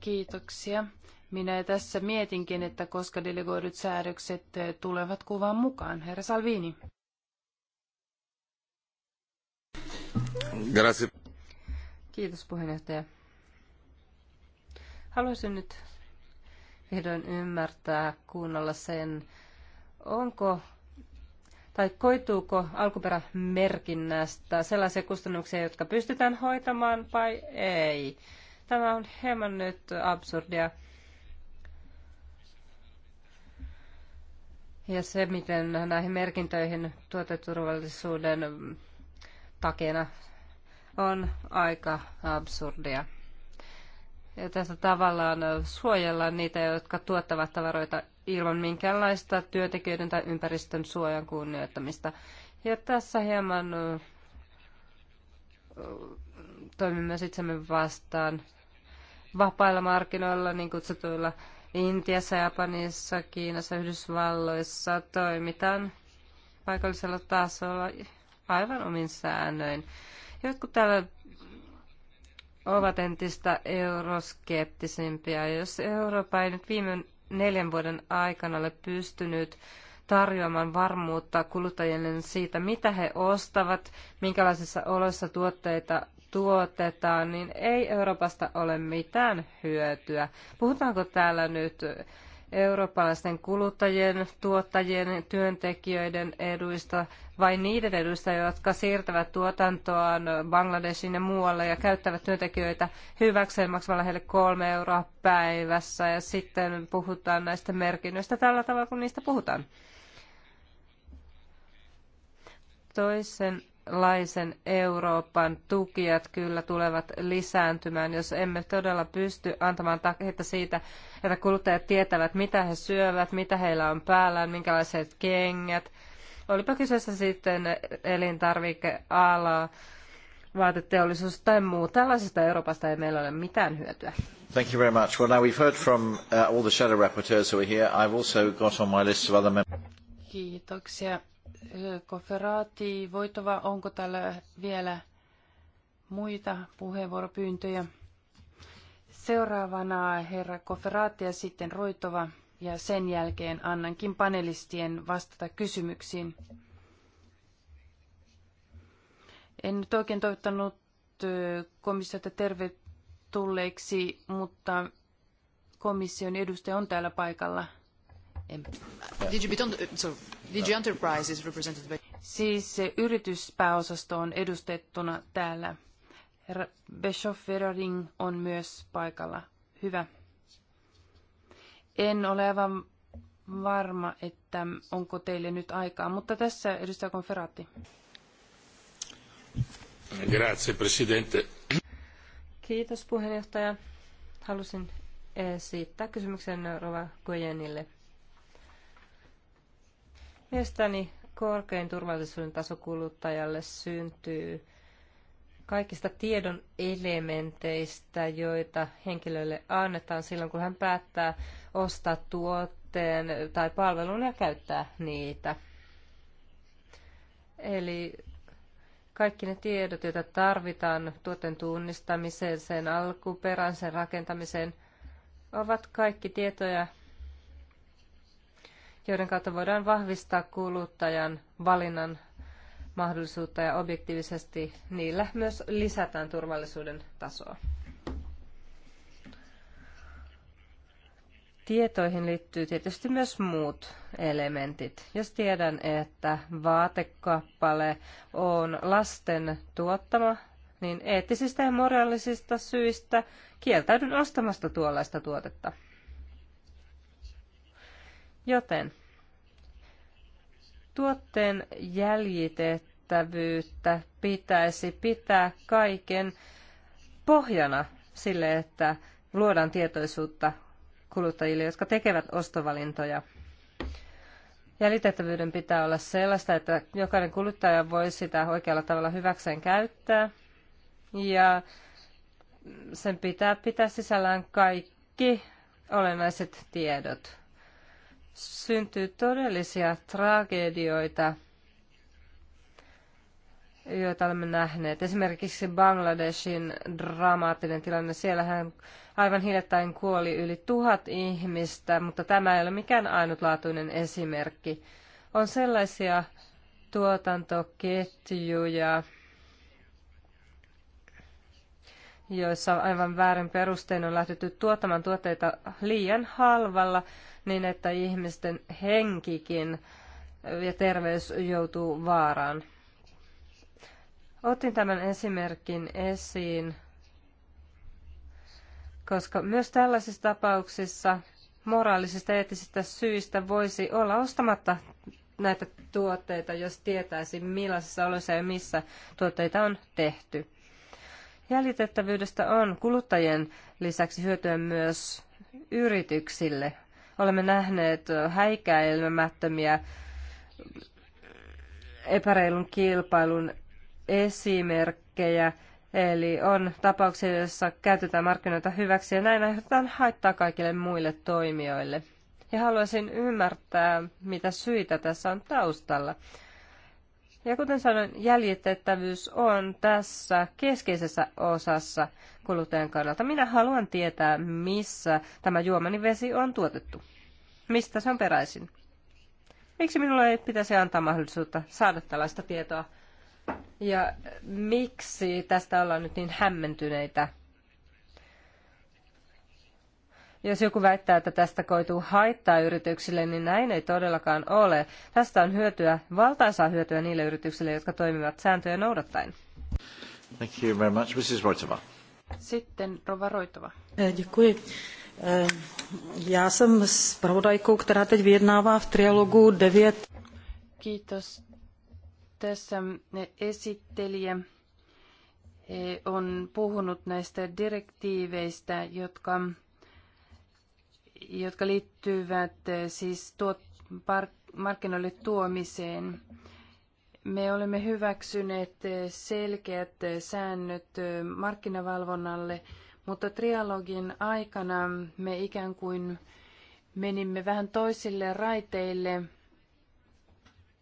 Kiitoksia. Minä tässä mietinkin, että koska delegoidut säädökset eh, tulevat kuvaan mukaan. Herra Salvini. Grazie. Kiitos puheenjohtaja. Haluaisin nyt vihdoin ymmärtää, kuunnella sen, onko tai koituuko alkuperämerkinnästä sellaisia kustannuksia, jotka pystytään hoitamaan vai ei. Tämä on hieman nyt absurdia Ja se, miten näihin merkintöihin tuoteturvallisuuden takena on aika absurdia. Ja tässä tavallaan suojellaan niitä, jotka tuottavat tavaroita ilman minkäänlaista työntekijöiden tai ympäristön suojan kunnioittamista. Ja tässä hieman toimimme itsemme vastaan vapailla markkinoilla, niin kutsutuilla Intiassa, Japanissa, Kiinassa, Yhdysvalloissa toimitaan paikallisella tasolla aivan omin säännöin. Jotkut täällä ovat entistä euroskeptisimpiä. Jos Eurooppa ei nyt viime neljän vuoden aikana ole pystynyt tarjoamaan varmuutta kuluttajille siitä, mitä he ostavat, minkälaisissa oloissa tuotteita tuotetaan, niin ei Euroopasta ole mitään hyötyä. Puhutaanko täällä nyt eurooppalaisten kuluttajien, tuottajien, työntekijöiden eduista vai niiden eduista, jotka siirtävät tuotantoaan Bangladeshin ja muualle ja käyttävät työntekijöitä hyväkseen maksamalla heille kolme euroa päivässä ja sitten puhutaan näistä merkinnöistä tällä tavalla, kun niistä puhutaan. Toisen laisen Euroopan tukijat kyllä tulevat lisääntymään, jos emme todella pysty antamaan takeita siitä, että kuluttajat tietävät, mitä he syövät, mitä heillä on päällään, minkälaiset kengät. Olipa kyseessä sitten elintarvikeala, vaateteollisuus tai muu. Tällaisesta Euroopasta ei meillä ole mitään hyötyä. Thank you very much. Well, now we've heard from uh, all the shadow rapporteurs who are here. I've also got on my list of other members. Kiitoksia. Koferaati Voitova, onko täällä vielä muita puheenvuoropyyntöjä? Seuraavana herra Koferaati ja sitten Roitova ja sen jälkeen annankin panelistien vastata kysymyksiin. En nyt oikein toivottanut komissiota tervetulleeksi, mutta komission edustaja on täällä paikalla – Uh, is represented by... Siis yrityspääosasto on edustettuna täällä. Herra Bischoff on myös paikalla. Hyvä. En ole aivan varma, että onko teille nyt aikaa, mutta tässä edustaja Konferaatti. Grazie, Presidente. Kiitos puheenjohtaja. Halusin esittää kysymyksen Rova Goyenille. Mielestäni korkein turvallisuuden taso kuluttajalle syntyy kaikista tiedon elementeistä, joita henkilölle annetaan silloin, kun hän päättää ostaa tuotteen tai palvelun ja käyttää niitä. Eli kaikki ne tiedot, joita tarvitaan tuotteen tunnistamiseen, sen alkuperän, sen rakentamiseen, ovat kaikki tietoja, joiden kautta voidaan vahvistaa kuluttajan valinnan mahdollisuutta ja objektiivisesti niillä myös lisätään turvallisuuden tasoa. Tietoihin liittyy tietysti myös muut elementit. Jos tiedän, että vaatekappale on lasten tuottama, niin eettisistä ja moraalisista syistä kieltäydyn ostamasta tuollaista tuotetta. Joten tuotteen jäljitettävyyttä pitäisi pitää kaiken pohjana sille, että luodaan tietoisuutta kuluttajille, jotka tekevät ostovalintoja. Jäljitettävyyden pitää olla sellaista, että jokainen kuluttaja voi sitä oikealla tavalla hyväkseen käyttää. Ja sen pitää pitää sisällään kaikki olennaiset tiedot syntyy todellisia tragedioita, joita olemme nähneet. Esimerkiksi Bangladeshin dramaattinen tilanne. Siellähän aivan hiljattain kuoli yli tuhat ihmistä, mutta tämä ei ole mikään ainutlaatuinen esimerkki. On sellaisia tuotantoketjuja, joissa aivan väärin perustein on lähdetty tuottamaan tuotteita liian halvalla niin että ihmisten henkikin ja terveys joutuu vaaraan. Otin tämän esimerkin esiin, koska myös tällaisissa tapauksissa moraalisista eettisistä syistä voisi olla ostamatta näitä tuotteita, jos tietäisi millaisessa oloissa ja missä tuotteita on tehty. Jäljitettävyydestä on kuluttajien lisäksi hyötyä myös yrityksille. Olemme nähneet häikäilmämättömiä epäreilun kilpailun esimerkkejä, eli on tapauksia, joissa käytetään markkinoita hyväksi ja näin aiheutetaan haittaa kaikille muille toimijoille. Ja haluaisin ymmärtää, mitä syitä tässä on taustalla. Ja kuten sanoin, jäljitettävyys on tässä keskeisessä osassa kuluttajan kannalta. Minä haluan tietää, missä tämä juomani vesi on tuotettu. Mistä se on peräisin. Miksi minulla ei pitäisi antaa mahdollisuutta saada tällaista tietoa? Ja miksi tästä ollaan nyt niin hämmentyneitä? Jos joku väittää, että tästä koituu haittaa yrityksille, niin näin ei todellakaan ole. Tästä on hyötyä, valtaisaa hyötyä niille yrityksille, jotka toimivat sääntöjä noudattaen. Thank you very much, Mrs. Roitova. Sitten Rova Roitova. Eh, děkuji. Eh, já jsem zpravodajkou, která teď vyjednává v trialogu 9. Kiitos. Tässä eh, esittelijä on puhunut näistä direktiiveistä, jotka jotka liittyvät eh, siis tuot, markkinoille tuomiseen. Me olemme hyväksyneet eh, selkeät eh, säännöt markkinavalvonnalle, mutta trialogin aikana me ikään kuin menimme vähän toisille raiteille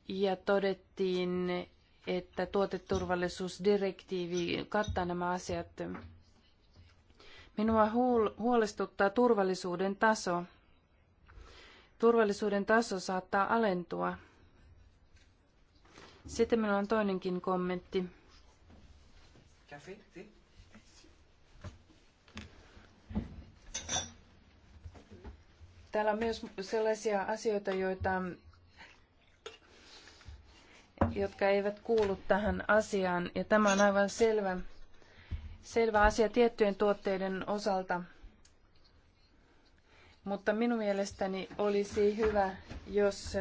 ja todettiin, että tuoteturvallisuusdirektiivi kattaa nämä asiat. Minua huolestuttaa turvallisuuden taso. Turvallisuuden taso saattaa alentua. Sitten minulla on toinenkin kommentti. Täällä on myös sellaisia asioita, joita, jotka eivät kuulu tähän asiaan, ja tämä on aivan selvä selvä asia tiettyjen tuotteiden osalta. Mutta minun mielestäni olisi hyvä, jos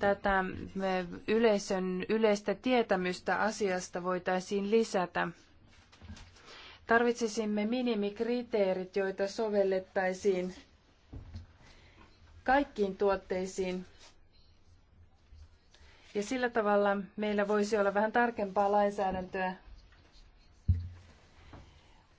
tätä eh, yleisön yleistä tietämystä asiasta voitaisiin lisätä. Tarvitsisimme minimikriteerit, joita sovellettaisiin kaikkiin tuotteisiin. Ja sillä tavalla meillä voisi olla vähän tarkempaa lainsäädäntöä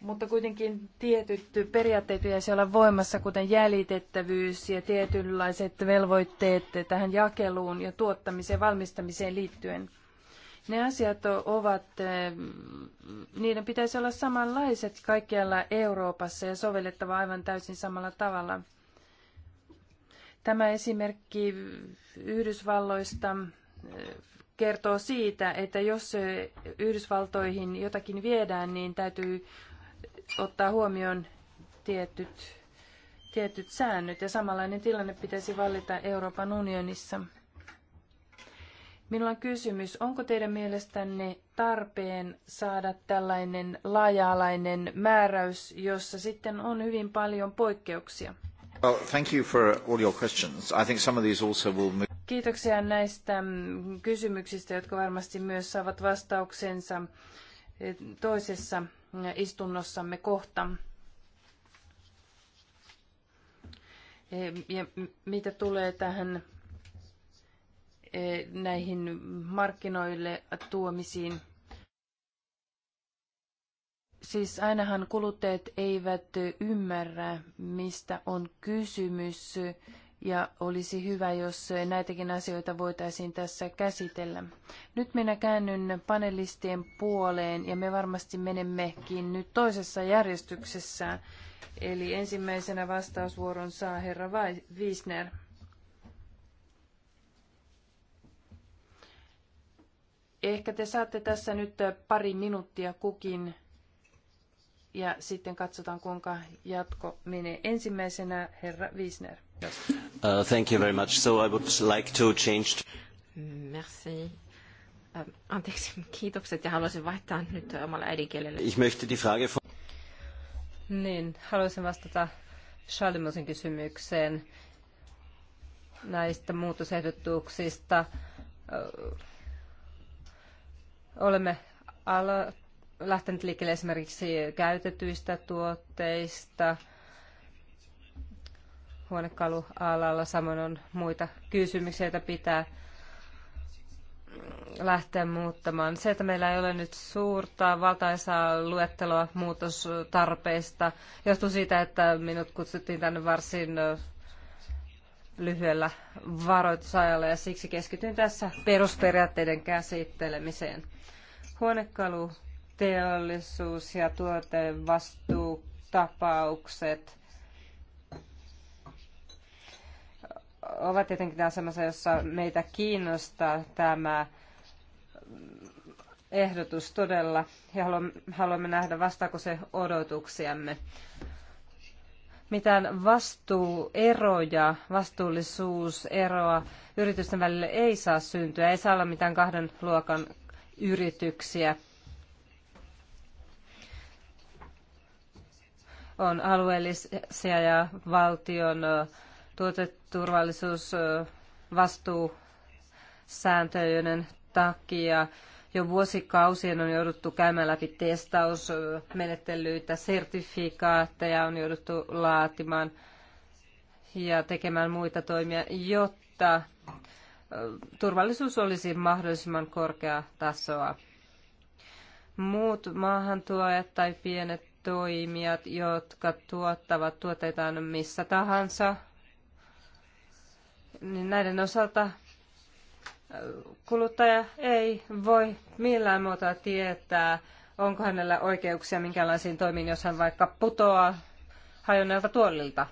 mutta kuitenkin tietyt periaatteet pitäisi olla voimassa, kuten jäljitettävyys ja tietynlaiset velvoitteet tähän jakeluun ja tuottamiseen, valmistamiseen liittyen. Ne asiat ovat, eh, niiden pitäisi olla samanlaiset kaikkialla Euroopassa ja sovellettava aivan täysin samalla tavalla. Tämä esimerkki Yhdysvalloista eh, kertoo siitä, että jos Yhdysvaltoihin jotakin viedään, niin täytyy ottaa huomioon tietyt, tietyt säännöt ja samanlainen tilanne pitäisi vallita Euroopan unionissa. Minulla on kysymys, onko teidän mielestänne tarpeen saada tällainen laaja-alainen määräys, jossa sitten on hyvin paljon poikkeuksia? Kiitoksia näistä mm, kysymyksistä, jotka varmasti myös saavat vastauksensa eh, toisessa istunnossamme kohta. Ja mitä tulee tähän e, näihin markkinoille tuomisiin, siis ainahan kuluttajat eivät ymmärrä, mistä on kysymys ja olisi hyvä, jos näitäkin asioita voitaisiin tässä käsitellä. Nyt minä käännyn panelistien puoleen ja me varmasti menemmekin nyt toisessa järjestyksessä. Eli ensimmäisenä vastausvuoron saa herra Wiesner. Ehkä te saatte tässä nyt pari minuuttia kukin ja sitten katsotaan kuinka jatko menee. Ensimmäisenä herra Wiesner. Yes. Uh, thank you very much. So I would like to change... Merci. Um, anteeksi, kiitokset ja haluaisin vaihtaa nyt omalla äidinkielellä. Ich möchte die Frage von... Niin, haluaisin vastata Charlemosin kysymykseen näistä muutosehdotuksista. Olemme lähteneet liikkeelle esimerkiksi käytetyistä tuotteista – huonekalualalla. Samoin on muita kysymyksiä, joita pitää lähteä muuttamaan. Se, että meillä ei ole nyt suurta valtaisaa luetteloa muutostarpeista, johtuu siitä, että minut kutsuttiin tänne varsin lyhyellä varoitusajalla ja siksi keskityin tässä perusperiaatteiden käsittelemiseen. Huonekaluteollisuus ja tuotevastuutapaukset – ovat tietenkin asemassa, jossa meitä kiinnostaa tämä ehdotus todella ja haluamme nähdä vastaako se odotuksiamme. Mitään vastuueroja, vastuullisuuseroa yritysten välille ei saa syntyä, ei saa olla mitään kahden luokan yrityksiä. On alueellisia ja valtion tuoteturvallisuusvastuusääntöjen takia jo vuosikausien on jouduttu käymään läpi testausmenettelyitä, sertifikaatteja on jouduttu laatimaan ja tekemään muita toimia, jotta turvallisuus olisi mahdollisimman korkea tasoa. Muut maahantuojat tai pienet toimijat, jotka tuottavat tuotteitaan missä tahansa niin näiden osalta äh, kuluttaja ei voi millään muuta tietää, onko hänellä oikeuksia minkälaisiin toimiin, jos hän vaikka putoaa hajonneelta tuolilta.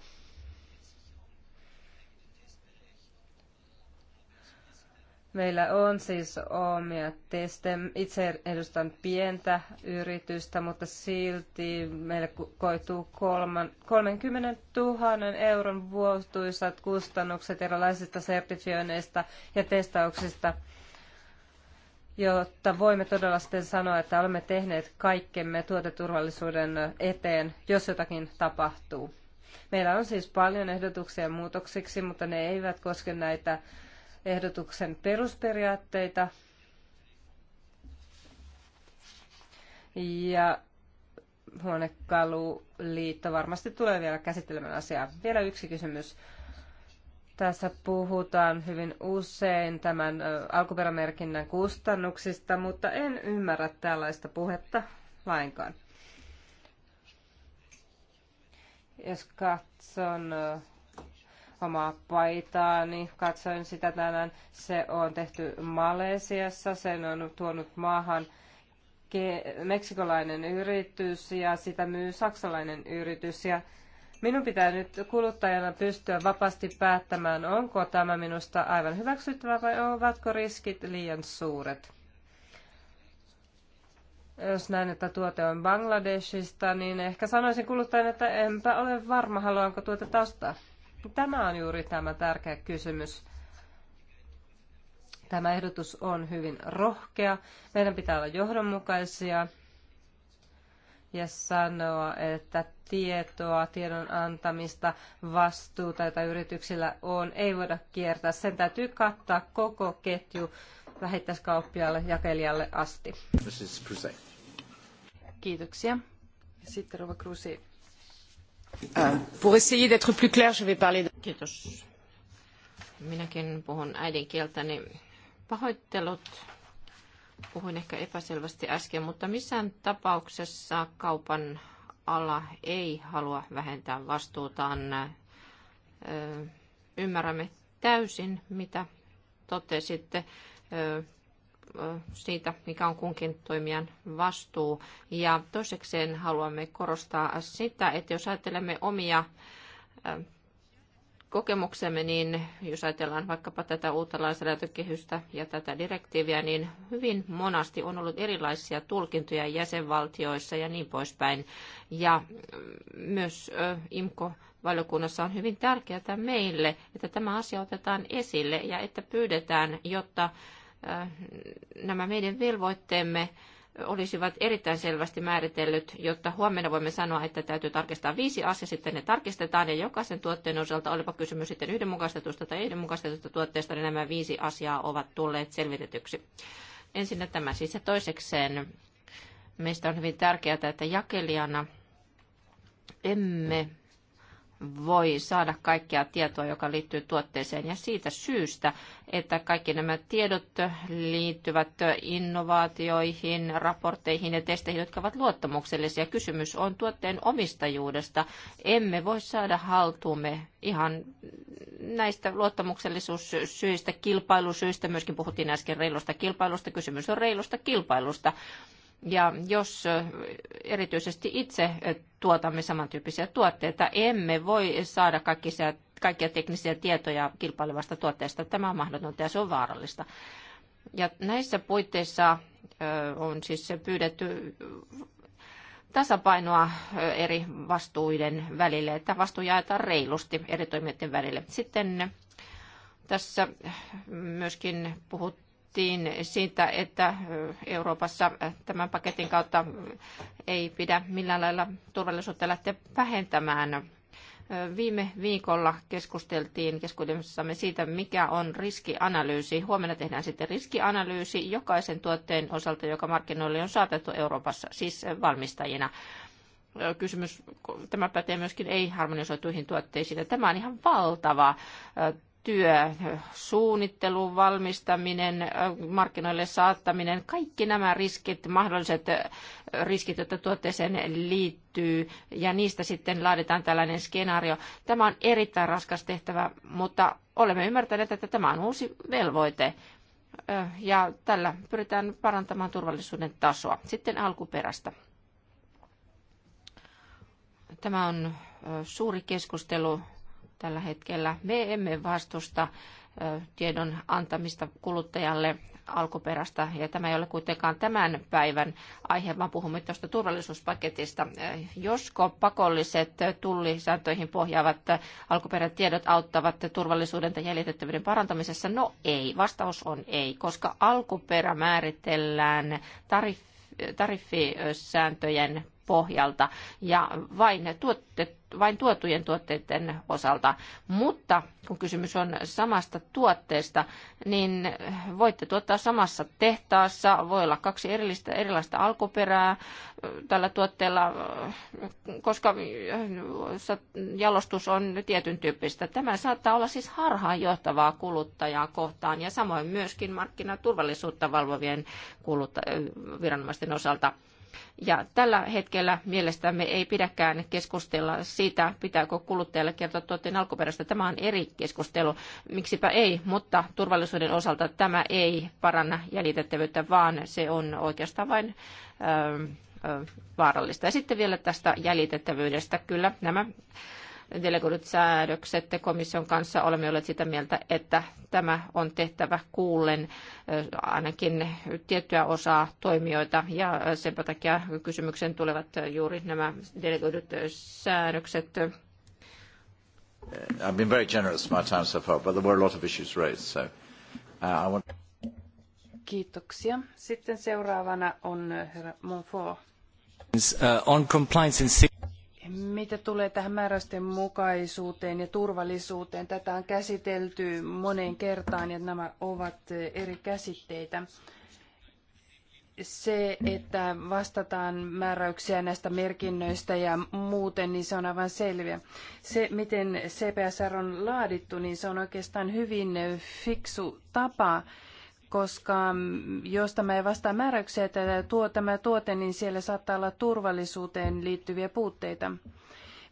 Meillä on siis omia testejä. Itse edustan pientä yritystä, mutta silti meille koituu kolman, 30 000 euron vuotuisat kustannukset erilaisista sertifioinneista ja testauksista, jotta voimme todella sitten sanoa, että olemme tehneet kaikkemme tuoteturvallisuuden eteen, jos jotakin tapahtuu. Meillä on siis paljon ehdotuksia muutoksiksi, mutta ne eivät koske näitä ehdotuksen perusperiaatteita ja huonekaluliitto varmasti tulee vielä käsittelemään asiaa. Vielä yksi kysymys. Tässä puhutaan hyvin usein tämän alkuperämerkinnän kustannuksista, mutta en ymmärrä tällaista puhetta lainkaan. Jos katson omaa paitaani. Katsoin sitä tänään. Se on tehty Malesiassa. Sen on tuonut maahan meksikolainen yritys ja sitä myy saksalainen yritys. Ja minun pitää nyt kuluttajana pystyä vapaasti päättämään, onko tämä minusta aivan hyväksyttävä vai ovatko riskit liian suuret. Jos näen, että tuote on Bangladeshista, niin ehkä sanoisin kuluttajana, että enpä ole varma, haluanko tuote taustaa. Tämä on juuri tämä tärkeä kysymys. Tämä ehdotus on hyvin rohkea. Meidän pitää olla johdonmukaisia ja sanoa, että tietoa, tiedon antamista, vastuuta, jota yrityksillä on, ei voida kiertää. Sen täytyy kattaa koko ketju vähittäiskauppialle, jakelijalle asti. Kiitoksia. Sitten Rova Krusi. Euh, pour essayer d'être plus clair, je vais parler... Kiitos. Minäkin puhun äidinkieltäni. Pahoittelut. Puhuin ehkä epäselvästi äsken, mutta missään tapauksessa kaupan ala ei halua vähentää vastuutaan. Ymmärrämme täysin, mitä totesitte siitä, mikä on kunkin toimijan vastuu. Ja toisekseen haluamme korostaa sitä, että jos ajattelemme omia kokemuksemme, niin jos ajatellaan vaikkapa tätä uutta lainsäädäntökehystä ja tätä direktiiviä, niin hyvin monasti on ollut erilaisia tulkintoja jäsenvaltioissa ja niin poispäin. Ja myös IMKO valiokunnassa on hyvin tärkeää meille, että tämä asia otetaan esille ja että pyydetään, jotta nämä meidän velvoitteemme olisivat erittäin selvästi määritellyt, jotta huomenna voimme sanoa, että täytyy tarkistaa viisi asiaa, sitten ne tarkistetaan ja jokaisen tuotteen osalta, olipa kysymys sitten yhdenmukaistetusta tai yhdenmukaistetusta tuotteesta, niin nämä viisi asiaa ovat tulleet selvitetyksi. Ensinnä tämä siis ja toisekseen meistä on hyvin tärkeää, että jakelijana emme voi saada kaikkea tietoa, joka liittyy tuotteeseen. Ja siitä syystä, että kaikki nämä tiedot liittyvät innovaatioihin, raportteihin ja testeihin, jotka ovat luottamuksellisia. Kysymys on tuotteen omistajuudesta. Emme voi saada haltuumme ihan näistä luottamuksellisuussyistä, kilpailusyistä. Myöskin puhuttiin äsken reilusta kilpailusta. Kysymys on reilusta kilpailusta. Ja jos erityisesti itse tuotamme samantyyppisiä tuotteita, emme voi saada kaikkia, kaikkia teknisiä tietoja kilpailevasta tuotteesta. Tämä on mahdotonta ja se on vaarallista. Ja näissä puitteissa on siis pyydetty tasapainoa eri vastuiden välille, että vastuu jaetaan reilusti eri toimijoiden välille. Sitten tässä myöskin puhuttiin puhuttiin siitä, että Euroopassa tämän paketin kautta ei pidä millään lailla turvallisuutta lähteä vähentämään. Viime viikolla keskusteltiin keskuudessamme siitä, mikä on riskianalyysi. Huomenna tehdään sitten riskianalyysi jokaisen tuotteen osalta, joka markkinoille on saatettu Euroopassa, siis valmistajina kysymys, tämä pätee myöskin ei-harmonisoituihin tuotteisiin. Ja tämä on ihan valtava työ, suunnittelu valmistaminen, markkinoille saattaminen, kaikki nämä riskit, mahdolliset riskit, joita tuotteeseen liittyy, ja niistä sitten laaditaan tällainen skenaario. Tämä on erittäin raskas tehtävä, mutta olemme ymmärtäneet, että tämä on uusi velvoite, ja tällä pyritään parantamaan turvallisuuden tasoa. Sitten alkuperästä. Tämä on suuri keskustelu tällä hetkellä. Me emme vastusta tiedon antamista kuluttajalle alkuperästä, ja tämä ei ole kuitenkaan tämän päivän aihe, vaan puhumme tuosta turvallisuuspaketista. Josko pakolliset tullisääntöihin pohjaavat alkuperätiedot auttavat turvallisuuden ja jäljitettävyyden parantamisessa? No ei, vastaus on ei, koska alkuperä määritellään tariff, tariffisääntöjen pohjalta ja vain tuotteet vain tuotujen tuotteiden osalta. Mutta kun kysymys on samasta tuotteesta, niin voitte tuottaa samassa tehtaassa, voi olla kaksi erillistä, erilaista alkuperää tällä tuotteella, koska jalostus on tietyn tyyppistä. Tämä saattaa olla siis harhaanjohtavaa kuluttajaa kohtaan ja samoin myöskin markkinaturvallisuutta valvovien viranomaisten osalta ja tällä hetkellä mielestämme ei pidäkään keskustella siitä, pitääkö kuluttajalle kertoa tuotteen alkuperästä. Tämä on eri keskustelu. Miksipä ei, mutta turvallisuuden osalta tämä ei paranna jäljitettävyyttä, vaan se on oikeastaan vain ö, ö, vaarallista. Ja sitten vielä tästä jäljitettävyydestä. Kyllä nämä delegoidut säädökset komission kanssa olemme olleet sitä mieltä, että tämä on tehtävä kuullen ainakin tiettyä osaa toimijoita ja sen takia kysymykseen tulevat juuri nämä delegoidut säädökset. I've been very generous my time so far, but there were a lot of issues raised, so uh, I want... Kiitoksia. Sitten seuraavana on äh, herra Monfort. Uh, on compliance and mitä tulee tähän määräysten mukaisuuteen ja turvallisuuteen, tätä on käsitelty moneen kertaan ja nämä ovat eri käsitteitä. Se, että vastataan määräyksiä näistä merkinnöistä ja muuten, niin se on aivan selviä. Se, miten CPSR on laadittu, niin se on oikeastaan hyvin fiksu tapa koska jos tämä ei vastaa määräyksiä tätä tuo, tämä tuote, niin siellä saattaa olla turvallisuuteen liittyviä puutteita.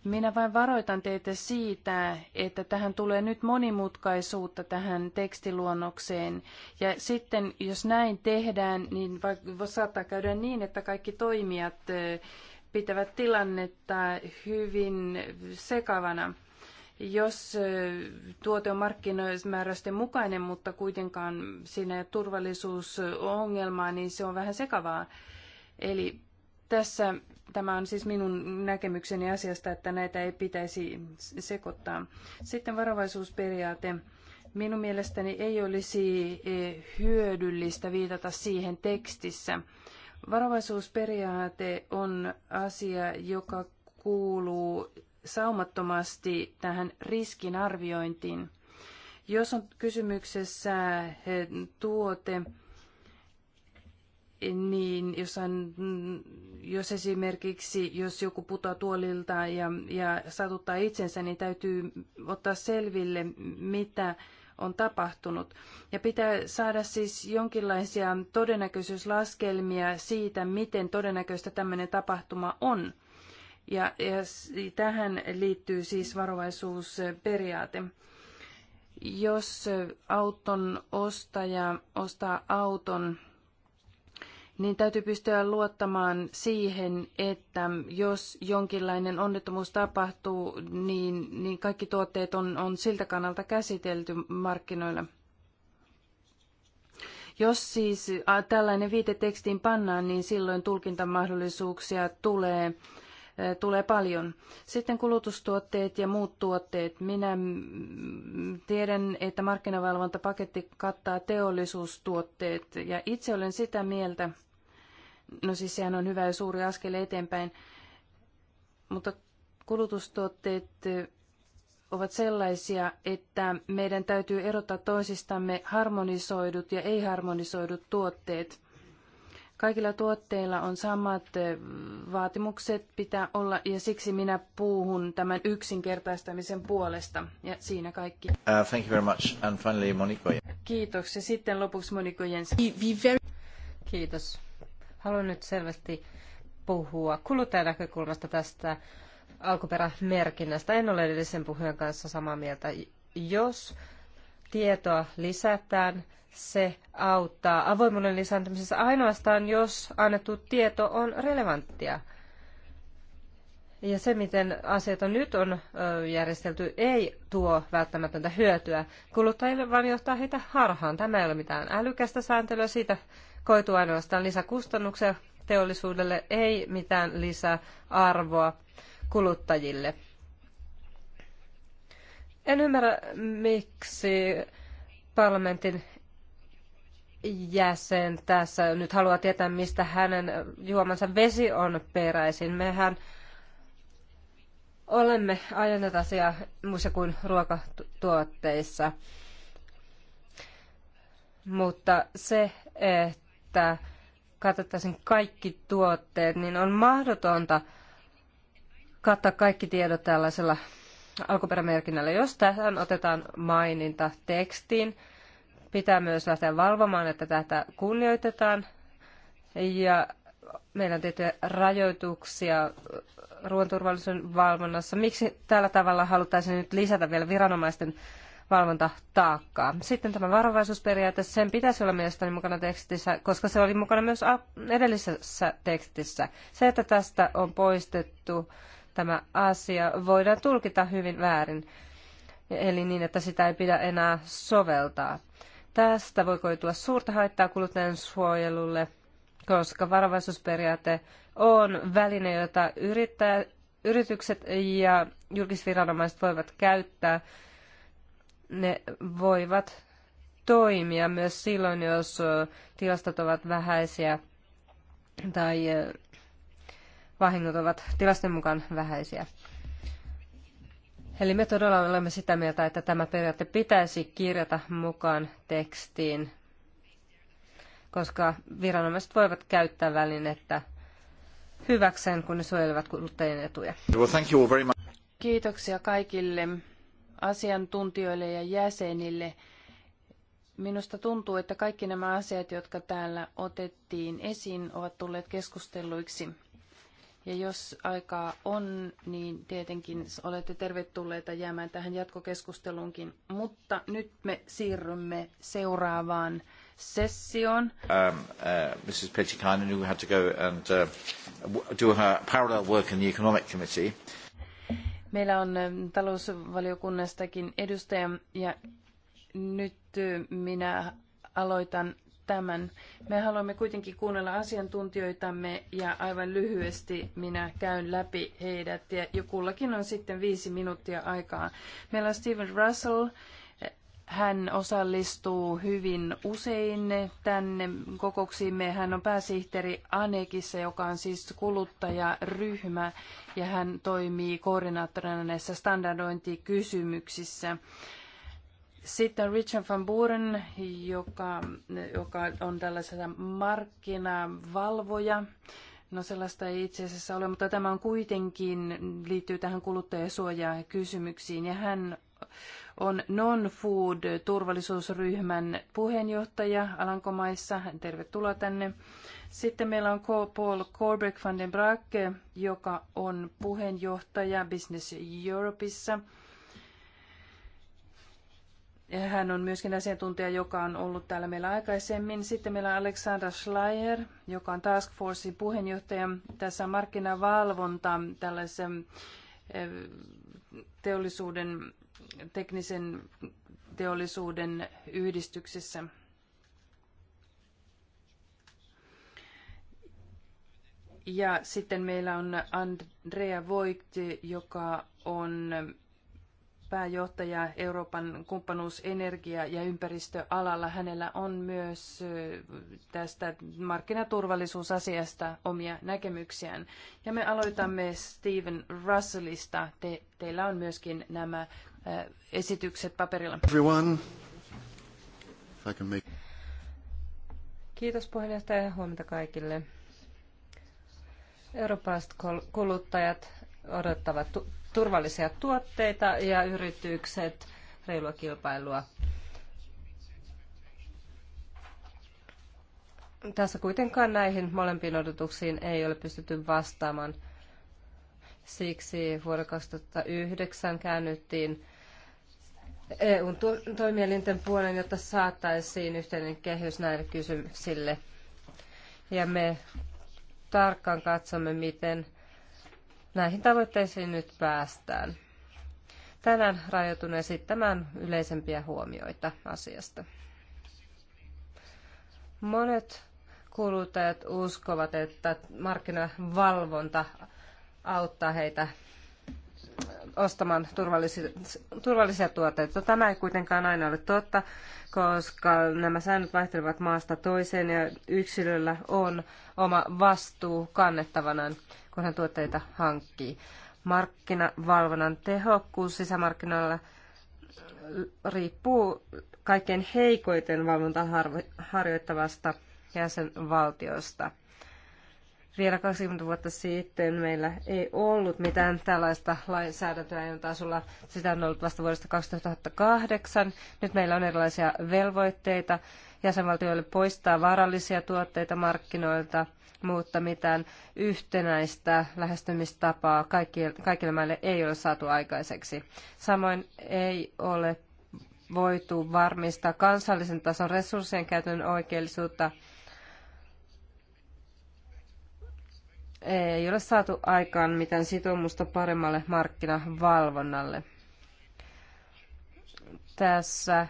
Minä vain varoitan teitä siitä, että tähän tulee nyt monimutkaisuutta tähän tekstiluonnokseen. Ja sitten, jos näin tehdään, niin saattaa käydä niin, että kaikki toimijat pitävät tilannetta hyvin sekavana jos tuote on markkinoismääräysten mukainen, mutta kuitenkaan siinä ei ole turvallisuusongelmaa, niin se on vähän sekavaa. Eli tässä tämä on siis minun näkemykseni asiasta, että näitä ei pitäisi sekoittaa. Sitten varovaisuusperiaate. Minun mielestäni ei olisi hyödyllistä viitata siihen tekstissä. Varovaisuusperiaate on asia, joka kuuluu saumattomasti tähän riskinarviointiin. Jos on kysymyksessä tuote, niin jos, on, jos esimerkiksi jos joku putoaa tuolilta ja, ja satuttaa itsensä, niin täytyy ottaa selville, mitä on tapahtunut. Ja pitää saada siis jonkinlaisia todennäköisyyslaskelmia siitä, miten todennäköistä tämmöinen tapahtuma on. Ja, ja tähän liittyy siis varovaisuusperiaate. Jos auton ostaja ostaa auton, niin täytyy pystyä luottamaan siihen, että jos jonkinlainen onnettomuus tapahtuu, niin, niin kaikki tuotteet on, on siltä kannalta käsitelty markkinoilla. Jos siis tällainen viite tekstiin pannaan, niin silloin tulkintamahdollisuuksia tulee tulee paljon. Sitten kulutustuotteet ja muut tuotteet. Minä tiedän, että markkinavalvontapaketti kattaa teollisuustuotteet ja itse olen sitä mieltä, no siis sehän on hyvä ja suuri askel eteenpäin, mutta kulutustuotteet ovat sellaisia, että meidän täytyy erottaa toisistamme harmonisoidut ja ei-harmonisoidut tuotteet – Kaikilla tuotteilla on samat eh, vaatimukset pitää olla ja siksi minä puhun tämän yksinkertaistamisen puolesta. Ja siinä kaikki. Uh, thank you very much. And finally, Monika. Kiitos. Ja sitten lopuksi Monika Jens. Kiitos. Haluan nyt selvästi puhua kuluttajan näkökulmasta tästä alkuperämerkinnästä. En ole edellisen puhujan kanssa samaa mieltä. Jos tietoa lisätään, se auttaa avoimuuden lisääntymisessä ainoastaan, jos annettu tieto on relevanttia. Ja se, miten asiat on nyt on järjestelty, ei tuo välttämätöntä hyötyä kuluttajille, vaan johtaa heitä harhaan. Tämä ei ole mitään älykästä sääntelyä, siitä koituu ainoastaan lisäkustannuksia teollisuudelle, ei mitään lisäarvoa kuluttajille. En ymmärrä, miksi parlamentin jäsen tässä nyt haluaa tietää, mistä hänen juomansa vesi on peräisin. Mehän olemme ajaneet asiaa muissa kuin ruokatuotteissa. Mutta se, että katsottaisiin kaikki tuotteet, niin on mahdotonta kattaa kaikki tiedot tällaisella alkuperämerkinnällä. Jos tähän otetaan maininta tekstiin, Pitää myös lähteä valvomaan, että tätä kunnioitetaan. Ja meillä on tietysti rajoituksia ruoanturvallisuuden valvonnassa. Miksi tällä tavalla haluttaisiin nyt lisätä vielä viranomaisten valvontataakkaa? Sitten tämä varovaisuusperiaate, sen pitäisi olla mielestäni mukana tekstissä, koska se oli mukana myös edellisessä tekstissä. Se, että tästä on poistettu tämä asia, voidaan tulkita hyvin väärin, eli niin, että sitä ei pidä enää soveltaa. Tästä voi koitua suurta haittaa kuluttajan suojelulle, koska varovaisuusperiaate on väline, jota yrittää, yritykset ja julkisviranomaiset voivat käyttää. Ne voivat toimia myös silloin, jos tilastot ovat vähäisiä tai vahingot ovat tilasten mukaan vähäisiä. Eli me todella olemme sitä mieltä, että tämä periaate pitäisi kirjata mukaan tekstiin, koska viranomaiset voivat käyttää välinettä hyväkseen, kun ne suojelevat kuluttajien etuja. Kiitoksia kaikille asiantuntijoille ja jäsenille. Minusta tuntuu, että kaikki nämä asiat, jotka täällä otettiin esiin, ovat tulleet keskusteluiksi. Ja jos aikaa on, niin tietenkin olette tervetulleita jäämään tähän jatkokeskusteluunkin. Mutta nyt me siirrymme seuraavaan sessioon. Um, uh, Mrs. Petikainen, who had to go and uh, do her parallel work in the Economic Committee. Meillä on um, talousvaliokunnastakin edustaja ja nyt uh, minä aloitan tämän. Me haluamme kuitenkin kuunnella asiantuntijoitamme ja aivan lyhyesti minä käyn läpi heidät ja jokullakin on sitten viisi minuuttia aikaa. Meillä on Steven Russell, hän osallistuu hyvin usein tänne kokouksiimme. Hän on pääsihteeri Anekissa, joka on siis kuluttajaryhmä, ja hän toimii koordinaattorina näissä standardointikysymyksissä. Sitten Richard van Buren, joka, joka on tällaisena markkinavalvoja. No sellaista ei itse asiassa ole, mutta tämä on kuitenkin liittyy tähän kuluttajasuojaa kysymyksiin. Ja hän on Non-Food turvallisuusryhmän puheenjohtaja Alankomaissa. Tervetuloa tänne. Sitten meillä on Paul Korbeck van den Braak, joka on puheenjohtaja Business Europeissa – hän on myöskin asiantuntija, joka on ollut täällä meillä aikaisemmin. Sitten meillä on Alexandra Schleier, joka on Task Forcein puheenjohtaja. Tässä on markkinavalvonta tällaisen eh, teollisuuden, teknisen teollisuuden yhdistyksessä. Ja sitten meillä on Andrea Voigt, joka on pääjohtaja Euroopan kumppanuus energia- ja ympäristöalalla. Hänellä on myös tästä markkinaturvallisuusasiasta omia näkemyksiään. Ja me aloitamme Steven Russellista. Te, teillä on myöskin nämä esitykset paperilla. Make... Kiitos puheenjohtaja ja huomenta kaikille. Eurooppalaiset kuluttajat odottavat turvallisia tuotteita ja yritykset reilua kilpailua. Tässä kuitenkaan näihin molempiin odotuksiin ei ole pystytty vastaamaan. Siksi vuonna 2009 käännyttiin EUn toimielinten puolen, jotta saataisiin yhteinen kehys näille kysymyksille. Ja me tarkkaan katsomme, miten Näihin tavoitteisiin nyt päästään. Tänään rajoitun esittämään yleisempiä huomioita asiasta. Monet kuluttajat uskovat, että markkinavalvonta auttaa heitä ostamaan turvallisia, turvallisia tuotteita. Tämä ei kuitenkaan aina ole totta, koska nämä säännöt vaihtelevat maasta toiseen ja yksilöllä on oma vastuu kannettavanaan kun hän tuotteita hankkii. Markkinavalvonnan tehokkuus sisämarkkinoilla riippuu kaikkein heikoiten valvontaa harjoittavasta jäsenvaltiosta. Vielä 20 vuotta sitten meillä ei ollut mitään tällaista lainsäädäntöä jonka tasolla. Sitä on ollut vasta vuodesta 2008. Nyt meillä on erilaisia velvoitteita jäsenvaltioille poistaa vaarallisia tuotteita markkinoilta – mutta mitään yhtenäistä lähestymistapaa kaikille maille ei ole saatu aikaiseksi. Samoin ei ole voitu varmistaa kansallisen tason resurssien käytön oikeellisuutta. Ei ole saatu aikaan mitään sitoumusta paremmalle markkinavalvonnalle. Tässä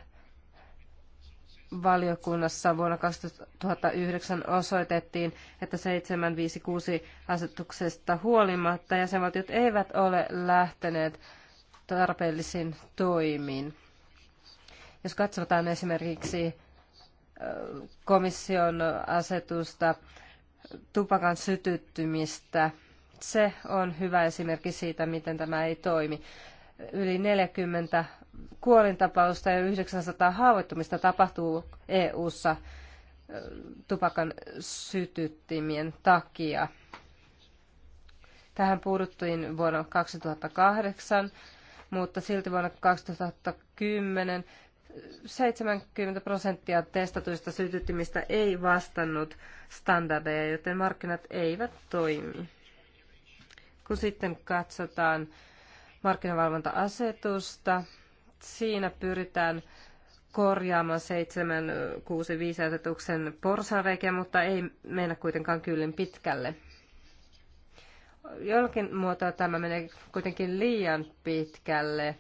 valiokunnassa vuonna 2009 osoitettiin, että 756 asetuksesta huolimatta jäsenvaltiot eivät ole lähteneet tarpeellisiin toimiin. Jos katsotaan esimerkiksi komission asetusta tupakan sytyttymistä, se on hyvä esimerkki siitä, miten tämä ei toimi. Yli 40 kuolintapausta ja 900 haavoittumista tapahtuu EU:ssa tupakan sytyttimien takia. Tähän puuduttiin vuonna 2008, mutta silti vuonna 2010 70 prosenttia testatuista sytyttimistä ei vastannut standardeja, joten markkinat eivät toimi. Kun sitten katsotaan markkinavalvonta-asetusta, Siinä pyritään korjaamaan 765 asetuksen porsanreikiä, mutta ei mennä kuitenkaan kyllin pitkälle. Jollakin muotoa tämä menee kuitenkin liian pitkälle.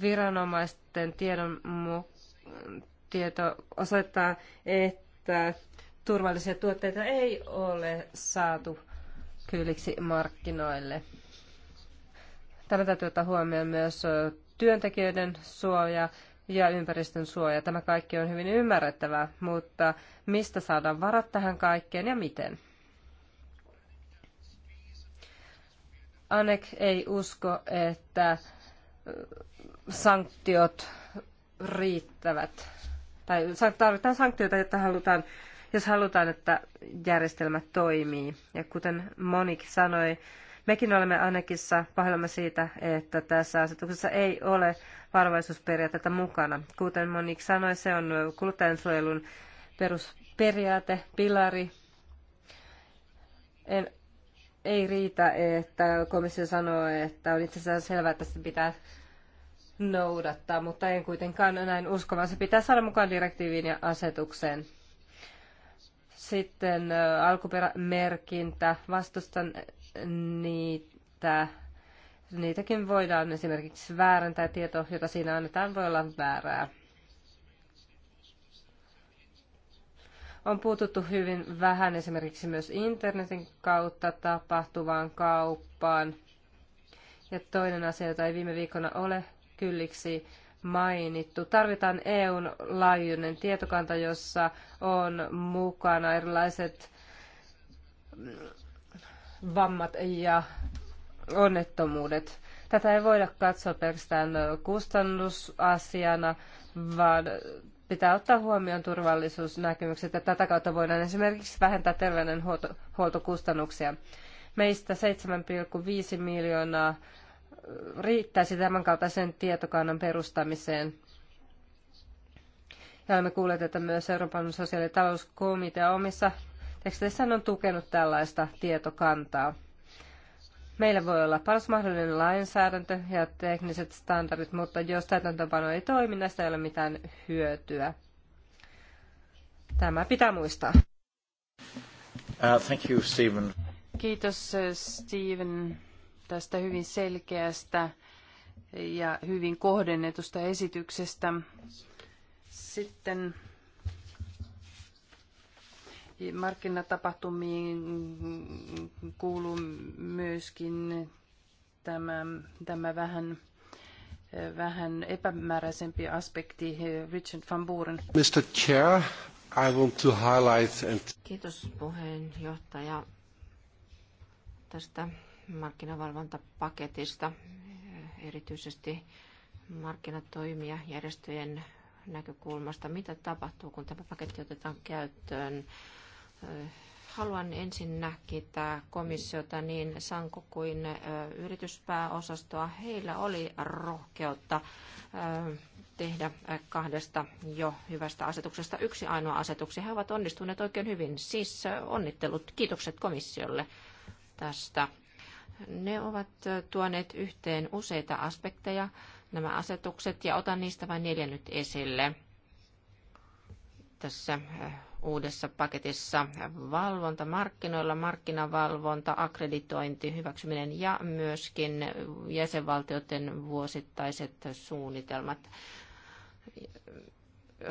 Viranomaisten tiedon mu- tieto osoittaa, että turvallisia tuotteita ei ole saatu kylliksi markkinoille. Tämä täytyy ottaa huomioon myös työntekijöiden suoja ja ympäristön suoja. Tämä kaikki on hyvin ymmärrettävää, mutta mistä saadaan varat tähän kaikkeen ja miten? Anek ei usko, että sanktiot riittävät. Tai tarvitaan sanktioita, jotta halutaan, jos halutaan, että järjestelmä toimii. Ja kuten Monik sanoi, Mekin olemme Annekissa pahoillamme siitä, että tässä asetuksessa ei ole varovaisuusperiaatetta mukana. Kuten Monik sanoi, se on kuluttajansuojelun perusperiaate, pilari. En, ei riitä, että komissio sanoo, että on itse asiassa selvää, että sitä pitää noudattaa, mutta en kuitenkaan näin usko, vaan se pitää saada mukaan direktiiviin ja asetukseen. Sitten alkuperämerkintä. Vastustan niitä, niitäkin voidaan esimerkiksi väärentää. Tieto, jota siinä annetaan, voi olla väärää. On puututtu hyvin vähän esimerkiksi myös internetin kautta tapahtuvaan kauppaan. Ja toinen asia, jota ei viime viikona ole kylliksi mainittu. Tarvitaan EUn laajuinen tietokanta, jossa on mukana erilaiset vammat ja onnettomuudet. Tätä ei voida katsoa pelkästään kustannusasiana, vaan pitää ottaa huomioon turvallisuusnäkymykset ja tätä kautta voidaan esimerkiksi vähentää terveydenhuoltokustannuksia. Meistä 7,5 miljoonaa riittäisi tämänkaltaisen kaltaisen tietokannan perustamiseen. Ja olemme kuulleet, että myös Euroopan sosiaali- ja talouskomitea omissa teksteissään on tukenut tällaista tietokantaa. Meillä voi olla paras mahdollinen lainsäädäntö ja tekniset standardit, mutta jos täytäntöpano ei toimi, näistä ei ole mitään hyötyä. Tämä pitää muistaa. Uh, thank you, Stephen. Kiitos uh, Steven tästä hyvin selkeästä ja hyvin kohdennetusta esityksestä. Sitten Markkinatapahtumiin kuuluu myöskin tämä, tämä vähän vähän epämääräisempi aspekti Richard van Buren. Mr. Chair, I want to highlight and... Kiitos puheenjohtaja tästä markkinavalvontapaketista, erityisesti markkinatoimia järjestöjen näkökulmasta. Mitä tapahtuu, kun tämä paketti otetaan käyttöön? Haluan ensin kiittää komissiota niin Sanko kuin yrityspääosastoa. Heillä oli rohkeutta tehdä kahdesta jo hyvästä asetuksesta yksi ainoa asetuksi. He ovat onnistuneet oikein hyvin. Siis onnittelut, kiitokset komissiolle tästä. Ne ovat tuoneet yhteen useita aspekteja, nämä asetukset, ja otan niistä vain neljä nyt esille. Tässä uudessa paketissa. Valvonta markkinoilla, markkinavalvonta, akkreditointi, hyväksyminen ja myöskin jäsenvaltioiden vuosittaiset suunnitelmat.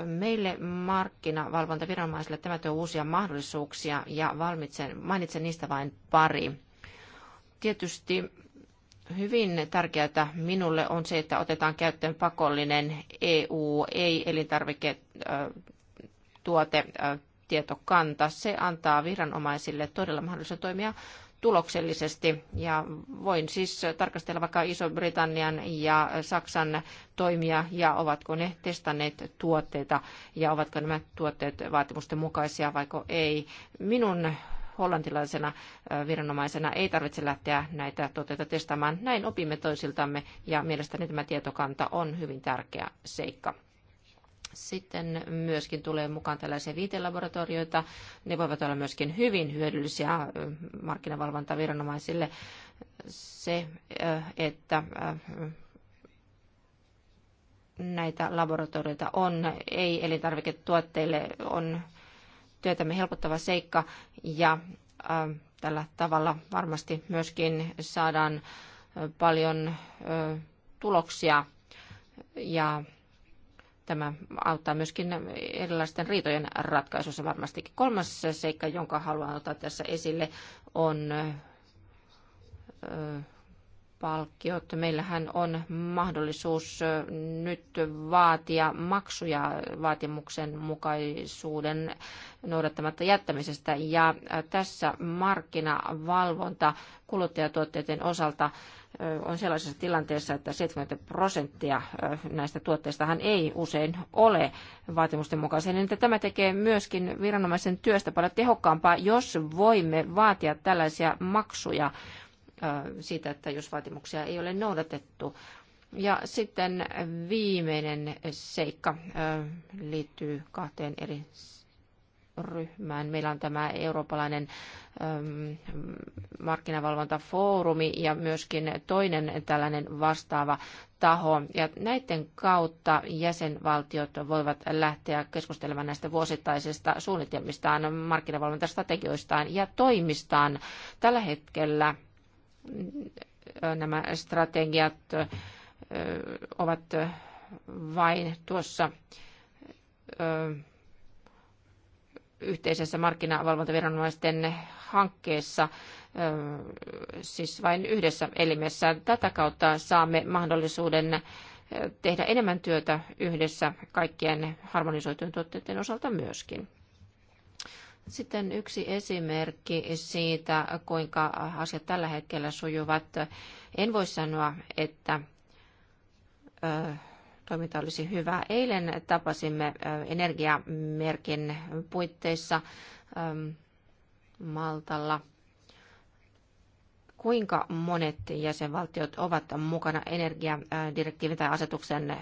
Meille markkinavalvontaviranomaisille tämä tuo uusia mahdollisuuksia ja valmitsen, mainitsen niistä vain pari. Tietysti hyvin tärkeää minulle on se, että otetaan käyttöön pakollinen EU, ei elintarvike tuote, tietokanta, se antaa viranomaisille todella mahdollisuuden toimia tuloksellisesti. Ja voin siis tarkastella vaikka Iso-Britannian ja Saksan toimia ja ovatko ne testanneet tuotteita ja ovatko nämä tuotteet vaatimusten mukaisia vaiko ei. Minun hollantilaisena viranomaisena ei tarvitse lähteä näitä tuotteita testaamaan. Näin opimme toisiltamme ja mielestäni tämä tietokanta on hyvin tärkeä seikka. Sitten myöskin tulee mukaan tällaisia viitelaboratorioita. Ne voivat olla myöskin hyvin hyödyllisiä äh, markkinavalvontaviranomaisille. Se, äh, että äh, näitä laboratorioita on, ei elintarviketuotteille, on työtämme helpottava seikka ja tällä tavalla varmasti myöskin saadaan paljon tuloksia ja Tämä auttaa myöskin erilaisten riitojen ratkaisussa varmastikin. Kolmas seikka, jonka haluan ottaa tässä esille, on palkkiot. Meillähän on mahdollisuus nyt vaatia maksuja vaatimuksen mukaisuuden noudattamatta jättämisestä. Ja tässä markkinavalvonta kuluttajatuotteiden osalta on sellaisessa tilanteessa, että 70 prosenttia näistä tuotteistahan ei usein ole vaatimusten mukaisia, niin tämä tekee myöskin viranomaisen työstä paljon tehokkaampaa, jos voimme vaatia tällaisia maksuja siitä, että jos vaatimuksia ei ole noudatettu. Ja sitten viimeinen seikka liittyy kahteen eri ryhmään. Meillä on tämä eurooppalainen markkinavalvontafoorumi ja myöskin toinen tällainen vastaava taho. Ja näiden kautta jäsenvaltiot voivat lähteä keskustelemaan näistä vuosittaisista suunnitelmistaan, markkinavalvontastrategioistaan ja toimistaan. Tällä hetkellä nämä strategiat ovat vain tuossa yhteisessä markkinavalvontaviranomaisten hankkeessa, siis vain yhdessä elimessä. Tätä kautta saamme mahdollisuuden tehdä enemmän työtä yhdessä kaikkien harmonisoitujen tuotteiden osalta myöskin. Sitten yksi esimerkki siitä, kuinka asiat tällä hetkellä sujuvat. En voi sanoa, että toiminta olisi hyvä. Eilen tapasimme energiamerkin puitteissa Maltalla – kuinka monet jäsenvaltiot ovat mukana energiadirektiivin tai asetuksen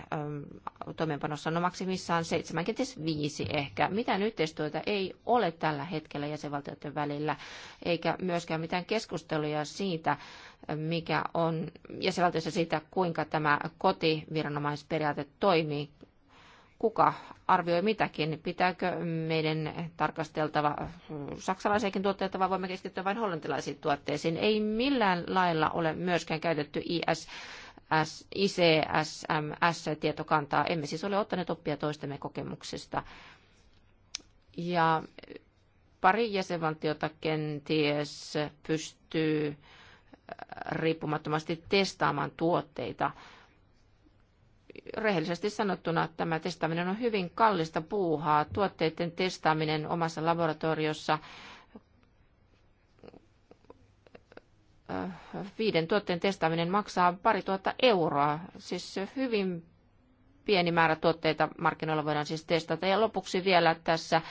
toimeenpanossa? No maksimissaan 75 ehkä. Mitään yhteistyötä ei ole tällä hetkellä jäsenvaltioiden välillä, eikä myöskään mitään keskusteluja siitä, mikä on jäsenvaltiossa siitä, kuinka tämä kotiviranomaisperiaate toimii, kuka arvioi mitäkin. Pitääkö meidän tarkasteltava saksalaisiakin tuotteita vai voimme keskittyä vain hollantilaisiin tuotteisiin? Ei millään lailla ole myöskään käytetty IS ICSMS-tietokantaa. Emme siis ole ottaneet oppia toistemme kokemuksista. Ja pari jäsenvaltiota kenties pystyy äh, riippumattomasti testaamaan tuotteita – rehellisesti sanottuna tämä testaaminen on hyvin kallista puuhaa. Tuotteiden testaaminen omassa laboratoriossa äh, viiden tuotteen testaaminen maksaa pari tuhatta euroa. Siis hyvin pieni määrä tuotteita markkinoilla voidaan siis testata. Ja lopuksi vielä tässä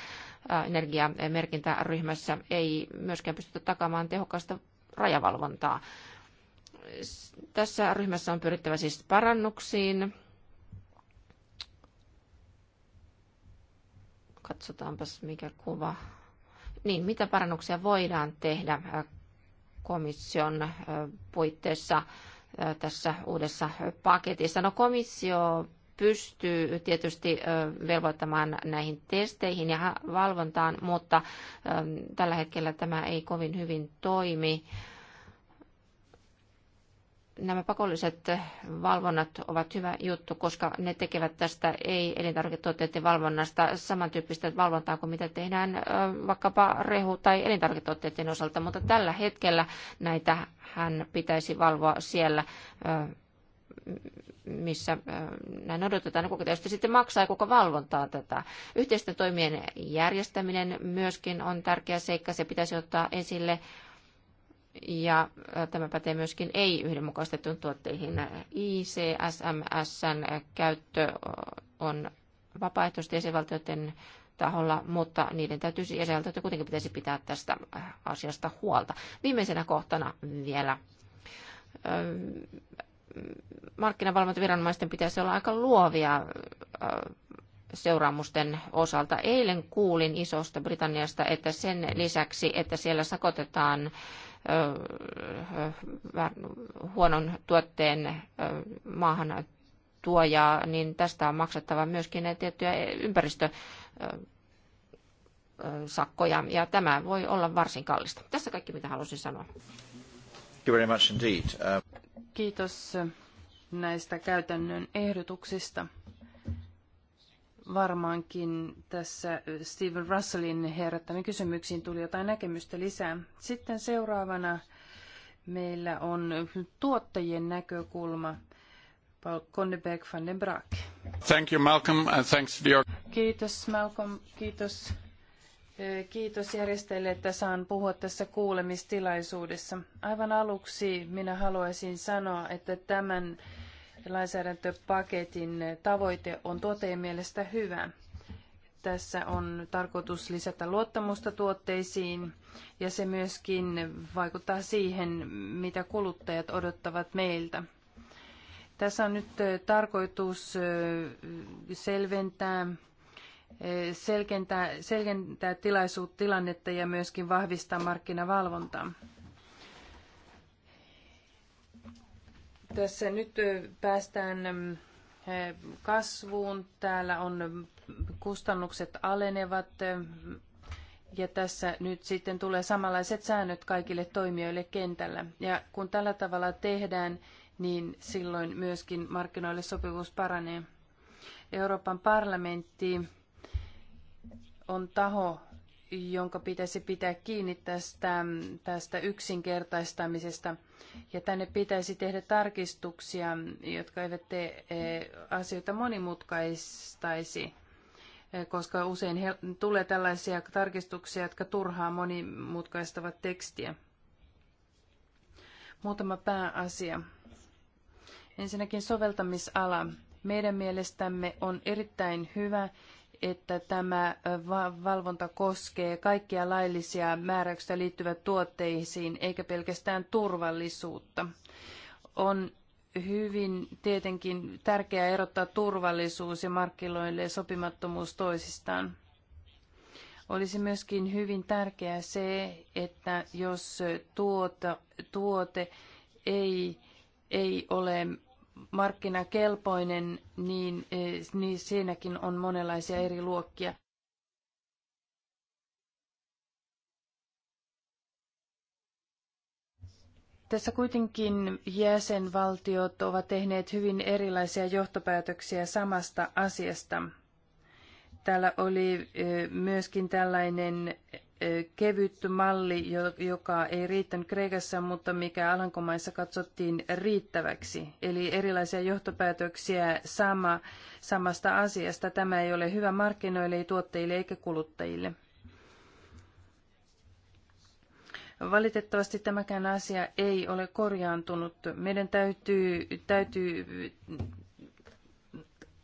äh, energiamerkintäryhmässä ei myöskään pystytä takaamaan tehokasta rajavalvontaa. Tässä ryhmässä on pyrittävä siis parannuksiin Katsotaanpas mikä kuva. Niin, mitä parannuksia voidaan tehdä komission puitteissa tässä uudessa paketissa? No komissio pystyy tietysti velvoittamaan näihin testeihin ja valvontaan, mutta tällä hetkellä tämä ei kovin hyvin toimi nämä pakolliset valvonnat ovat hyvä juttu, koska ne tekevät tästä ei-elintarviketuotteiden valvonnasta samantyyppistä valvontaa kuin mitä tehdään vaikkapa rehu- tai elintarviketuotteiden osalta, mutta tällä hetkellä näitä hän pitäisi valvoa siellä missä näin odotetaan, kuka tietysti sitten maksaa ja kuka valvontaa tätä. Yhteisten toimien järjestäminen myöskin on tärkeä seikka, se pitäisi ottaa esille ja tämä pätee myöskin ei-yhdenmukaistettuun tuotteihin. ICSMSn käyttö on vapaaehtoisesti jäsenvaltioiden taholla, mutta niiden täytyisi jäsenvaltioiden kuitenkin pitäisi pitää tästä asiasta huolta. Viimeisenä kohtana vielä markkinavalvontaviranomaisten pitäisi olla aika luovia seuraamusten osalta. Eilen kuulin isosta Britanniasta, että sen lisäksi, että siellä sakotetaan huonon tuotteen maahan tuojaa, niin tästä on maksettava myöskin tiettyjä ympäristö sakkoja, ja tämä voi olla varsin kallista. Tässä kaikki, mitä halusin sanoa. Um, Kiitos näistä käytännön ehdotuksista varmaankin tässä Steven Russellin herättämiin kysymyksiin tuli jotain näkemystä lisää. Sitten seuraavana meillä on tuottajien näkökulma. Paul Konneberg van den Braak. Thank you Malcolm and thanks to your... Kiitos Malcolm, kiitos. Eh, kiitos järjestäjille, että saan puhua tässä kuulemistilaisuudessa. Aivan aluksi minä haluaisin sanoa, että tämän lainsäädäntöpaketin tavoite on tuottajien mielestä hyvä. Tässä on tarkoitus lisätä luottamusta tuotteisiin ja se myöskin vaikuttaa siihen, mitä kuluttajat odottavat meiltä. Tässä on nyt tarkoitus selventää, selkentää, selkentää tilaisuut tilannetta ja myöskin vahvistaa markkinavalvontaa. Tässä nyt päästään kasvuun. Täällä on kustannukset alenevat ja tässä nyt sitten tulee samanlaiset säännöt kaikille toimijoille kentällä. Ja kun tällä tavalla tehdään, niin silloin myöskin markkinoille sopivuus paranee. Euroopan parlamentti on taho, jonka pitäisi pitää kiinni tästä, tästä yksinkertaistamisesta. Ja tänne pitäisi tehdä tarkistuksia, jotka eivät tee e, asioita monimutkaistaisi, e, koska usein tulee tällaisia tarkistuksia, jotka turhaa monimutkaistavat tekstiä. Muutama pääasia. Ensinnäkin soveltamisala. Meidän mielestämme on erittäin hyvä, että tämä valvonta koskee kaikkia laillisia määräyksiä liittyvät tuotteisiin, eikä pelkästään turvallisuutta. On hyvin tietenkin tärkeää erottaa turvallisuus ja markkinoille sopimattomuus toisistaan. Olisi myöskin hyvin tärkeää se, että jos tuota, tuote ei, ei ole markkinakelpoinen, niin, eh, niin siinäkin on monenlaisia eri luokkia. Tässä kuitenkin jäsenvaltiot ovat tehneet hyvin erilaisia johtopäätöksiä samasta asiasta. Täällä oli eh, myöskin tällainen kevyt malli, joka ei riittänyt Kreikassa, mutta mikä Alankomaissa katsottiin riittäväksi. Eli erilaisia johtopäätöksiä sama, samasta asiasta. Tämä ei ole hyvä markkinoille, ei tuottajille eikä kuluttajille. Valitettavasti tämäkään asia ei ole korjaantunut. Meidän täytyy, täytyy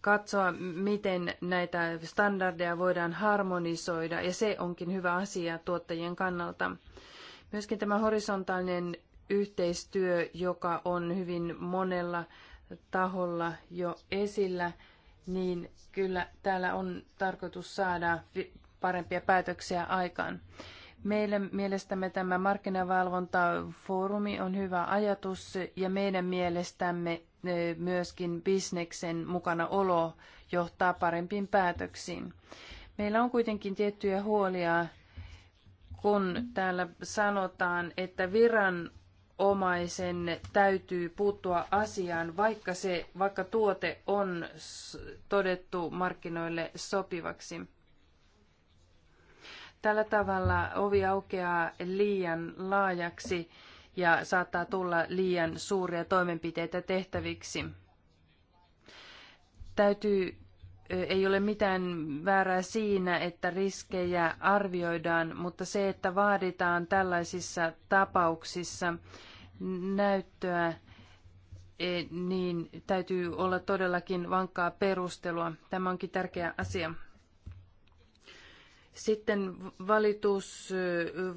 katsoa, miten näitä standardeja voidaan harmonisoida, ja se onkin hyvä asia tuottajien kannalta. Myöskin tämä horisontaalinen yhteistyö, joka on hyvin monella taholla jo esillä, niin kyllä täällä on tarkoitus saada parempia päätöksiä aikaan. Meidän mielestämme tämä markkinavalvontafoorumi on hyvä ajatus ja meidän mielestämme myöskin bisneksen mukana olo johtaa parempiin päätöksiin. Meillä on kuitenkin tiettyjä huolia, kun täällä sanotaan, että viranomaisen täytyy puuttua asiaan, vaikka, se, vaikka tuote on todettu markkinoille sopivaksi. Tällä tavalla ovi aukeaa liian laajaksi ja saattaa tulla liian suuria toimenpiteitä tehtäviksi. Täytyy, ei ole mitään väärää siinä, että riskejä arvioidaan, mutta se, että vaaditaan tällaisissa tapauksissa näyttöä, e, niin täytyy olla todellakin vankkaa perustelua. Tämä onkin tärkeä asia. Sitten valitus,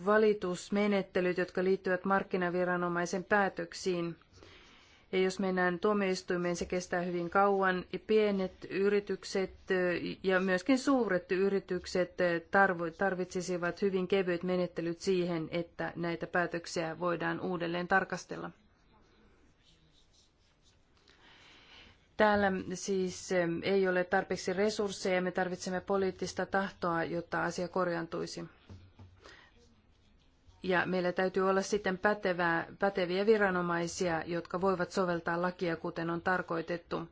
valitusmenettelyt, jotka liittyvät markkinaviranomaisen päätöksiin. Ja jos mennään tuomioistuimeen, se kestää hyvin kauan. Ja pienet yritykset ja myöskin suuret yritykset tarvitsisivat hyvin kevyet menettelyt siihen, että näitä päätöksiä voidaan uudelleen tarkastella. Täällä siis ei ole tarpeeksi resursseja, me tarvitsemme poliittista tahtoa, jotta asia korjaantuisi. Ja meillä täytyy olla sitten pätevää, päteviä viranomaisia, jotka voivat soveltaa lakia, kuten on tarkoitettu.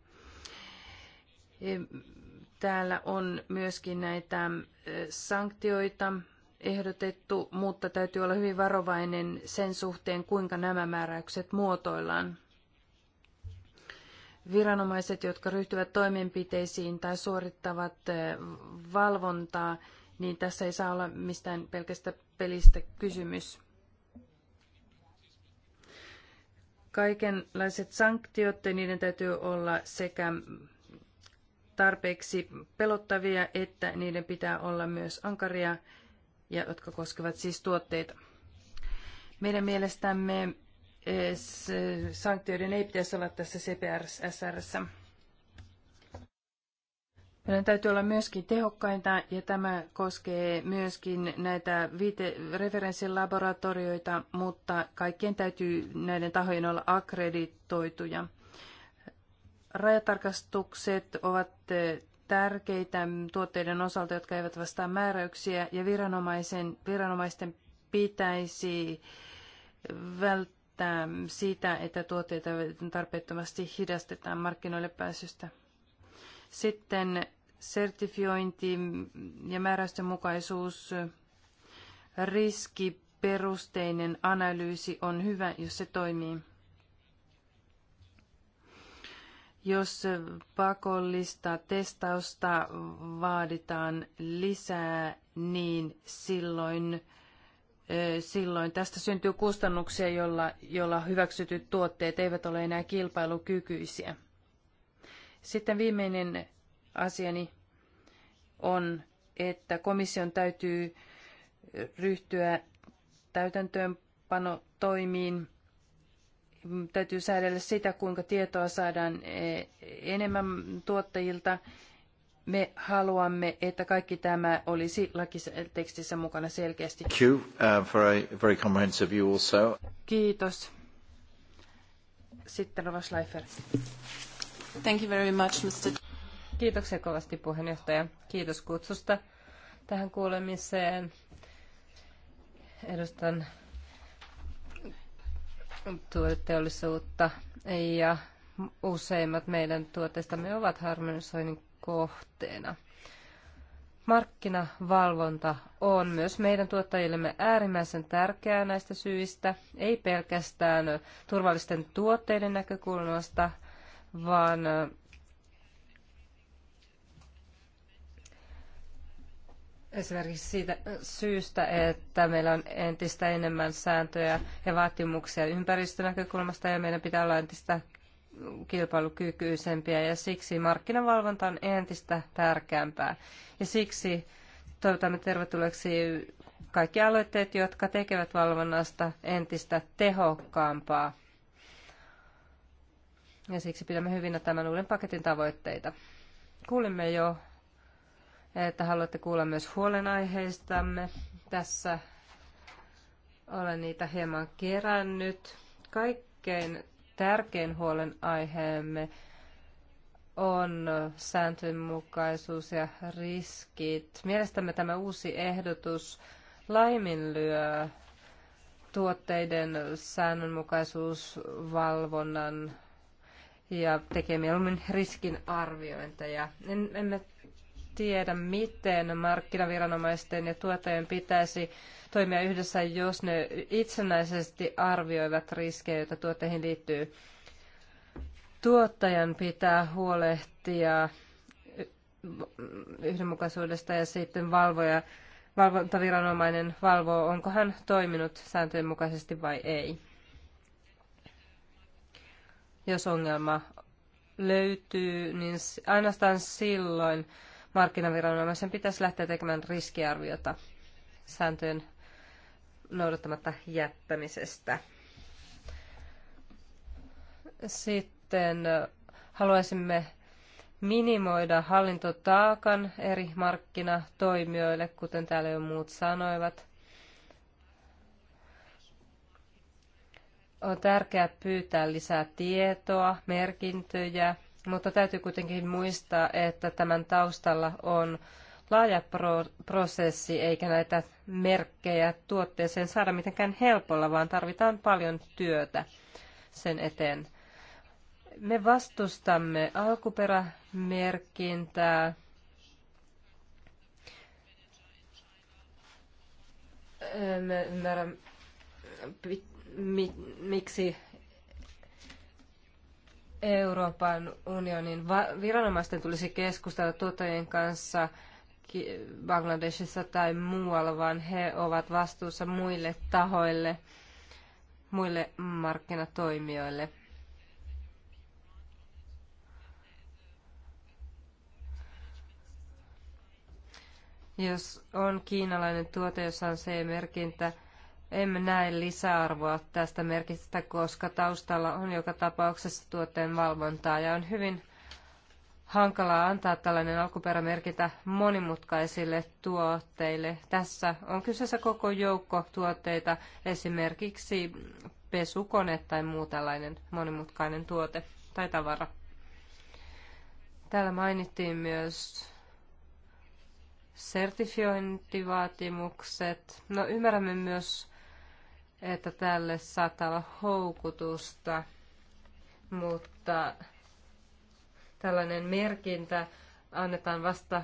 Täällä on myöskin näitä sanktioita ehdotettu, mutta täytyy olla hyvin varovainen sen suhteen, kuinka nämä määräykset muotoillaan viranomaiset, jotka ryhtyvät toimenpiteisiin tai suorittavat eh, valvontaa, niin tässä ei saa olla mistään pelkästä pelistä kysymys. Kaikenlaiset sanktiot, niiden täytyy olla sekä tarpeeksi pelottavia, että niiden pitää olla myös ankaria, ja jotka koskevat siis tuotteita. Meidän mielestämme sanktioiden ei pitäisi olla tässä CPR-SRssä. Meidän täytyy olla myöskin tehokkaita ja tämä koskee myöskin näitä viite- referenssilaboratorioita, mutta kaikkien täytyy näiden tahojen olla akkreditoituja. Rajatarkastukset ovat eh, tärkeitä tuotteiden osalta, jotka eivät vastaa määräyksiä ja viranomaisen, viranomaisten pitäisi välttää että sitä, että tuotteita tarpeettomasti hidastetaan markkinoille pääsystä. Sitten sertifiointi ja määräysten mukaisuus, riskiperusteinen analyysi on hyvä, jos se toimii. Jos pakollista testausta vaaditaan lisää, niin silloin silloin tästä syntyy kustannuksia, jolla, jolla hyväksytyt tuotteet eivät ole enää kilpailukykyisiä. Sitten viimeinen asiani on, että komission täytyy ryhtyä täytäntöönpano toimiin. Täytyy säädellä sitä, kuinka tietoa saadaan e, enemmän tuottajilta me haluamme, että kaikki tämä olisi lakitekstissä mukana selkeästi. Uh, Kiitos. Sitten Rova Schleifer. Thank you very much, Mr. Kiitoksia kovasti puheenjohtaja. Kiitos kutsusta tähän kuulemiseen. Edustan tuoteteollisuutta ja useimmat meidän tuotteistamme ovat harmonisoinnin kohteena. Markkinavalvonta on myös meidän tuottajillemme äärimmäisen tärkeää näistä syistä, ei pelkästään turvallisten tuotteiden näkökulmasta, vaan äh, esimerkiksi siitä äh, syystä, että meillä on entistä enemmän sääntöjä ja vaatimuksia ympäristönäkökulmasta ja meidän pitää olla entistä kilpailukykyisempiä ja siksi markkinavalvonta on entistä tärkeämpää. Ja siksi toivotamme tervetulleeksi kaikki aloitteet, jotka tekevät valvonnasta entistä tehokkaampaa. Ja siksi pidämme hyvinä tämän uuden paketin tavoitteita. Kuulimme jo, että haluatte kuulla myös huolenaiheistamme. Tässä olen niitä hieman kerännyt. Kaikkein tärkein huolenaiheemme on sääntöjenmukaisuus ja riskit. Mielestämme tämä uusi ehdotus laiminlyö tuotteiden säännönmukaisuusvalvonnan ja tekee mieluummin riskinarviointeja. En, emme tiedä, miten markkinaviranomaisten ja tuottajien pitäisi toimia yhdessä, jos ne itsenäisesti arvioivat riskejä, joita tuotteihin liittyy. Tuottajan pitää huolehtia yhdenmukaisuudesta ja sitten valvoja, valvontaviranomainen valvoo, onko hän toiminut sääntöjen mukaisesti vai ei. Jos ongelma löytyy, niin ainoastaan silloin markkinaviranomaisen pitäisi lähteä tekemään riskiarviota sääntöjen noudattamatta jättämisestä. Sitten haluaisimme minimoida hallintotaakan eri markkinatoimijoille, kuten täällä jo muut sanoivat. On tärkeää pyytää lisää tietoa, merkintöjä, mutta täytyy kuitenkin muistaa, että tämän taustalla on laaja pro- prosessi, eikä näitä merkkejä tuotteeseen saada mitenkään helpolla, vaan tarvitaan paljon työtä sen eteen. Me vastustamme alkuperämerkintää. Öö, me ymmärrä, miksi Euroopan unionin viranomaisten tulisi keskustella tuottajien kanssa – Bangladesissa tai muualla, vaan he ovat vastuussa muille tahoille, muille markkinatoimijoille. Jos on kiinalainen tuote, jossa on C-merkintä, emme näe lisäarvoa tästä merkistä, koska taustalla on joka tapauksessa tuotteen valvontaa ja on hyvin hankalaa antaa tällainen alkuperämerkintä monimutkaisille tuotteille. Tässä on kyseessä koko joukko tuotteita, esimerkiksi pesukone tai muu tällainen monimutkainen tuote tai tavara. Täällä mainittiin myös sertifiointivaatimukset. No ymmärrämme myös, että tälle saattaa olla houkutusta, mutta tällainen merkintä annetaan vasta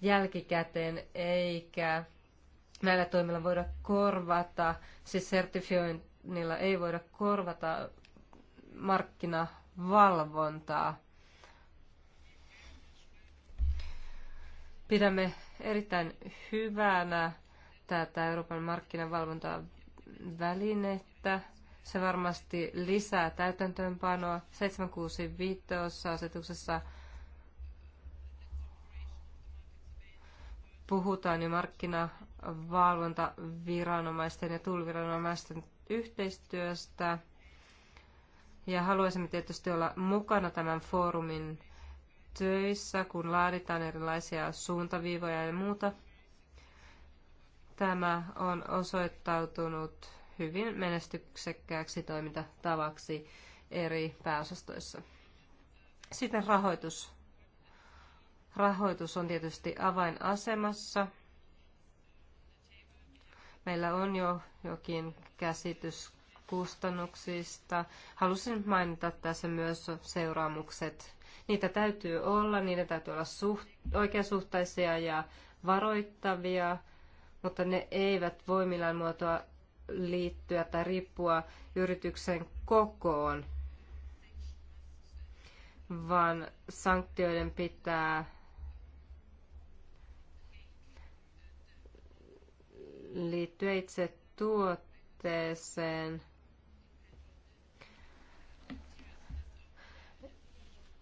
jälkikäteen, eikä näillä toimilla voida korvata, siis sertifioinnilla ei voida korvata markkinavalvontaa. Pidämme erittäin hyvänä tätä Euroopan markkinavalvontaa välinettä. Se varmasti lisää täytäntöönpanoa. 765 asetuksessa puhutaan jo markkinavalvontaviranomaisten ja tulviranomaisten yhteistyöstä. Ja haluaisimme tietysti olla mukana tämän foorumin töissä, kun laaditaan erilaisia suuntaviivoja ja muuta. Tämä on osoittautunut hyvin menestyksekkääksi toimintatavaksi eri pääosastoissa. Sitten rahoitus. Rahoitus on tietysti avainasemassa. Meillä on jo jokin käsitys kustannuksista. Halusin mainita tässä myös seuraamukset. Niitä täytyy olla, niiden täytyy olla suht, oikeasuhtaisia ja varoittavia, mutta ne eivät voi millään muotoa liittyä tai riippua yrityksen kokoon, vaan sanktioiden pitää liittyä itse tuotteeseen.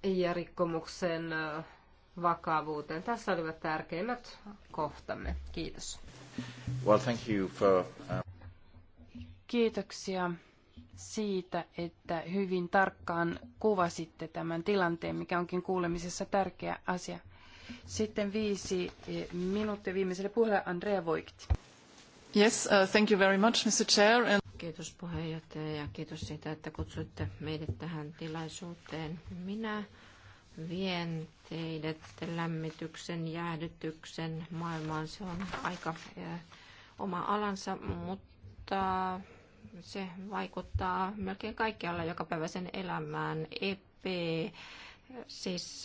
ja rikkomuksen vakavuuteen. Tässä olivat tärkeimmät kohtamme. Kiitos. Well, thank you for, uh... Kiitoksia siitä, että hyvin tarkkaan kuvasitte tämän tilanteen, mikä onkin kuulemisessa tärkeä asia. Sitten viisi eh, minuuttia viimeiselle puheelle Andrea Voigt. Yes, uh, thank you very much, Mr. Chair. And... Kiitos puheenjohtaja ja kiitos siitä, että kutsuitte meidät tähän tilaisuuteen. Minä vien teidät lämmityksen, jäähdytyksen maailmaan. Se on aika eh, oma alansa, mutta se vaikuttaa melkein kaikkialla sen elämään. EP siis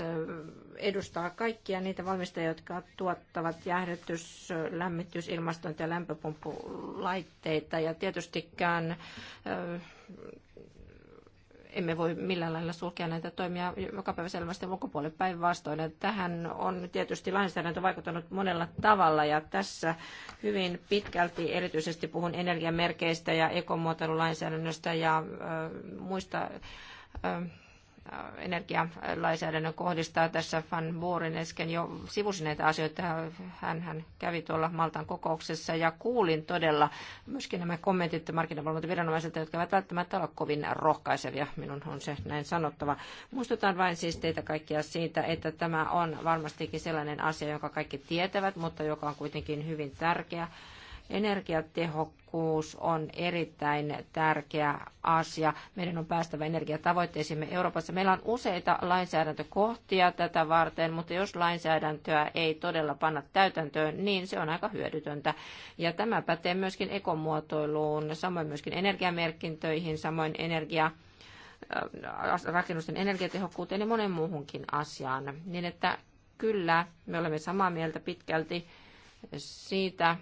edustaa kaikkia niitä valmistajia, jotka tuottavat jäähdytys, lämmitys, ilmastointi ja lämpöpumppulaitteita. Ja tietystikään emme voi millään lailla sulkea näitä toimia joka päivä selvästi ulkopuolelle päinvastoin. Tähän on tietysti lainsäädäntö vaikuttanut monella tavalla ja tässä hyvin pitkälti erityisesti puhun energiamerkeistä ja ekomuotoilulainsäädännöstä ja muista Äh, energialainsäädännön kohdistaa. Tässä Van Buuren esken jo sivusi näitä asioita. Hän, hän kävi tuolla Maltan kokouksessa ja kuulin todella myöskin nämä kommentit markkinavalvontaviranomaisilta, jotka eivät välttämättä ole kovin rohkaisevia. Minun on se näin sanottava. Muistutan vain siis teitä kaikkia siitä, että tämä on varmastikin sellainen asia, jonka kaikki tietävät, mutta joka on kuitenkin hyvin tärkeä Energiatehokkuus on erittäin tärkeä asia. Meidän on päästävä energiatavoitteisiimme Euroopassa. Meillä on useita lainsäädäntökohtia tätä varten, mutta jos lainsäädäntöä ei todella panna täytäntöön, niin se on aika hyödytöntä. Ja tämä pätee myöskin ekomuotoiluun, samoin myöskin energiamerkintöihin, samoin energia äh, rakennusten energiatehokkuuteen ja monen muuhunkin asiaan. Niin että kyllä, me olemme samaa mieltä pitkälti siitä,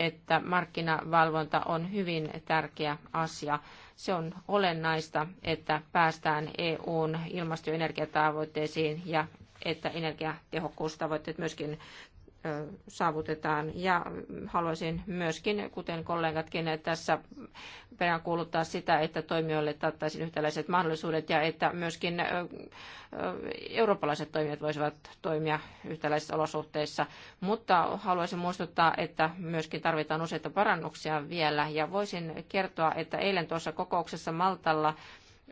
että markkinavalvonta on hyvin tärkeä asia. Se on olennaista, että päästään EUn ilmasto- ja energiatavoitteisiin ja että energiatehokkuustavoitteet myöskin saavutetaan. Ja haluaisin myöskin, kuten kollegatkin, tässä peräänkuuluttaa sitä, että toimijoille taattaisiin yhtäläiset mahdollisuudet ja että myöskin eurooppalaiset toimijat voisivat toimia yhtäläisissä olosuhteissa. Mutta haluaisin muistuttaa, että myöskin tarvitaan useita parannuksia vielä. Ja voisin kertoa, että eilen tuossa kokouksessa Maltalla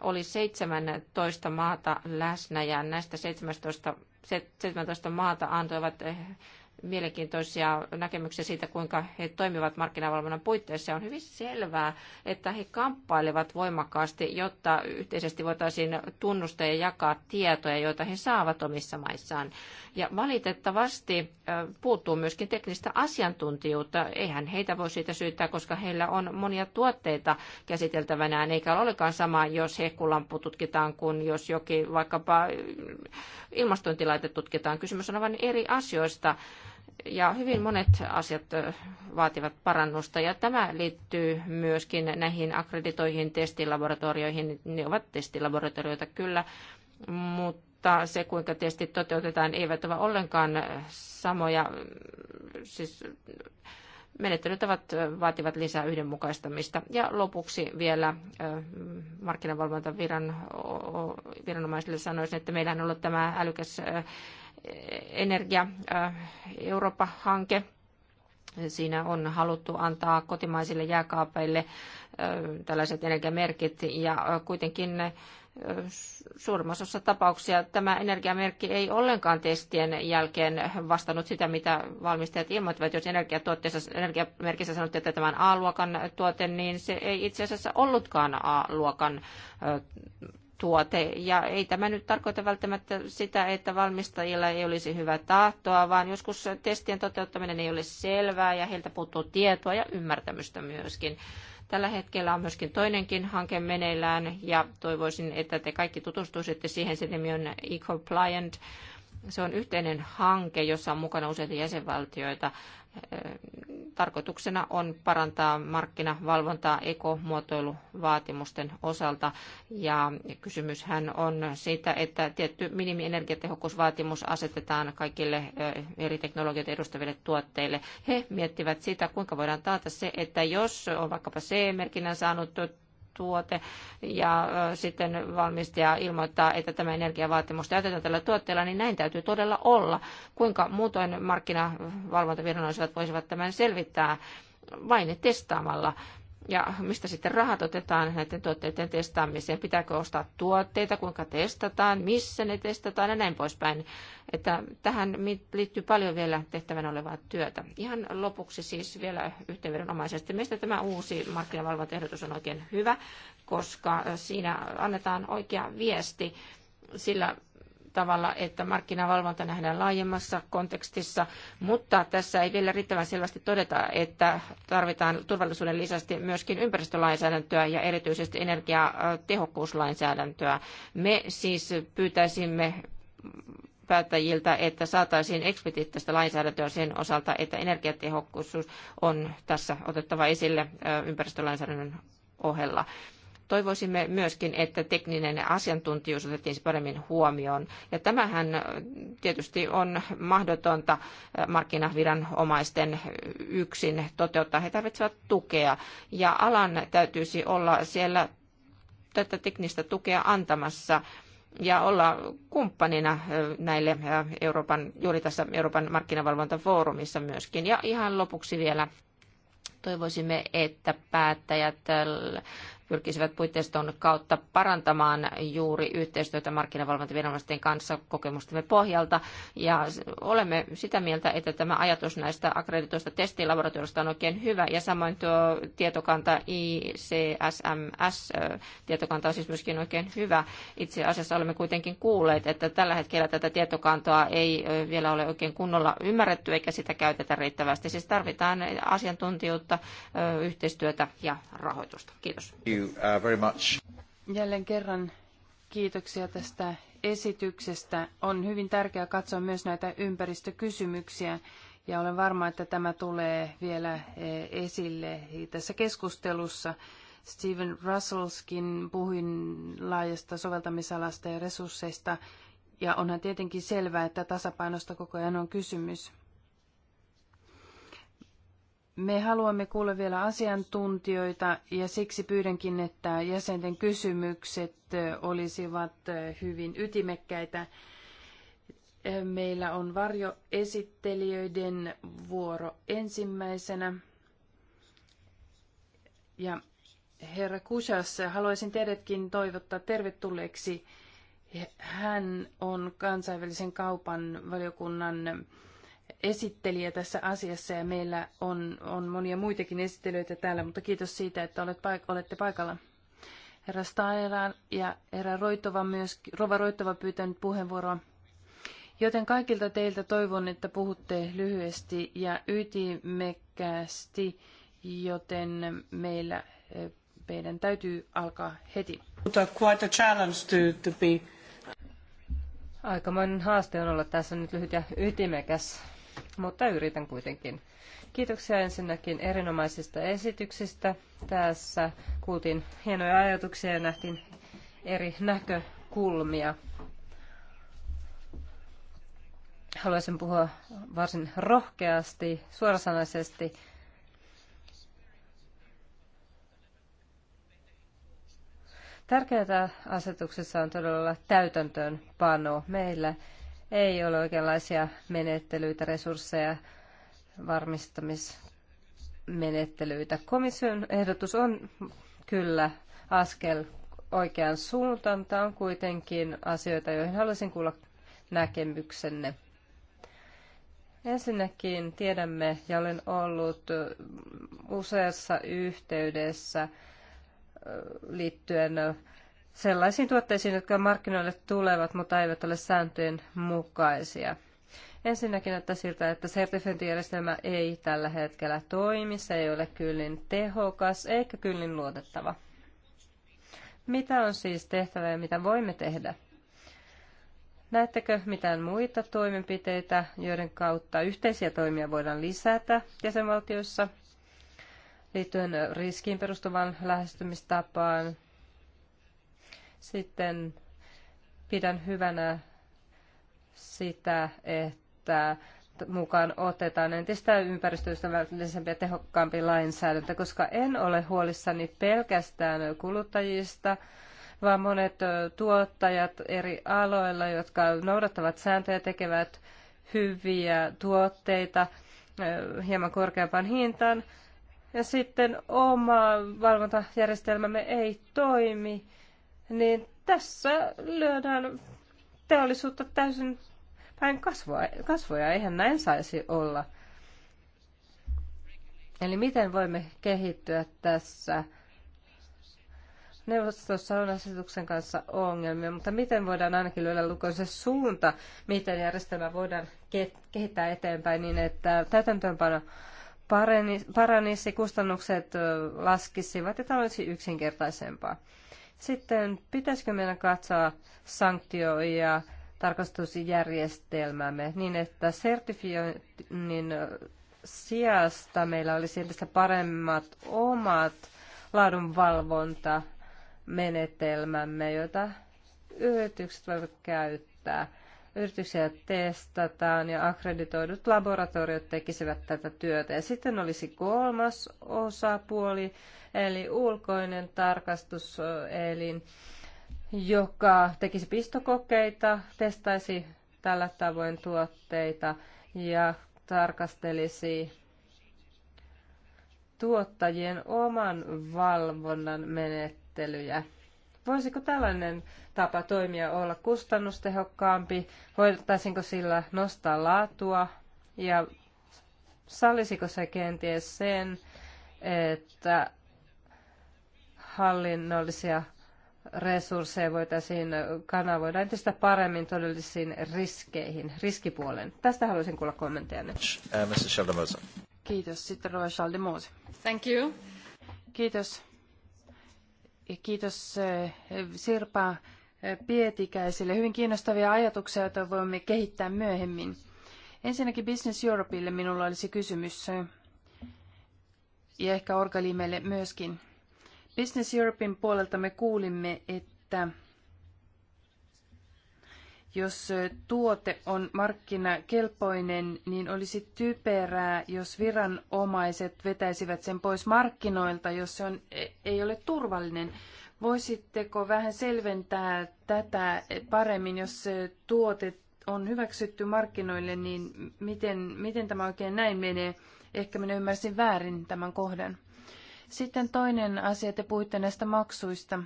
oli 17 maata läsnä ja näistä 17, 17 maata antoivat mielenkiintoisia näkemyksiä siitä, kuinka he toimivat markkinavalvonnan puitteissa. On hyvin selvää, että he kamppailevat voimakkaasti, jotta yhteisesti voitaisiin tunnustaa ja jakaa tietoja, joita he saavat omissa maissaan. Ja valitettavasti puuttuu myöskin teknistä asiantuntijuutta. Eihän heitä voi siitä syyttää, koska heillä on monia tuotteita käsiteltävänään, eikä ole olekaan sama, jos hehkulampu tutkitaan kuin jos jokin vaikkapa ilmastointilaite tutkitaan. Kysymys on aivan eri asioista ja hyvin monet asiat vaativat parannusta ja tämä liittyy myöskin näihin akkreditoihin testilaboratorioihin. Ne ovat testilaboratorioita kyllä, mutta se kuinka testit toteutetaan eivät ole ollenkaan samoja. Siis menettelyt ovat vaativat lisää yhdenmukaistamista. Ja lopuksi vielä markkinavalvontaviranomaisille sanoisin, että meillä on ollut tämä älykäs Energia äh, Eurooppa-hanke. Siinä on haluttu antaa kotimaisille jääkaapeille äh, tällaiset energiamerkit ja äh, kuitenkin suurimmassa osassa tapauksia tämä energiamerkki ei ollenkaan testien jälkeen vastannut sitä, mitä valmistajat ilmoittivat. Jos energiatuotteessa, energiamerkissä sanottiin, että tämä on A-luokan tuote, niin se ei itse asiassa ollutkaan A-luokan tuote. Ja ei tämä nyt tarkoita välttämättä sitä, että valmistajilla ei olisi hyvää tahtoa, vaan joskus testien toteuttaminen ei ole selvää ja heiltä puuttuu tietoa ja ymmärtämystä myöskin. Tällä hetkellä on myöskin toinenkin hanke meneillään ja toivoisin, että te kaikki tutustuisitte siihen. Se nimi on Ecopliant. Se on yhteinen hanke, jossa on mukana useita jäsenvaltioita. Tarkoituksena on parantaa markkinavalvontaa ekomuotoiluvaatimusten osalta. Ja kysymyshän on siitä, että tietty minimienergiatehokkuusvaatimus asetetaan kaikille eri teknologioita edustaville tuotteille. He miettivät sitä, kuinka voidaan taata se, että jos on vaikkapa C-merkinnän saanut tuote ja sitten valmistaja ilmoittaa, että tämä energiavaatimus täytetään tällä tuotteella, niin näin täytyy todella olla. Kuinka muutoin markkinavalvontaviranomaiset voisivat tämän selvittää? vain testaamalla ja mistä sitten rahat otetaan näiden tuotteiden testaamiseen, pitääkö ostaa tuotteita, kuinka testataan, missä ne testataan ja näin poispäin. Että tähän liittyy paljon vielä tehtävän olevaa työtä. Ihan lopuksi siis vielä yhteenvedonomaisesti. mistä tämä uusi markkinavalvontaehdotus on oikein hyvä, koska siinä annetaan oikea viesti sillä tavalla, että markkinavalvonta nähdään laajemmassa kontekstissa, mutta tässä ei vielä riittävän selvästi todeta, että tarvitaan turvallisuuden lisästi myöskin ympäristölainsäädäntöä ja erityisesti energiatehokkuuslainsäädäntöä. Me siis pyytäisimme päättäjiltä, että saataisiin eksplitiittistä lainsäädäntöä sen osalta, että energiatehokkuus on tässä otettava esille ympäristölainsäädännön ohella. Toivoisimme myöskin, että tekninen asiantuntijuus otettiin paremmin huomioon. Ja tämähän tietysti on mahdotonta markkinaviranomaisten yksin toteuttaa. He tarvitsevat tukea ja alan täytyisi olla siellä tätä teknistä tukea antamassa ja olla kumppanina näille Euroopan, juuri tässä Euroopan markkinavalvontafoorumissa myöskin. Ja ihan lopuksi vielä toivoisimme, että päättäjät pyrkisivät puitteiston kautta parantamaan juuri yhteistyötä markkinavalvontaviranomaisten kanssa kokemustemme pohjalta. Ja olemme sitä mieltä, että tämä ajatus näistä akkreditoista testilaboratorioista on oikein hyvä. Ja samoin tuo tietokanta ICSMS-tietokanta on siis myöskin oikein hyvä. Itse asiassa olemme kuitenkin kuulleet, että tällä hetkellä tätä tietokantoa ei vielä ole oikein kunnolla ymmärretty eikä sitä käytetä riittävästi. Siis tarvitaan asiantuntijuutta, yhteistyötä ja rahoitusta. Kiitos. Uh, very much. Jälleen kerran kiitoksia tästä esityksestä. On hyvin tärkeää katsoa myös näitä ympäristökysymyksiä ja olen varma, että tämä tulee vielä eh, esille tässä keskustelussa. Steven Russellskin puhui laajasta soveltamisalasta ja resursseista ja onhan tietenkin selvää, että tasapainosta koko ajan on kysymys. Me haluamme kuulla vielä asiantuntijoita ja siksi pyydänkin, että jäsenten kysymykset olisivat hyvin ytimekkäitä. Meillä on varjoesittelijöiden vuoro ensimmäisenä. Ja herra Kusas, haluaisin teidätkin toivottaa tervetulleeksi. Hän on kansainvälisen kaupan valiokunnan esittelijä tässä asiassa ja meillä on, on monia muitakin esittelyitä täällä, mutta kiitos siitä, että olet paik- olette paikalla. Herra Staira ja herra Roitova myös, Rova Roitova pyytänyt puheenvuoroa. Joten kaikilta teiltä toivon, että puhutte lyhyesti ja ytimekkäästi, joten meillä eh, meidän täytyy alkaa heti. Quite a challenge to, to be Aikamoinen haaste on olla tässä nyt lyhyt ja ytimekäs mutta yritän kuitenkin. Kiitoksia ensinnäkin erinomaisista esityksistä. Tässä kuultiin hienoja ajatuksia ja nähtiin eri näkökulmia. Haluaisin puhua varsin rohkeasti, suorasanaisesti Tärkeää asetuksessa on todella täytäntöönpano. Meillä ei ole oikeanlaisia menettelyitä, resursseja, varmistamismenettelyitä. Komission ehdotus on kyllä askel oikeaan suuntaan, mutta on kuitenkin asioita, joihin haluaisin kuulla näkemyksenne. Ensinnäkin tiedämme ja olen ollut useassa yhteydessä liittyen sellaisiin tuotteisiin, jotka markkinoille tulevat, mutta eivät ole sääntöjen mukaisia. Ensinnäkin näyttää siltä, että sertifiointijärjestelmä ei tällä hetkellä toimi, se ei ole kyllin tehokas eikä kyllin luotettava. Mitä on siis tehtävä ja mitä voimme tehdä? Näettekö mitään muita toimenpiteitä, joiden kautta yhteisiä toimia voidaan lisätä jäsenvaltioissa liittyen riskiin perustuvan lähestymistapaan, sitten pidän hyvänä sitä, että mukaan otetaan entistä ympäristöystävällisempi ja tehokkaampi lainsäädäntö, koska en ole huolissani pelkästään kuluttajista, vaan monet tuottajat eri aloilla, jotka noudattavat sääntöjä, tekevät hyviä tuotteita hieman korkeampaan hintaan. Ja sitten oma valvontajärjestelmämme ei toimi niin tässä lyödään teollisuutta täysin päin kasvoja. kasvoja. Eihän näin saisi olla. Eli miten voimme kehittyä tässä? Neuvostossa on asetuksen kanssa ongelmia, mutta miten voidaan ainakin lyödä lukon se suunta, miten järjestelmä voidaan kehittää eteenpäin niin, että täytäntöönpano paranisi, kustannukset laskisivat ja tämä olisi yksinkertaisempaa. Sitten pitäisikö meidän katsoa sanktio- ja tarkastusjärjestelmämme niin, että sertifioinnin sijasta meillä olisi entistä paremmat omat laadunvalvontamenetelmämme, joita yritykset voivat käyttää yrityksiä testataan ja akkreditoidut laboratoriot tekisivät tätä työtä. Ja sitten olisi kolmas osapuoli, eli ulkoinen tarkastuselin, joka tekisi pistokokeita, testaisi tällä tavoin tuotteita ja tarkastelisi tuottajien oman valvonnan menettelyjä. Voisiko tällainen tapa toimia olla kustannustehokkaampi? Voitaisinko sillä nostaa laatua? Ja sallisiko se kenties sen, että hallinnollisia resursseja voitaisiin kanavoida entistä paremmin todellisiin riskeihin, riskipuolen. Tästä haluaisin kuulla kommentteja. Äh, Kiitos. Sitten Schaldemose. Thank you. Kiitos. Kiitos eh, Sirpa eh, Pietikäiselle. Hyvin kiinnostavia ajatuksia, joita voimme kehittää myöhemmin. Ensinnäkin Business Europeille minulla olisi kysymys ja ehkä Orgalimelle myöskin. Business Europein puolelta me kuulimme, että jos tuote on markkinakelpoinen, niin olisi typerää, jos viranomaiset vetäisivät sen pois markkinoilta, jos se on, e, ei ole turvallinen. Voisitteko vähän selventää tätä paremmin, jos tuote on hyväksytty markkinoille, niin miten, miten tämä oikein näin menee? Ehkä minä ymmärsin väärin tämän kohdan. Sitten toinen asia, te puhuitte näistä maksuista.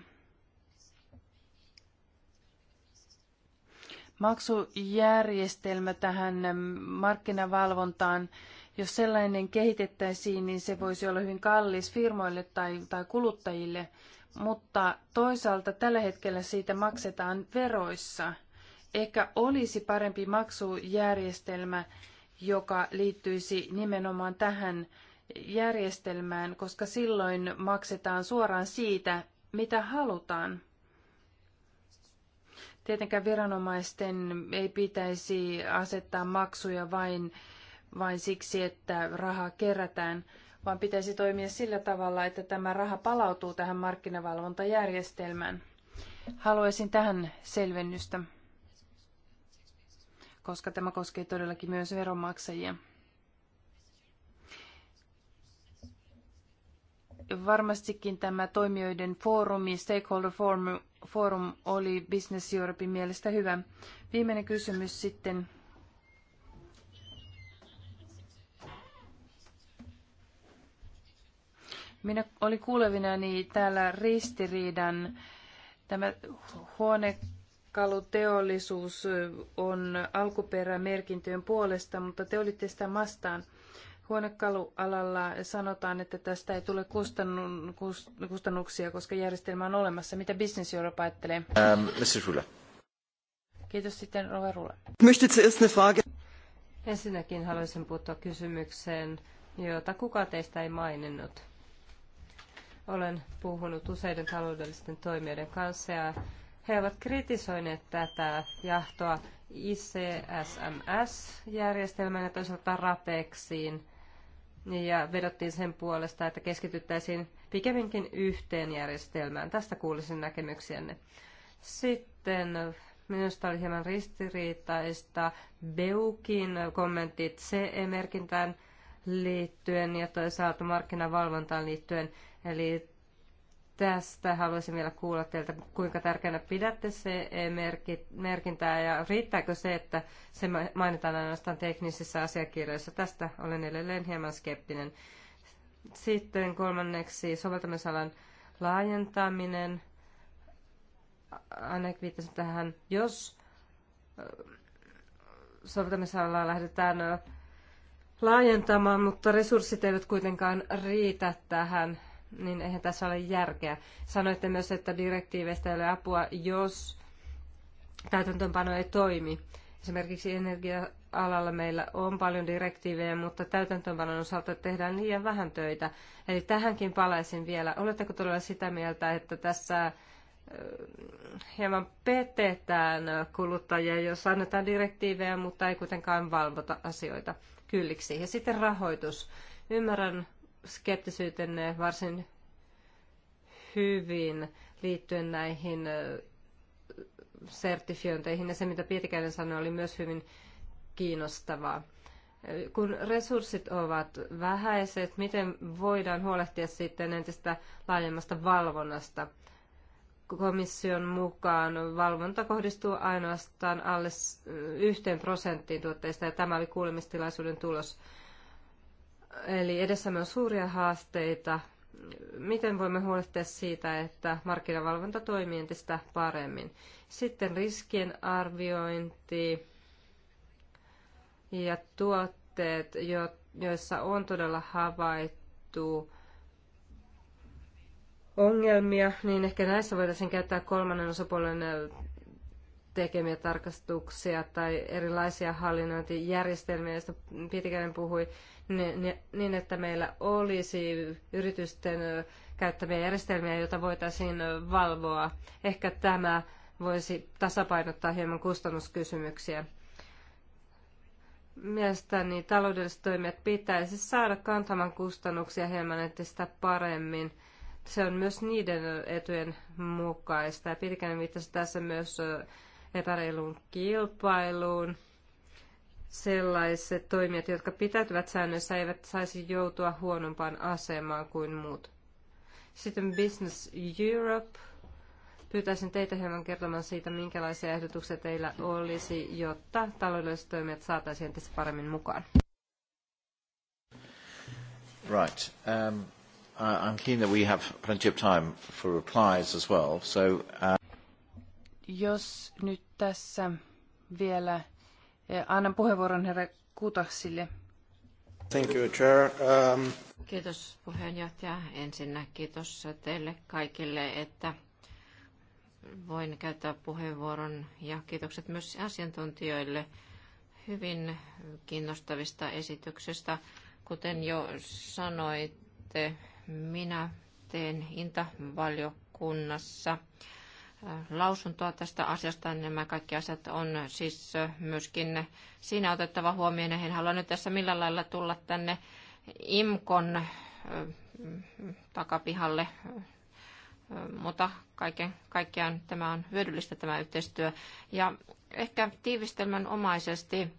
maksujärjestelmä tähän markkinavalvontaan, jos sellainen kehitettäisiin, niin se voisi olla hyvin kallis firmoille tai, tai kuluttajille, mutta toisaalta tällä hetkellä siitä maksetaan veroissa. Ehkä olisi parempi maksujärjestelmä, joka liittyisi nimenomaan tähän järjestelmään, koska silloin maksetaan suoraan siitä, mitä halutaan. Tietenkään viranomaisten ei pitäisi asettaa maksuja vain, vain siksi, että rahaa kerätään, vaan pitäisi toimia sillä tavalla, että tämä raha palautuu tähän markkinavalvontajärjestelmään. Haluaisin tähän selvennystä, koska tämä koskee todellakin myös veronmaksajia. Varmastikin tämä toimijoiden foorumi, stakeholder forum, Forum oli Business Europein mielestä hyvä. Viimeinen kysymys sitten. Minä olin kuulevinani täällä ristiriidan. Tämä huonekaluteollisuus on alkuperämerkintöjen puolesta, mutta te olitte sitä vastaan. Huonekalualalla sanotaan, että tästä ei tule kustannuksia, koska järjestelmä on olemassa. Mitä Business Europe ajattelee? Ähm, Kiitos sitten Rova Rula. Ensinnäkin haluaisin puuttua kysymykseen, jota kuka teistä ei maininnut. Olen puhunut useiden taloudellisten toimijoiden kanssa ja he ovat kritisoineet tätä jahtoa icsms järjestelmän ja toisaalta RAPEXiin ja vedottiin sen puolesta, että keskityttäisiin pikemminkin yhteen järjestelmään. Tästä kuulisin näkemyksiänne. Sitten minusta oli hieman ristiriitaista Beukin kommentit CE-merkintään liittyen ja toisaalta markkinavalvontaan liittyen. Eli tästä haluaisin vielä kuulla teiltä, kuinka tärkeänä pidätte CE-merkintää ja riittääkö se, että se mainitaan ainoastaan teknisissä asiakirjoissa. Tästä olen edelleen hieman skeptinen. Sitten kolmanneksi soveltamisalan laajentaminen. Anne viittasi tähän, jos soveltamisalaa lähdetään laajentamaan, mutta resurssit eivät kuitenkaan riitä tähän niin eihän tässä ole järkeä. Sanoitte myös, että direktiiveistä ei ole apua, jos täytäntöönpano ei toimi. Esimerkiksi energia-alalla meillä on paljon direktiivejä, mutta täytäntöönpanon osalta tehdään liian vähän töitä. Eli tähänkin palaisin vielä. Oletteko todella sitä mieltä, että tässä hieman petetään kuluttajia, jos annetaan direktiivejä, mutta ei kuitenkaan valvota asioita kylliksi. Ja sitten rahoitus. Ymmärrän skeptisyytenne varsin hyvin liittyen näihin sertifiointeihin ja se, mitä Pietikäinen sanoi, oli myös hyvin kiinnostavaa. Kun resurssit ovat vähäiset, miten voidaan huolehtia sitten entistä laajemmasta valvonnasta? Komission mukaan valvonta kohdistuu ainoastaan alle yhteen prosenttiin tuotteista ja tämä oli kuulemistilaisuuden tulos. Eli edessämme on suuria haasteita. Miten voimme huolehtia siitä, että markkinavalvonta toimii entistä paremmin? Sitten riskien arviointi ja tuotteet, joissa on todella havaittu ongelmia, niin ehkä näissä voitaisiin käyttää kolmannen osapuolen äh, tekemiä tarkastuksia tai erilaisia hallinnointijärjestelmiä, joista Pietikäinen puhui niin, että meillä olisi yritysten käyttämiä järjestelmiä, joita voitaisiin valvoa. Ehkä tämä voisi tasapainottaa hieman kustannuskysymyksiä. Mielestäni taloudelliset toimijat pitäisi saada kantamaan kustannuksia hieman entistä paremmin. Se on myös niiden etujen mukaista. Ja Pitkänen viittasi tässä myös epäreiluun kilpailuun sellaiset toimijat, jotka pitäytyvät säännöissä, eivät saisi joutua huonompaan asemaan kuin muut. Sitten Business Europe. Pyytäisin teitä hieman kertomaan siitä, minkälaisia ehdotuksia teillä olisi, jotta taloudelliset toimijat saataisiin entistä paremmin mukaan. Right. Um, I'm keen that we have plenty of time for replies as well. So, uh... Jos nyt tässä vielä Eh, annan puheenvuoron herra Kutasille. Thank you, Chair. Um... Kiitos puheenjohtaja. Ensinnä kiitos teille kaikille, että voin käyttää puheenvuoron ja kiitokset myös asiantuntijoille hyvin kiinnostavista esityksistä. Kuten jo sanoitte, minä teen Inta-valiokunnassa lausuntoa tästä asiasta. Nämä kaikki asiat on siis myöskin siinä otettava huomioon. En halua nyt tässä millään lailla tulla tänne IMKON takapihalle, mutta kaiken, kaikkiaan tämä on hyödyllistä tämä yhteistyö. Ja ehkä tiivistelmän omaisesti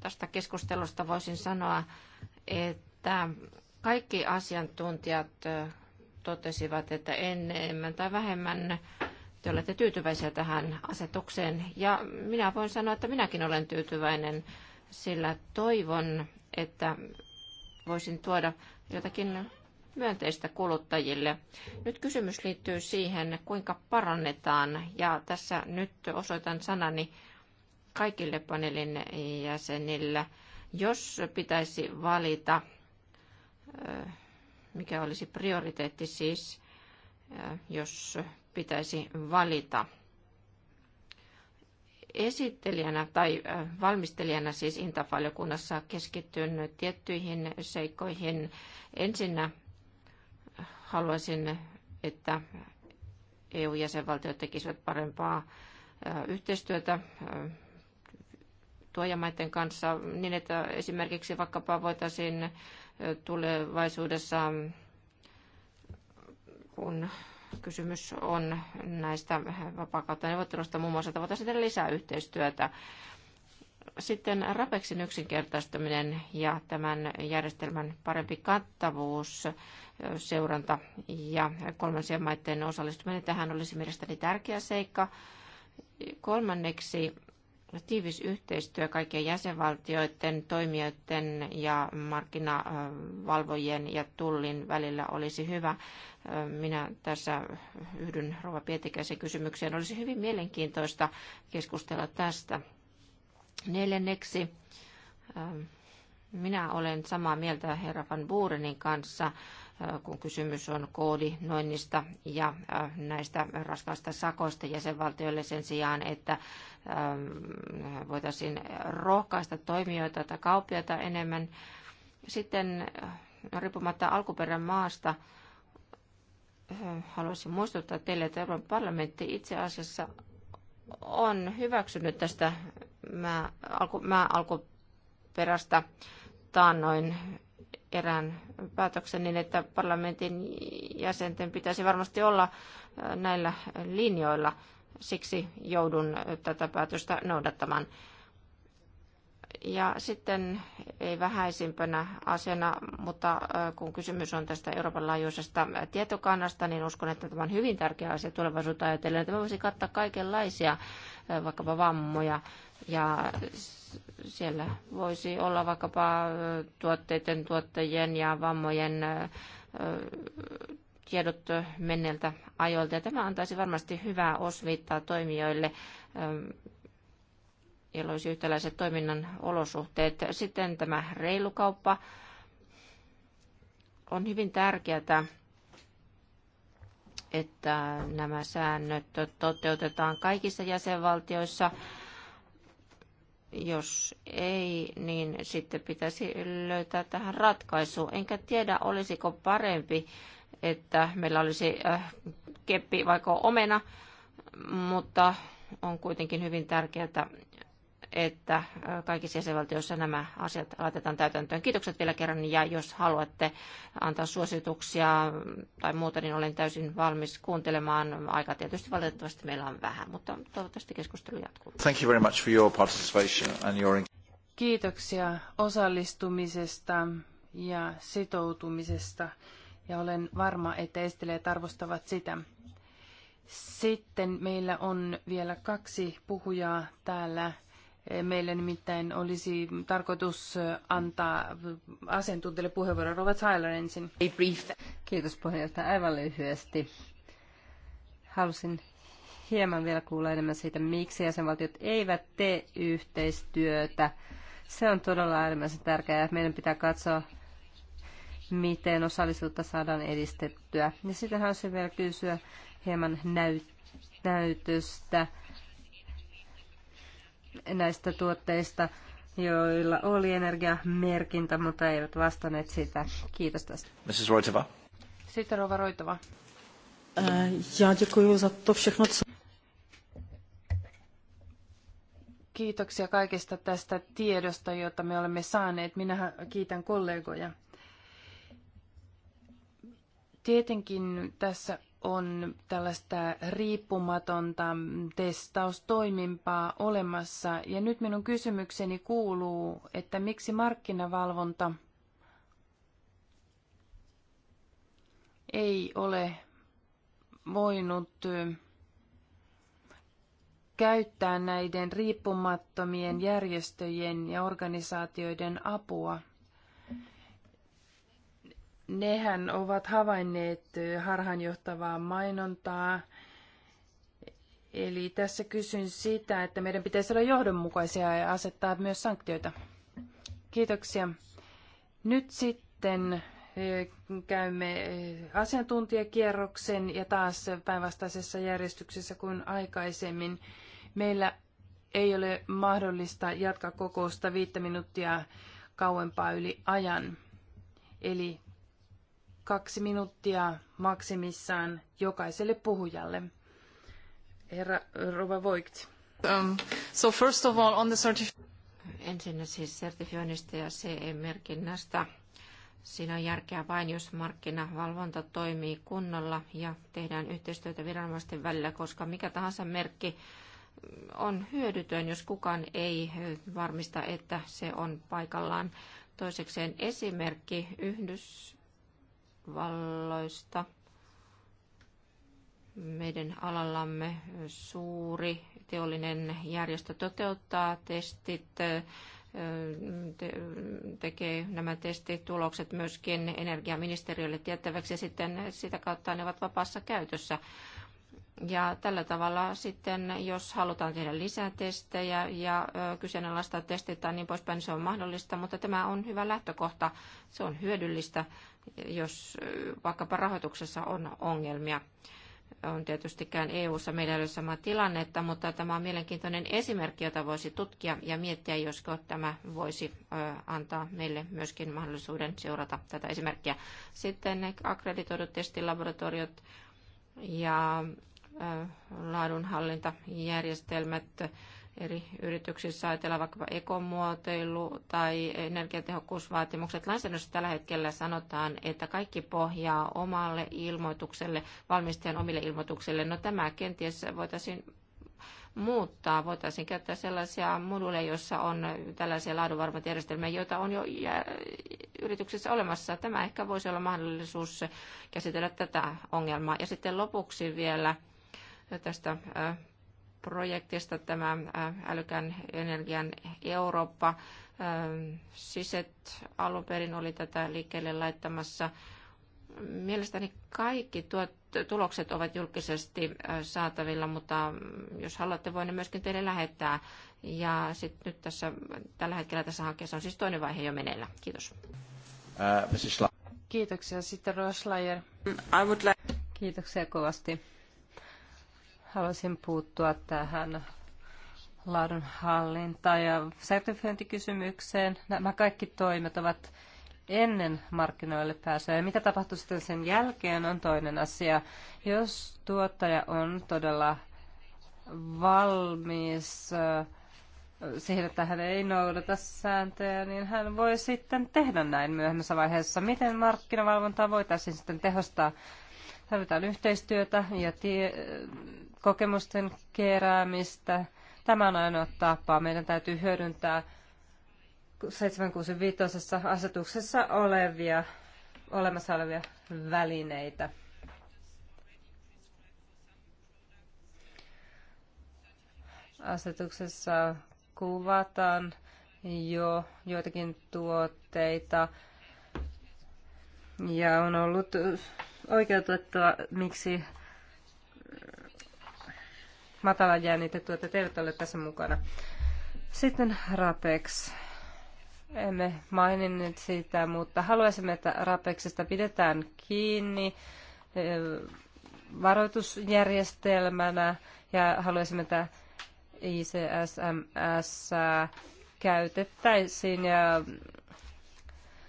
tästä keskustelusta voisin sanoa, että kaikki asiantuntijat totesivat, että enemmän tai vähemmän te olette tyytyväisiä tähän asetukseen. Ja minä voin sanoa, että minäkin olen tyytyväinen, sillä toivon, että voisin tuoda jotakin myönteistä kuluttajille. Nyt kysymys liittyy siihen, kuinka parannetaan, ja tässä nyt osoitan sanani kaikille panelin jäsenille, jos pitäisi valita mikä olisi prioriteetti siis, jos pitäisi valita. Esittelijänä tai valmistelijana siis Intafaliokunnassa keskittyn tiettyihin seikkoihin. Ensinnä haluaisin, että EU-jäsenvaltiot tekisivät parempaa yhteistyötä tuojamaiden kanssa niin, että esimerkiksi vaikkapa voitaisiin tulevaisuudessa, kun kysymys on näistä vapaakautta neuvottelusta, muun muassa tavoita sitten lisää yhteistyötä. Sitten RAPEXin yksinkertaistaminen ja tämän järjestelmän parempi kattavuus, seuranta ja kolmansien maiden osallistuminen tähän olisi mielestäni tärkeä seikka. Kolmanneksi tiivis yhteistyö kaikkien jäsenvaltioiden, toimijoiden ja markkinavalvojien ja tullin välillä olisi hyvä. Minä tässä yhdyn Rova Pietikäisen kysymykseen. Olisi hyvin mielenkiintoista keskustella tästä. Neljänneksi, ähm, minä olen samaa mieltä herra Van Buurenin kanssa Äh, kun kysymys on koordinoinnista ja äh, näistä raskaista sakoista jäsenvaltioille sen sijaan, että ähm, voitaisiin rohkaista toimijoita tai kauppiaita enemmän. Sitten äh, riippumatta alkuperän maasta, haluaisin muistuttaa teille, että Euroopan parlamentti itse asiassa on hyväksynyt tästä mä, alku, mä alkuperästä taannoin erään päätöksen niin, että parlamentin jäsenten pitäisi varmasti olla äh, näillä linjoilla. Siksi joudun äh, tätä päätöstä noudattamaan. Ja sitten ei vähäisimpänä asiana, mutta äh, kun kysymys on tästä Euroopan laajuisesta tietokannasta, niin uskon, että tämä on hyvin tärkeä asia tulevaisuutta ajatellen. Tämä voisi kattaa kaikenlaisia vaikkapa vammoja, ja siellä voisi olla vaikkapa tuotteiden, tuottajien ja vammojen tiedot menneiltä ajoilta. Ja tämä antaisi varmasti hyvää osviittaa toimijoille joilla olisi yhtäläiset toiminnan olosuhteet. Sitten tämä reilu kauppa on hyvin tärkeää, että nämä säännöt toteutetaan kaikissa jäsenvaltioissa – jos ei, niin sitten pitäisi löytää tähän ratkaisu. Enkä tiedä, olisiko parempi, että meillä olisi äh, keppi vaikka omena, mutta on kuitenkin hyvin tärkeää, että äh, kaikissa jäsenvaltioissa nämä asiat laitetaan täytäntöön. Kiitokset vielä kerran ja jos haluatte antaa suosituksia tai muuta, niin olen täysin valmis kuuntelemaan. Aika tietysti valitettavasti meillä on vähän, mutta toivottavasti keskustelu jatkuu. Thank you very much for your participation and your... Kiitoksia osallistumisesta ja sitoutumisesta ja olen varma, että esteleet arvostavat sitä. Sitten meillä on vielä kaksi puhujaa täällä Meillä nimittäin olisi tarkoitus antaa asiantuntijalle puheenvuoro Robert Tyler ensin. Kiitos puheenjohtaja. Aivan lyhyesti. Halusin hieman vielä kuulla enemmän siitä, miksi jäsenvaltiot eivät tee yhteistyötä. Se on todella äärimmäisen tärkeää. Meidän pitää katsoa, miten osallisuutta saadaan edistettyä. Ja sitten haluaisin vielä kysyä hieman näyt- näytöstä näistä tuotteista, joilla oli energiamerkintä, mutta eivät vastanneet sitä. Kiitos tästä. Mrs. Roitova. Sitten Rova Roitova. Äh, Kiitoksia kaikesta tästä tiedosta, jota me olemme saaneet. Minä kiitän kollegoja. Tietenkin tässä on tällaista riippumatonta testaustoimimpaa olemassa. Ja nyt minun kysymykseni kuuluu, että miksi markkinavalvonta ei ole voinut käyttää näiden riippumattomien järjestöjen ja organisaatioiden apua nehän ovat havainneet harhaanjohtavaa mainontaa. Eli tässä kysyn sitä, että meidän pitäisi olla johdonmukaisia ja asettaa myös sanktioita. Kiitoksia. Nyt sitten käymme asiantuntijakierroksen ja taas päinvastaisessa järjestyksessä kuin aikaisemmin. Meillä ei ole mahdollista jatkaa kokousta viittä minuuttia kauempaa yli ajan. Eli kaksi minuuttia maksimissaan jokaiselle puhujalle. Herra Rova Voigt. Um, so first of all on the certif- Ensinnä siis sertifioinnista ja CE-merkinnästä. Siinä on järkeä vain, jos markkinavalvonta toimii kunnolla ja tehdään yhteistyötä viranomaisten välillä, koska mikä tahansa merkki on hyödytön, jos kukaan ei varmista, että se on paikallaan. Toisekseen esimerkki Yhdys, Yhdysvalloista. Meidän alallamme suuri teollinen järjestö toteuttaa testit, tekee nämä testitulokset myöskin energiaministeriölle tiettäväksi ja sitten sitä kautta ne ovat vapaassa käytössä. Ja tällä tavalla sitten, jos halutaan tehdä lisää testejä ja kyseenalaistaa testit tai niin poispäin, niin se on mahdollista, mutta tämä on hyvä lähtökohta. Se on hyödyllistä jos vaikkapa rahoituksessa on ongelmia. On tietystikään EU-ssa meillä ei ole sama tilannetta, mutta tämä on mielenkiintoinen esimerkki, jota voisi tutkia ja miettiä, josko tämä voisi antaa meille myöskin mahdollisuuden seurata tätä esimerkkiä. Sitten ne akkreditoidut testilaboratoriot ja laadunhallintajärjestelmät eri yrityksissä, ajatellaan vaikkapa ekomuotoilu tai energiatehokkuusvaatimukset. Lainsäädännössä tällä hetkellä sanotaan, että kaikki pohjaa omalle ilmoitukselle, valmistajan omille ilmoitukselle. No tämä kenties voitaisiin muuttaa. Voitaisiin käyttää sellaisia moduleja, joissa on tällaisia laadunvarmat järjestelmiä, joita on jo yrityksessä olemassa. Tämä ehkä voisi olla mahdollisuus käsitellä tätä ongelmaa. Ja sitten lopuksi vielä tästä projektista, tämä äh, älykän energian Eurooppa. Ähm, Siset alun perin oli tätä liikkeelle laittamassa. Mielestäni kaikki tuot tulokset ovat julkisesti äh, saatavilla, mutta jos haluatte, voin ne myöskin teille lähettää. Ja sitten nyt tässä, tällä hetkellä tässä hankkeessa on siis toinen vaihe jo meneillä. Kiitos. Äh, Kiitoksia. Sitten Roslayer. Kiitoksia kovasti. Haluaisin puuttua tähän laadunhallinta- ja sertifiointikysymykseen. Nämä kaikki toimet ovat ennen markkinoille pääsyä. Ja mitä tapahtuu sitten sen jälkeen on toinen asia. Jos tuottaja on todella valmis äh, siihen, että hän ei noudata sääntöjä, niin hän voi sitten tehdä näin myöhemmässä vaiheessa. Miten markkinavalvontaa voitaisiin sitten tehostaa? Tarvitaan yhteistyötä ja tie- kokemusten keräämistä. Tämä on ainoa tapa. Meidän täytyy hyödyntää 765 asetuksessa olevia, olemassa olevia välineitä. Asetuksessa kuvataan jo joitakin tuotteita ja on ollut oikeutettua, miksi matalan että eivät ole tässä mukana. Sitten RAPEX. Emme maininneet siitä, mutta haluaisimme, että RAPEXista pidetään kiinni varoitusjärjestelmänä ja haluaisimme, että ICSMS käytettäisiin ja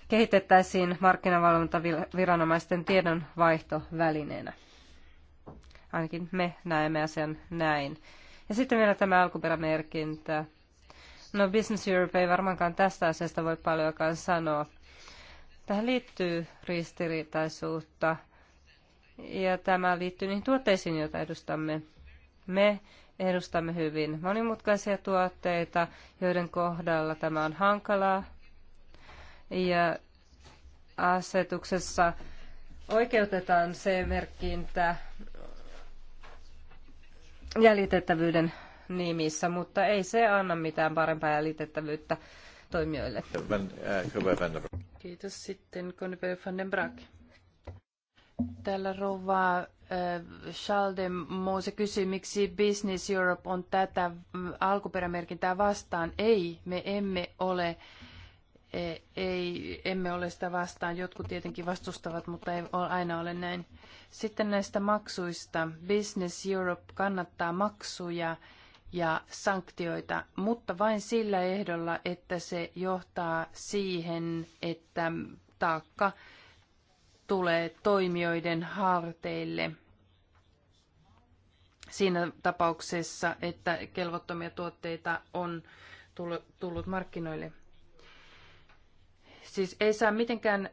kehitettäisiin markkinavalvontaviranomaisten tiedonvaihtovälineenä. Ainakin me näemme sen näin. Ja sitten vielä tämä alkuperämerkintä. No Business Europe ei varmaankaan tästä asiasta voi paljonkaan sanoa. Tähän liittyy ristiriitaisuutta ja tämä liittyy niihin tuotteisiin, joita edustamme. Me edustamme hyvin monimutkaisia tuotteita, joiden kohdalla tämä on hankalaa. Ja asetuksessa oikeutetaan se merkintä jäljitettävyyden nimissä, mutta ei se anna mitään parempaa jäljitettävyyttä toimijoille. Kiitos sitten Konipe van den Braak. Täällä rouva eh, Schalde Moose kysyi, miksi Business Europe on tätä eh, alkuperämerkintää vastaan. Ei, me emme ole, eh, ei, emme ole sitä vastaan. Jotkut tietenkin vastustavat, mutta ei aina ole näin. Sitten näistä maksuista. Business Europe kannattaa maksuja ja sanktioita, mutta vain sillä ehdolla, että se johtaa siihen, että taakka tulee toimijoiden harteille siinä tapauksessa, että kelvottomia tuotteita on tullut markkinoille. Siis ei saa mitenkään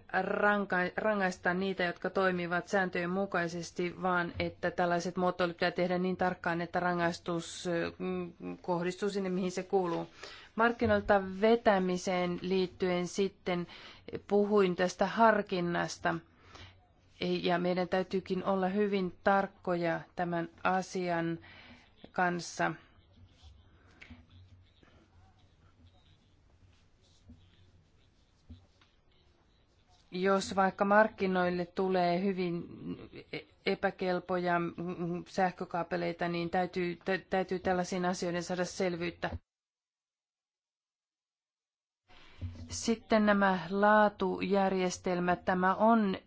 rangaista niitä, jotka toimivat sääntöjen mukaisesti, vaan että tällaiset muotoilut pitää tehdä niin tarkkaan, että rangaistus mm, kohdistuu sinne, mihin se kuuluu. Markkinoilta vetämiseen liittyen sitten puhuin tästä harkinnasta. Ja meidän täytyykin olla hyvin tarkkoja tämän asian kanssa. jos vaikka markkinoille tulee hyvin epäkelpoja sähkökaapeleita, niin täytyy, täytyy tällaisiin asioihin saada selvyyttä. Sitten nämä laatujärjestelmät, tämä on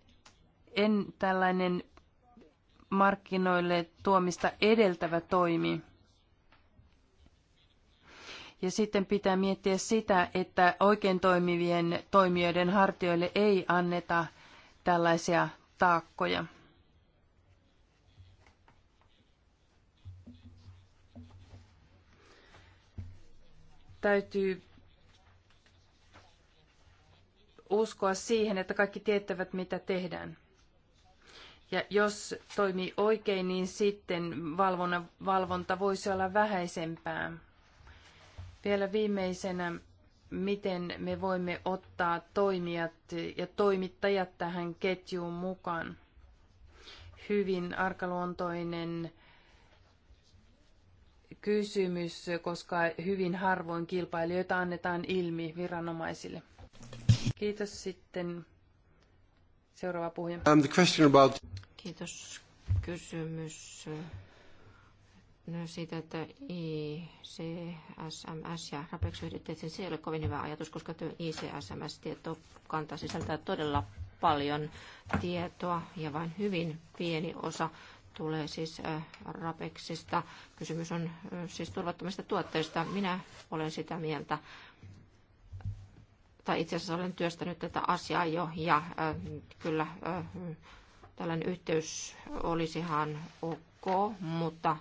en tällainen markkinoille tuomista edeltävä toimi. Ja sitten pitää miettiä sitä, että oikein toimivien toimijoiden hartioille ei anneta tällaisia taakkoja. Täytyy uskoa siihen, että kaikki tietävät, mitä tehdään. Ja jos toimii oikein, niin sitten valvonta voisi olla vähäisempää. Vielä viimeisenä, miten me voimme ottaa toimijat ja toimittajat tähän ketjuun mukaan. Hyvin arkaluontoinen kysymys, koska hyvin harvoin kilpailijoita annetaan ilmi viranomaisille. Kiitos sitten. Seuraava puhuja. Um, the question about... Kiitos. Kysymys siitä, että ICSMS ja RAPEX yhdistettiin, se ei ole kovin hyvä ajatus, koska tuo ICSMS-tietokanta sisältää todella paljon tietoa ja vain hyvin pieni osa tulee siis äh, RAPEXista. Kysymys on äh, siis turvattomista tuotteista. Minä olen sitä mieltä, tai itse asiassa olen työstänyt tätä asiaa jo, ja äh, kyllä tällainen yhteys olisihan ok, mutta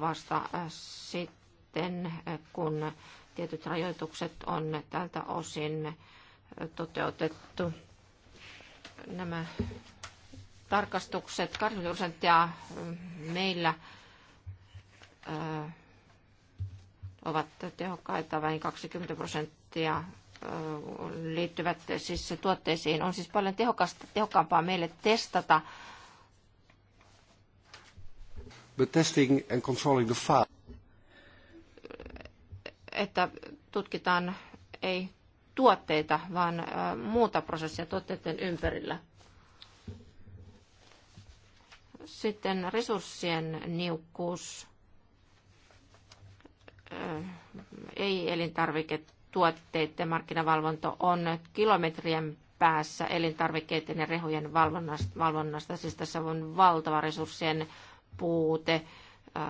vasta sitten, kun tietyt rajoitukset on tältä osin toteutettu. Nämä tarkastukset, 80 prosenttia meillä ovat tehokkaita, vain 20 prosenttia liittyvät siis tuotteisiin. On siis paljon tehokasta, tehokkaampaa meille testata but testing and controlling the file. Että tutkitaan ei tuotteita, vaan äh, muuta prosessia tuotteiden ympärillä. Sitten resurssien niukkuus. Äh, ei elintarviketuotteiden markkinavalvonta on kilometrien päässä elintarvikkeiden ja rehujen valvonnasta. valvonnasta. Siis tässä on valtava resurssien puute äh,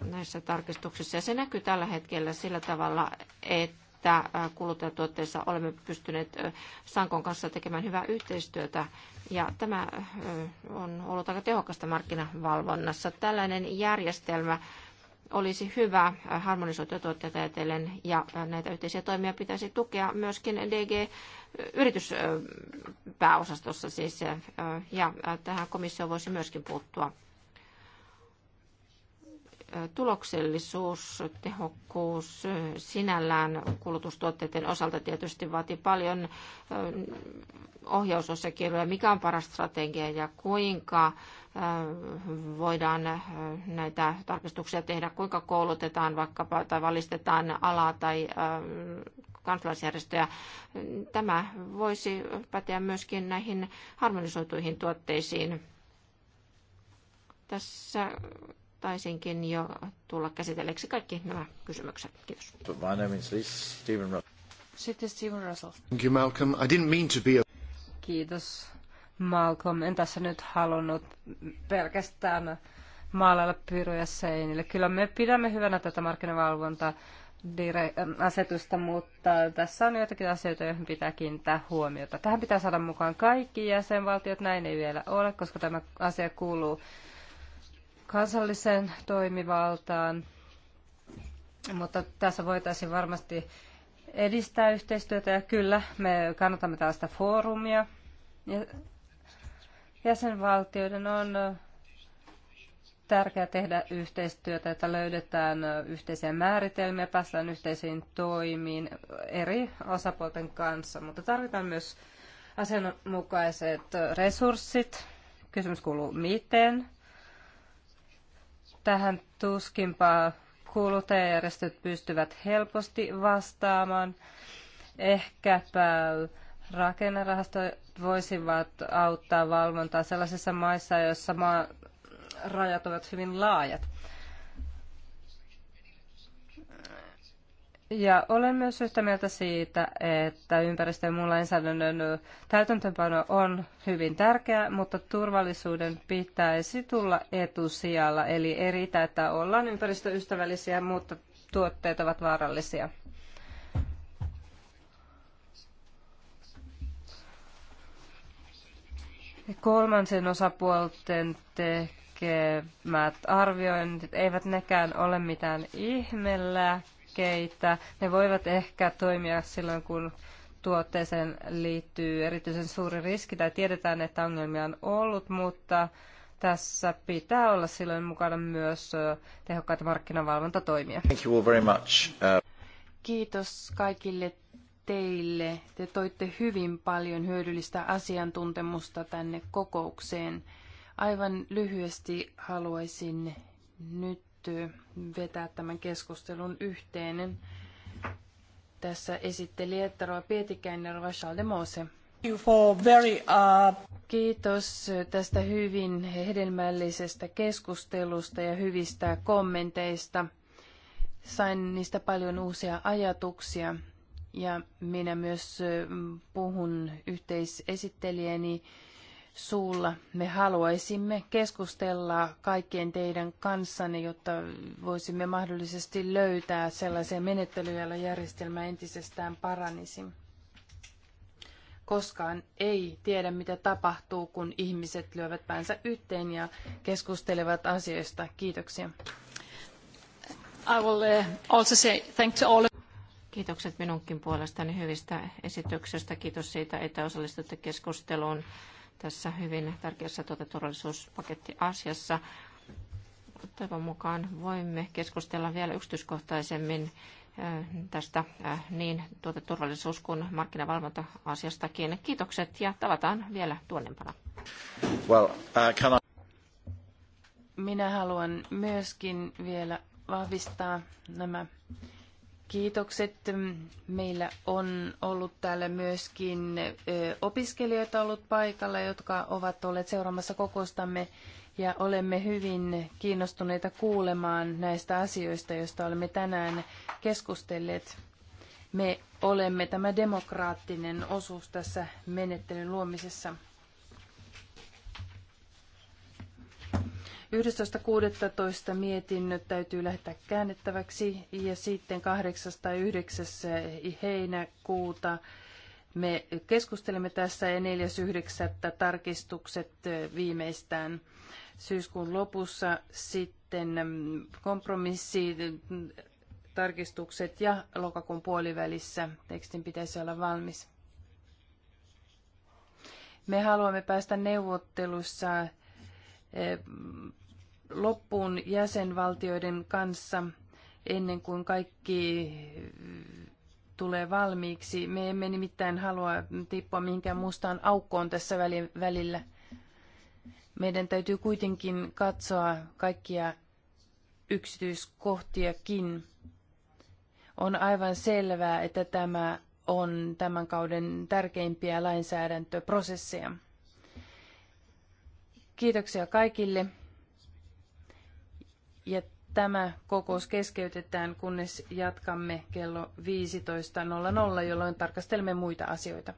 näissä tarkistuksissa. Ja se näkyy tällä hetkellä sillä tavalla, että äh, kuluttajatuotteissa olemme pystyneet äh, Sankon kanssa tekemään hyvää yhteistyötä. Ja tämä on ollut aika tehokasta markkinavalvonnassa. Tällainen järjestelmä olisi hyvä harmonisoitua tuotteita ajatellen ja näitä yhteisiä toimia pitäisi tukea myöskin DG yrityspääosastossa siis ja tähän komissio voisi myöskin puuttua tuloksellisuus, tehokkuus sinällään kulutustuotteiden osalta tietysti vaatii paljon ohjausosakirjoja, mikä on paras strategia ja kuinka voidaan näitä tarkistuksia tehdä, kuinka koulutetaan vaikkapa tai valistetaan alaa tai kansalaisjärjestöjä. Tämä voisi päteä myöskin näihin harmonisoituihin tuotteisiin. Tässä taisinkin jo tulla käsitelleeksi kaikki nämä kysymykset. Kiitos. My name is Stephen Sitten Stephen Russell. Thank you, Malcolm. I didn't mean to be a... Kiitos, Malcolm. En tässä nyt halunnut pelkästään maalailla piruja seinille. Kyllä me pidämme hyvänä tätä markkinavalvontaa äh, asetusta, mutta tässä on joitakin asioita, joihin pitää kiinnittää huomiota. Tähän pitää saada mukaan kaikki jäsenvaltiot, näin ei vielä ole, koska tämä asia kuuluu kansalliseen toimivaltaan, mutta tässä voitaisiin varmasti edistää yhteistyötä ja kyllä me kannatamme tällaista foorumia. Ja jäsenvaltioiden on tärkeää tehdä yhteistyötä, että löydetään yhteisiä määritelmiä, päästään yhteisiin toimiin eri osapuolten kanssa, mutta tarvitaan myös asianmukaiset resurssit. Kysymys kuuluu, miten Tähän tuskinpa kuluttajajärjestöt pystyvät helposti vastaamaan. Ehkäpä rakennerahastot voisivat auttaa valvontaa sellaisissa maissa, joissa maa rajat ovat hyvin laajat. Ja olen myös yhtä mieltä siitä, että ympäristö- ja muun lainsäädännön täytäntöönpano on hyvin tärkeää, mutta turvallisuuden pitäisi tulla etusijalla, eli eri riitä, että ollaan ympäristöystävällisiä, mutta tuotteet ovat vaarallisia. Kolmansien osapuolten tekemät arvioinnit eivät nekään ole mitään ihmellä tärkeitä. Ne voivat ehkä toimia silloin, kun tuotteeseen liittyy erityisen suuri riski tai tiedetään, että ongelmia on ollut, mutta tässä pitää olla silloin mukana myös tehokkaita markkinavalvontatoimia. Thank you all very much. Uh... Kiitos kaikille teille. Te toitte hyvin paljon hyödyllistä asiantuntemusta tänne kokoukseen. Aivan lyhyesti haluaisin nyt täytyy vetää tämän keskustelun yhteinen. Tässä esitteli Etteroa Pietikäinen Rova Mose. Uh, Kiitos tästä hyvin hedelmällisestä keskustelusta ja hyvistä kommenteista. Sain niistä paljon uusia ajatuksia ja minä myös mm, puhun yhteisesittelijäni suulla. Me haluaisimme keskustella kaikkien teidän kanssanne, jotta voisimme mahdollisesti löytää sellaisia menettelyjä, joilla järjestelmä entisestään paranisi. Koskaan ei tiedä, mitä tapahtuu, kun ihmiset lyövät päänsä yhteen ja keskustelevat asioista. Kiitoksia. I will eh, also say thank to all Kiitokset minunkin puolestani hyvistä esityksestä. Kiitos siitä, että osallistutte keskusteluun tässä hyvin tärkeässä tuoteturvallisuuspakettiasiassa. Toivon mukaan voimme keskustella vielä yksityiskohtaisemmin eh, tästä eh, niin tuoteturvallisuus- kuin markkinavalvonta-asiastakin. Kiitokset ja tavataan vielä tuonnempana. Well, uh, I... Minä haluan myöskin vielä vahvistaa nämä Kiitokset. Meillä on ollut täällä myöskin opiskelijoita ollut paikalla, jotka ovat olleet seuraamassa kokoustamme ja olemme hyvin kiinnostuneita kuulemaan näistä asioista, joista olemme tänään keskustelleet. Me olemme tämä demokraattinen osuus tässä menettelyn luomisessa. 11.16. mietinnöt täytyy lähettää käännettäväksi ja sitten 8. tai heinäkuuta me keskustelemme tässä ja 4.9. tarkistukset viimeistään syyskuun lopussa sitten mm, kompromissi mm, tarkistukset ja lokakuun puolivälissä tekstin pitäisi olla valmis. Me haluamme päästä neuvottelussa Eh, loppuun jäsenvaltioiden kanssa ennen kuin kaikki eh, tulee valmiiksi. Me emme nimittäin halua tippua mihinkään mustaan aukkoon tässä välillä. Meidän täytyy kuitenkin katsoa kaikkia yksityiskohtiakin. On aivan selvää, että tämä on tämän kauden tärkeimpiä lainsäädäntöprosesseja. Kiitoksia kaikille. Ja tämä kokous keskeytetään, kunnes jatkamme kello 15.00, jolloin tarkastelemme muita asioita.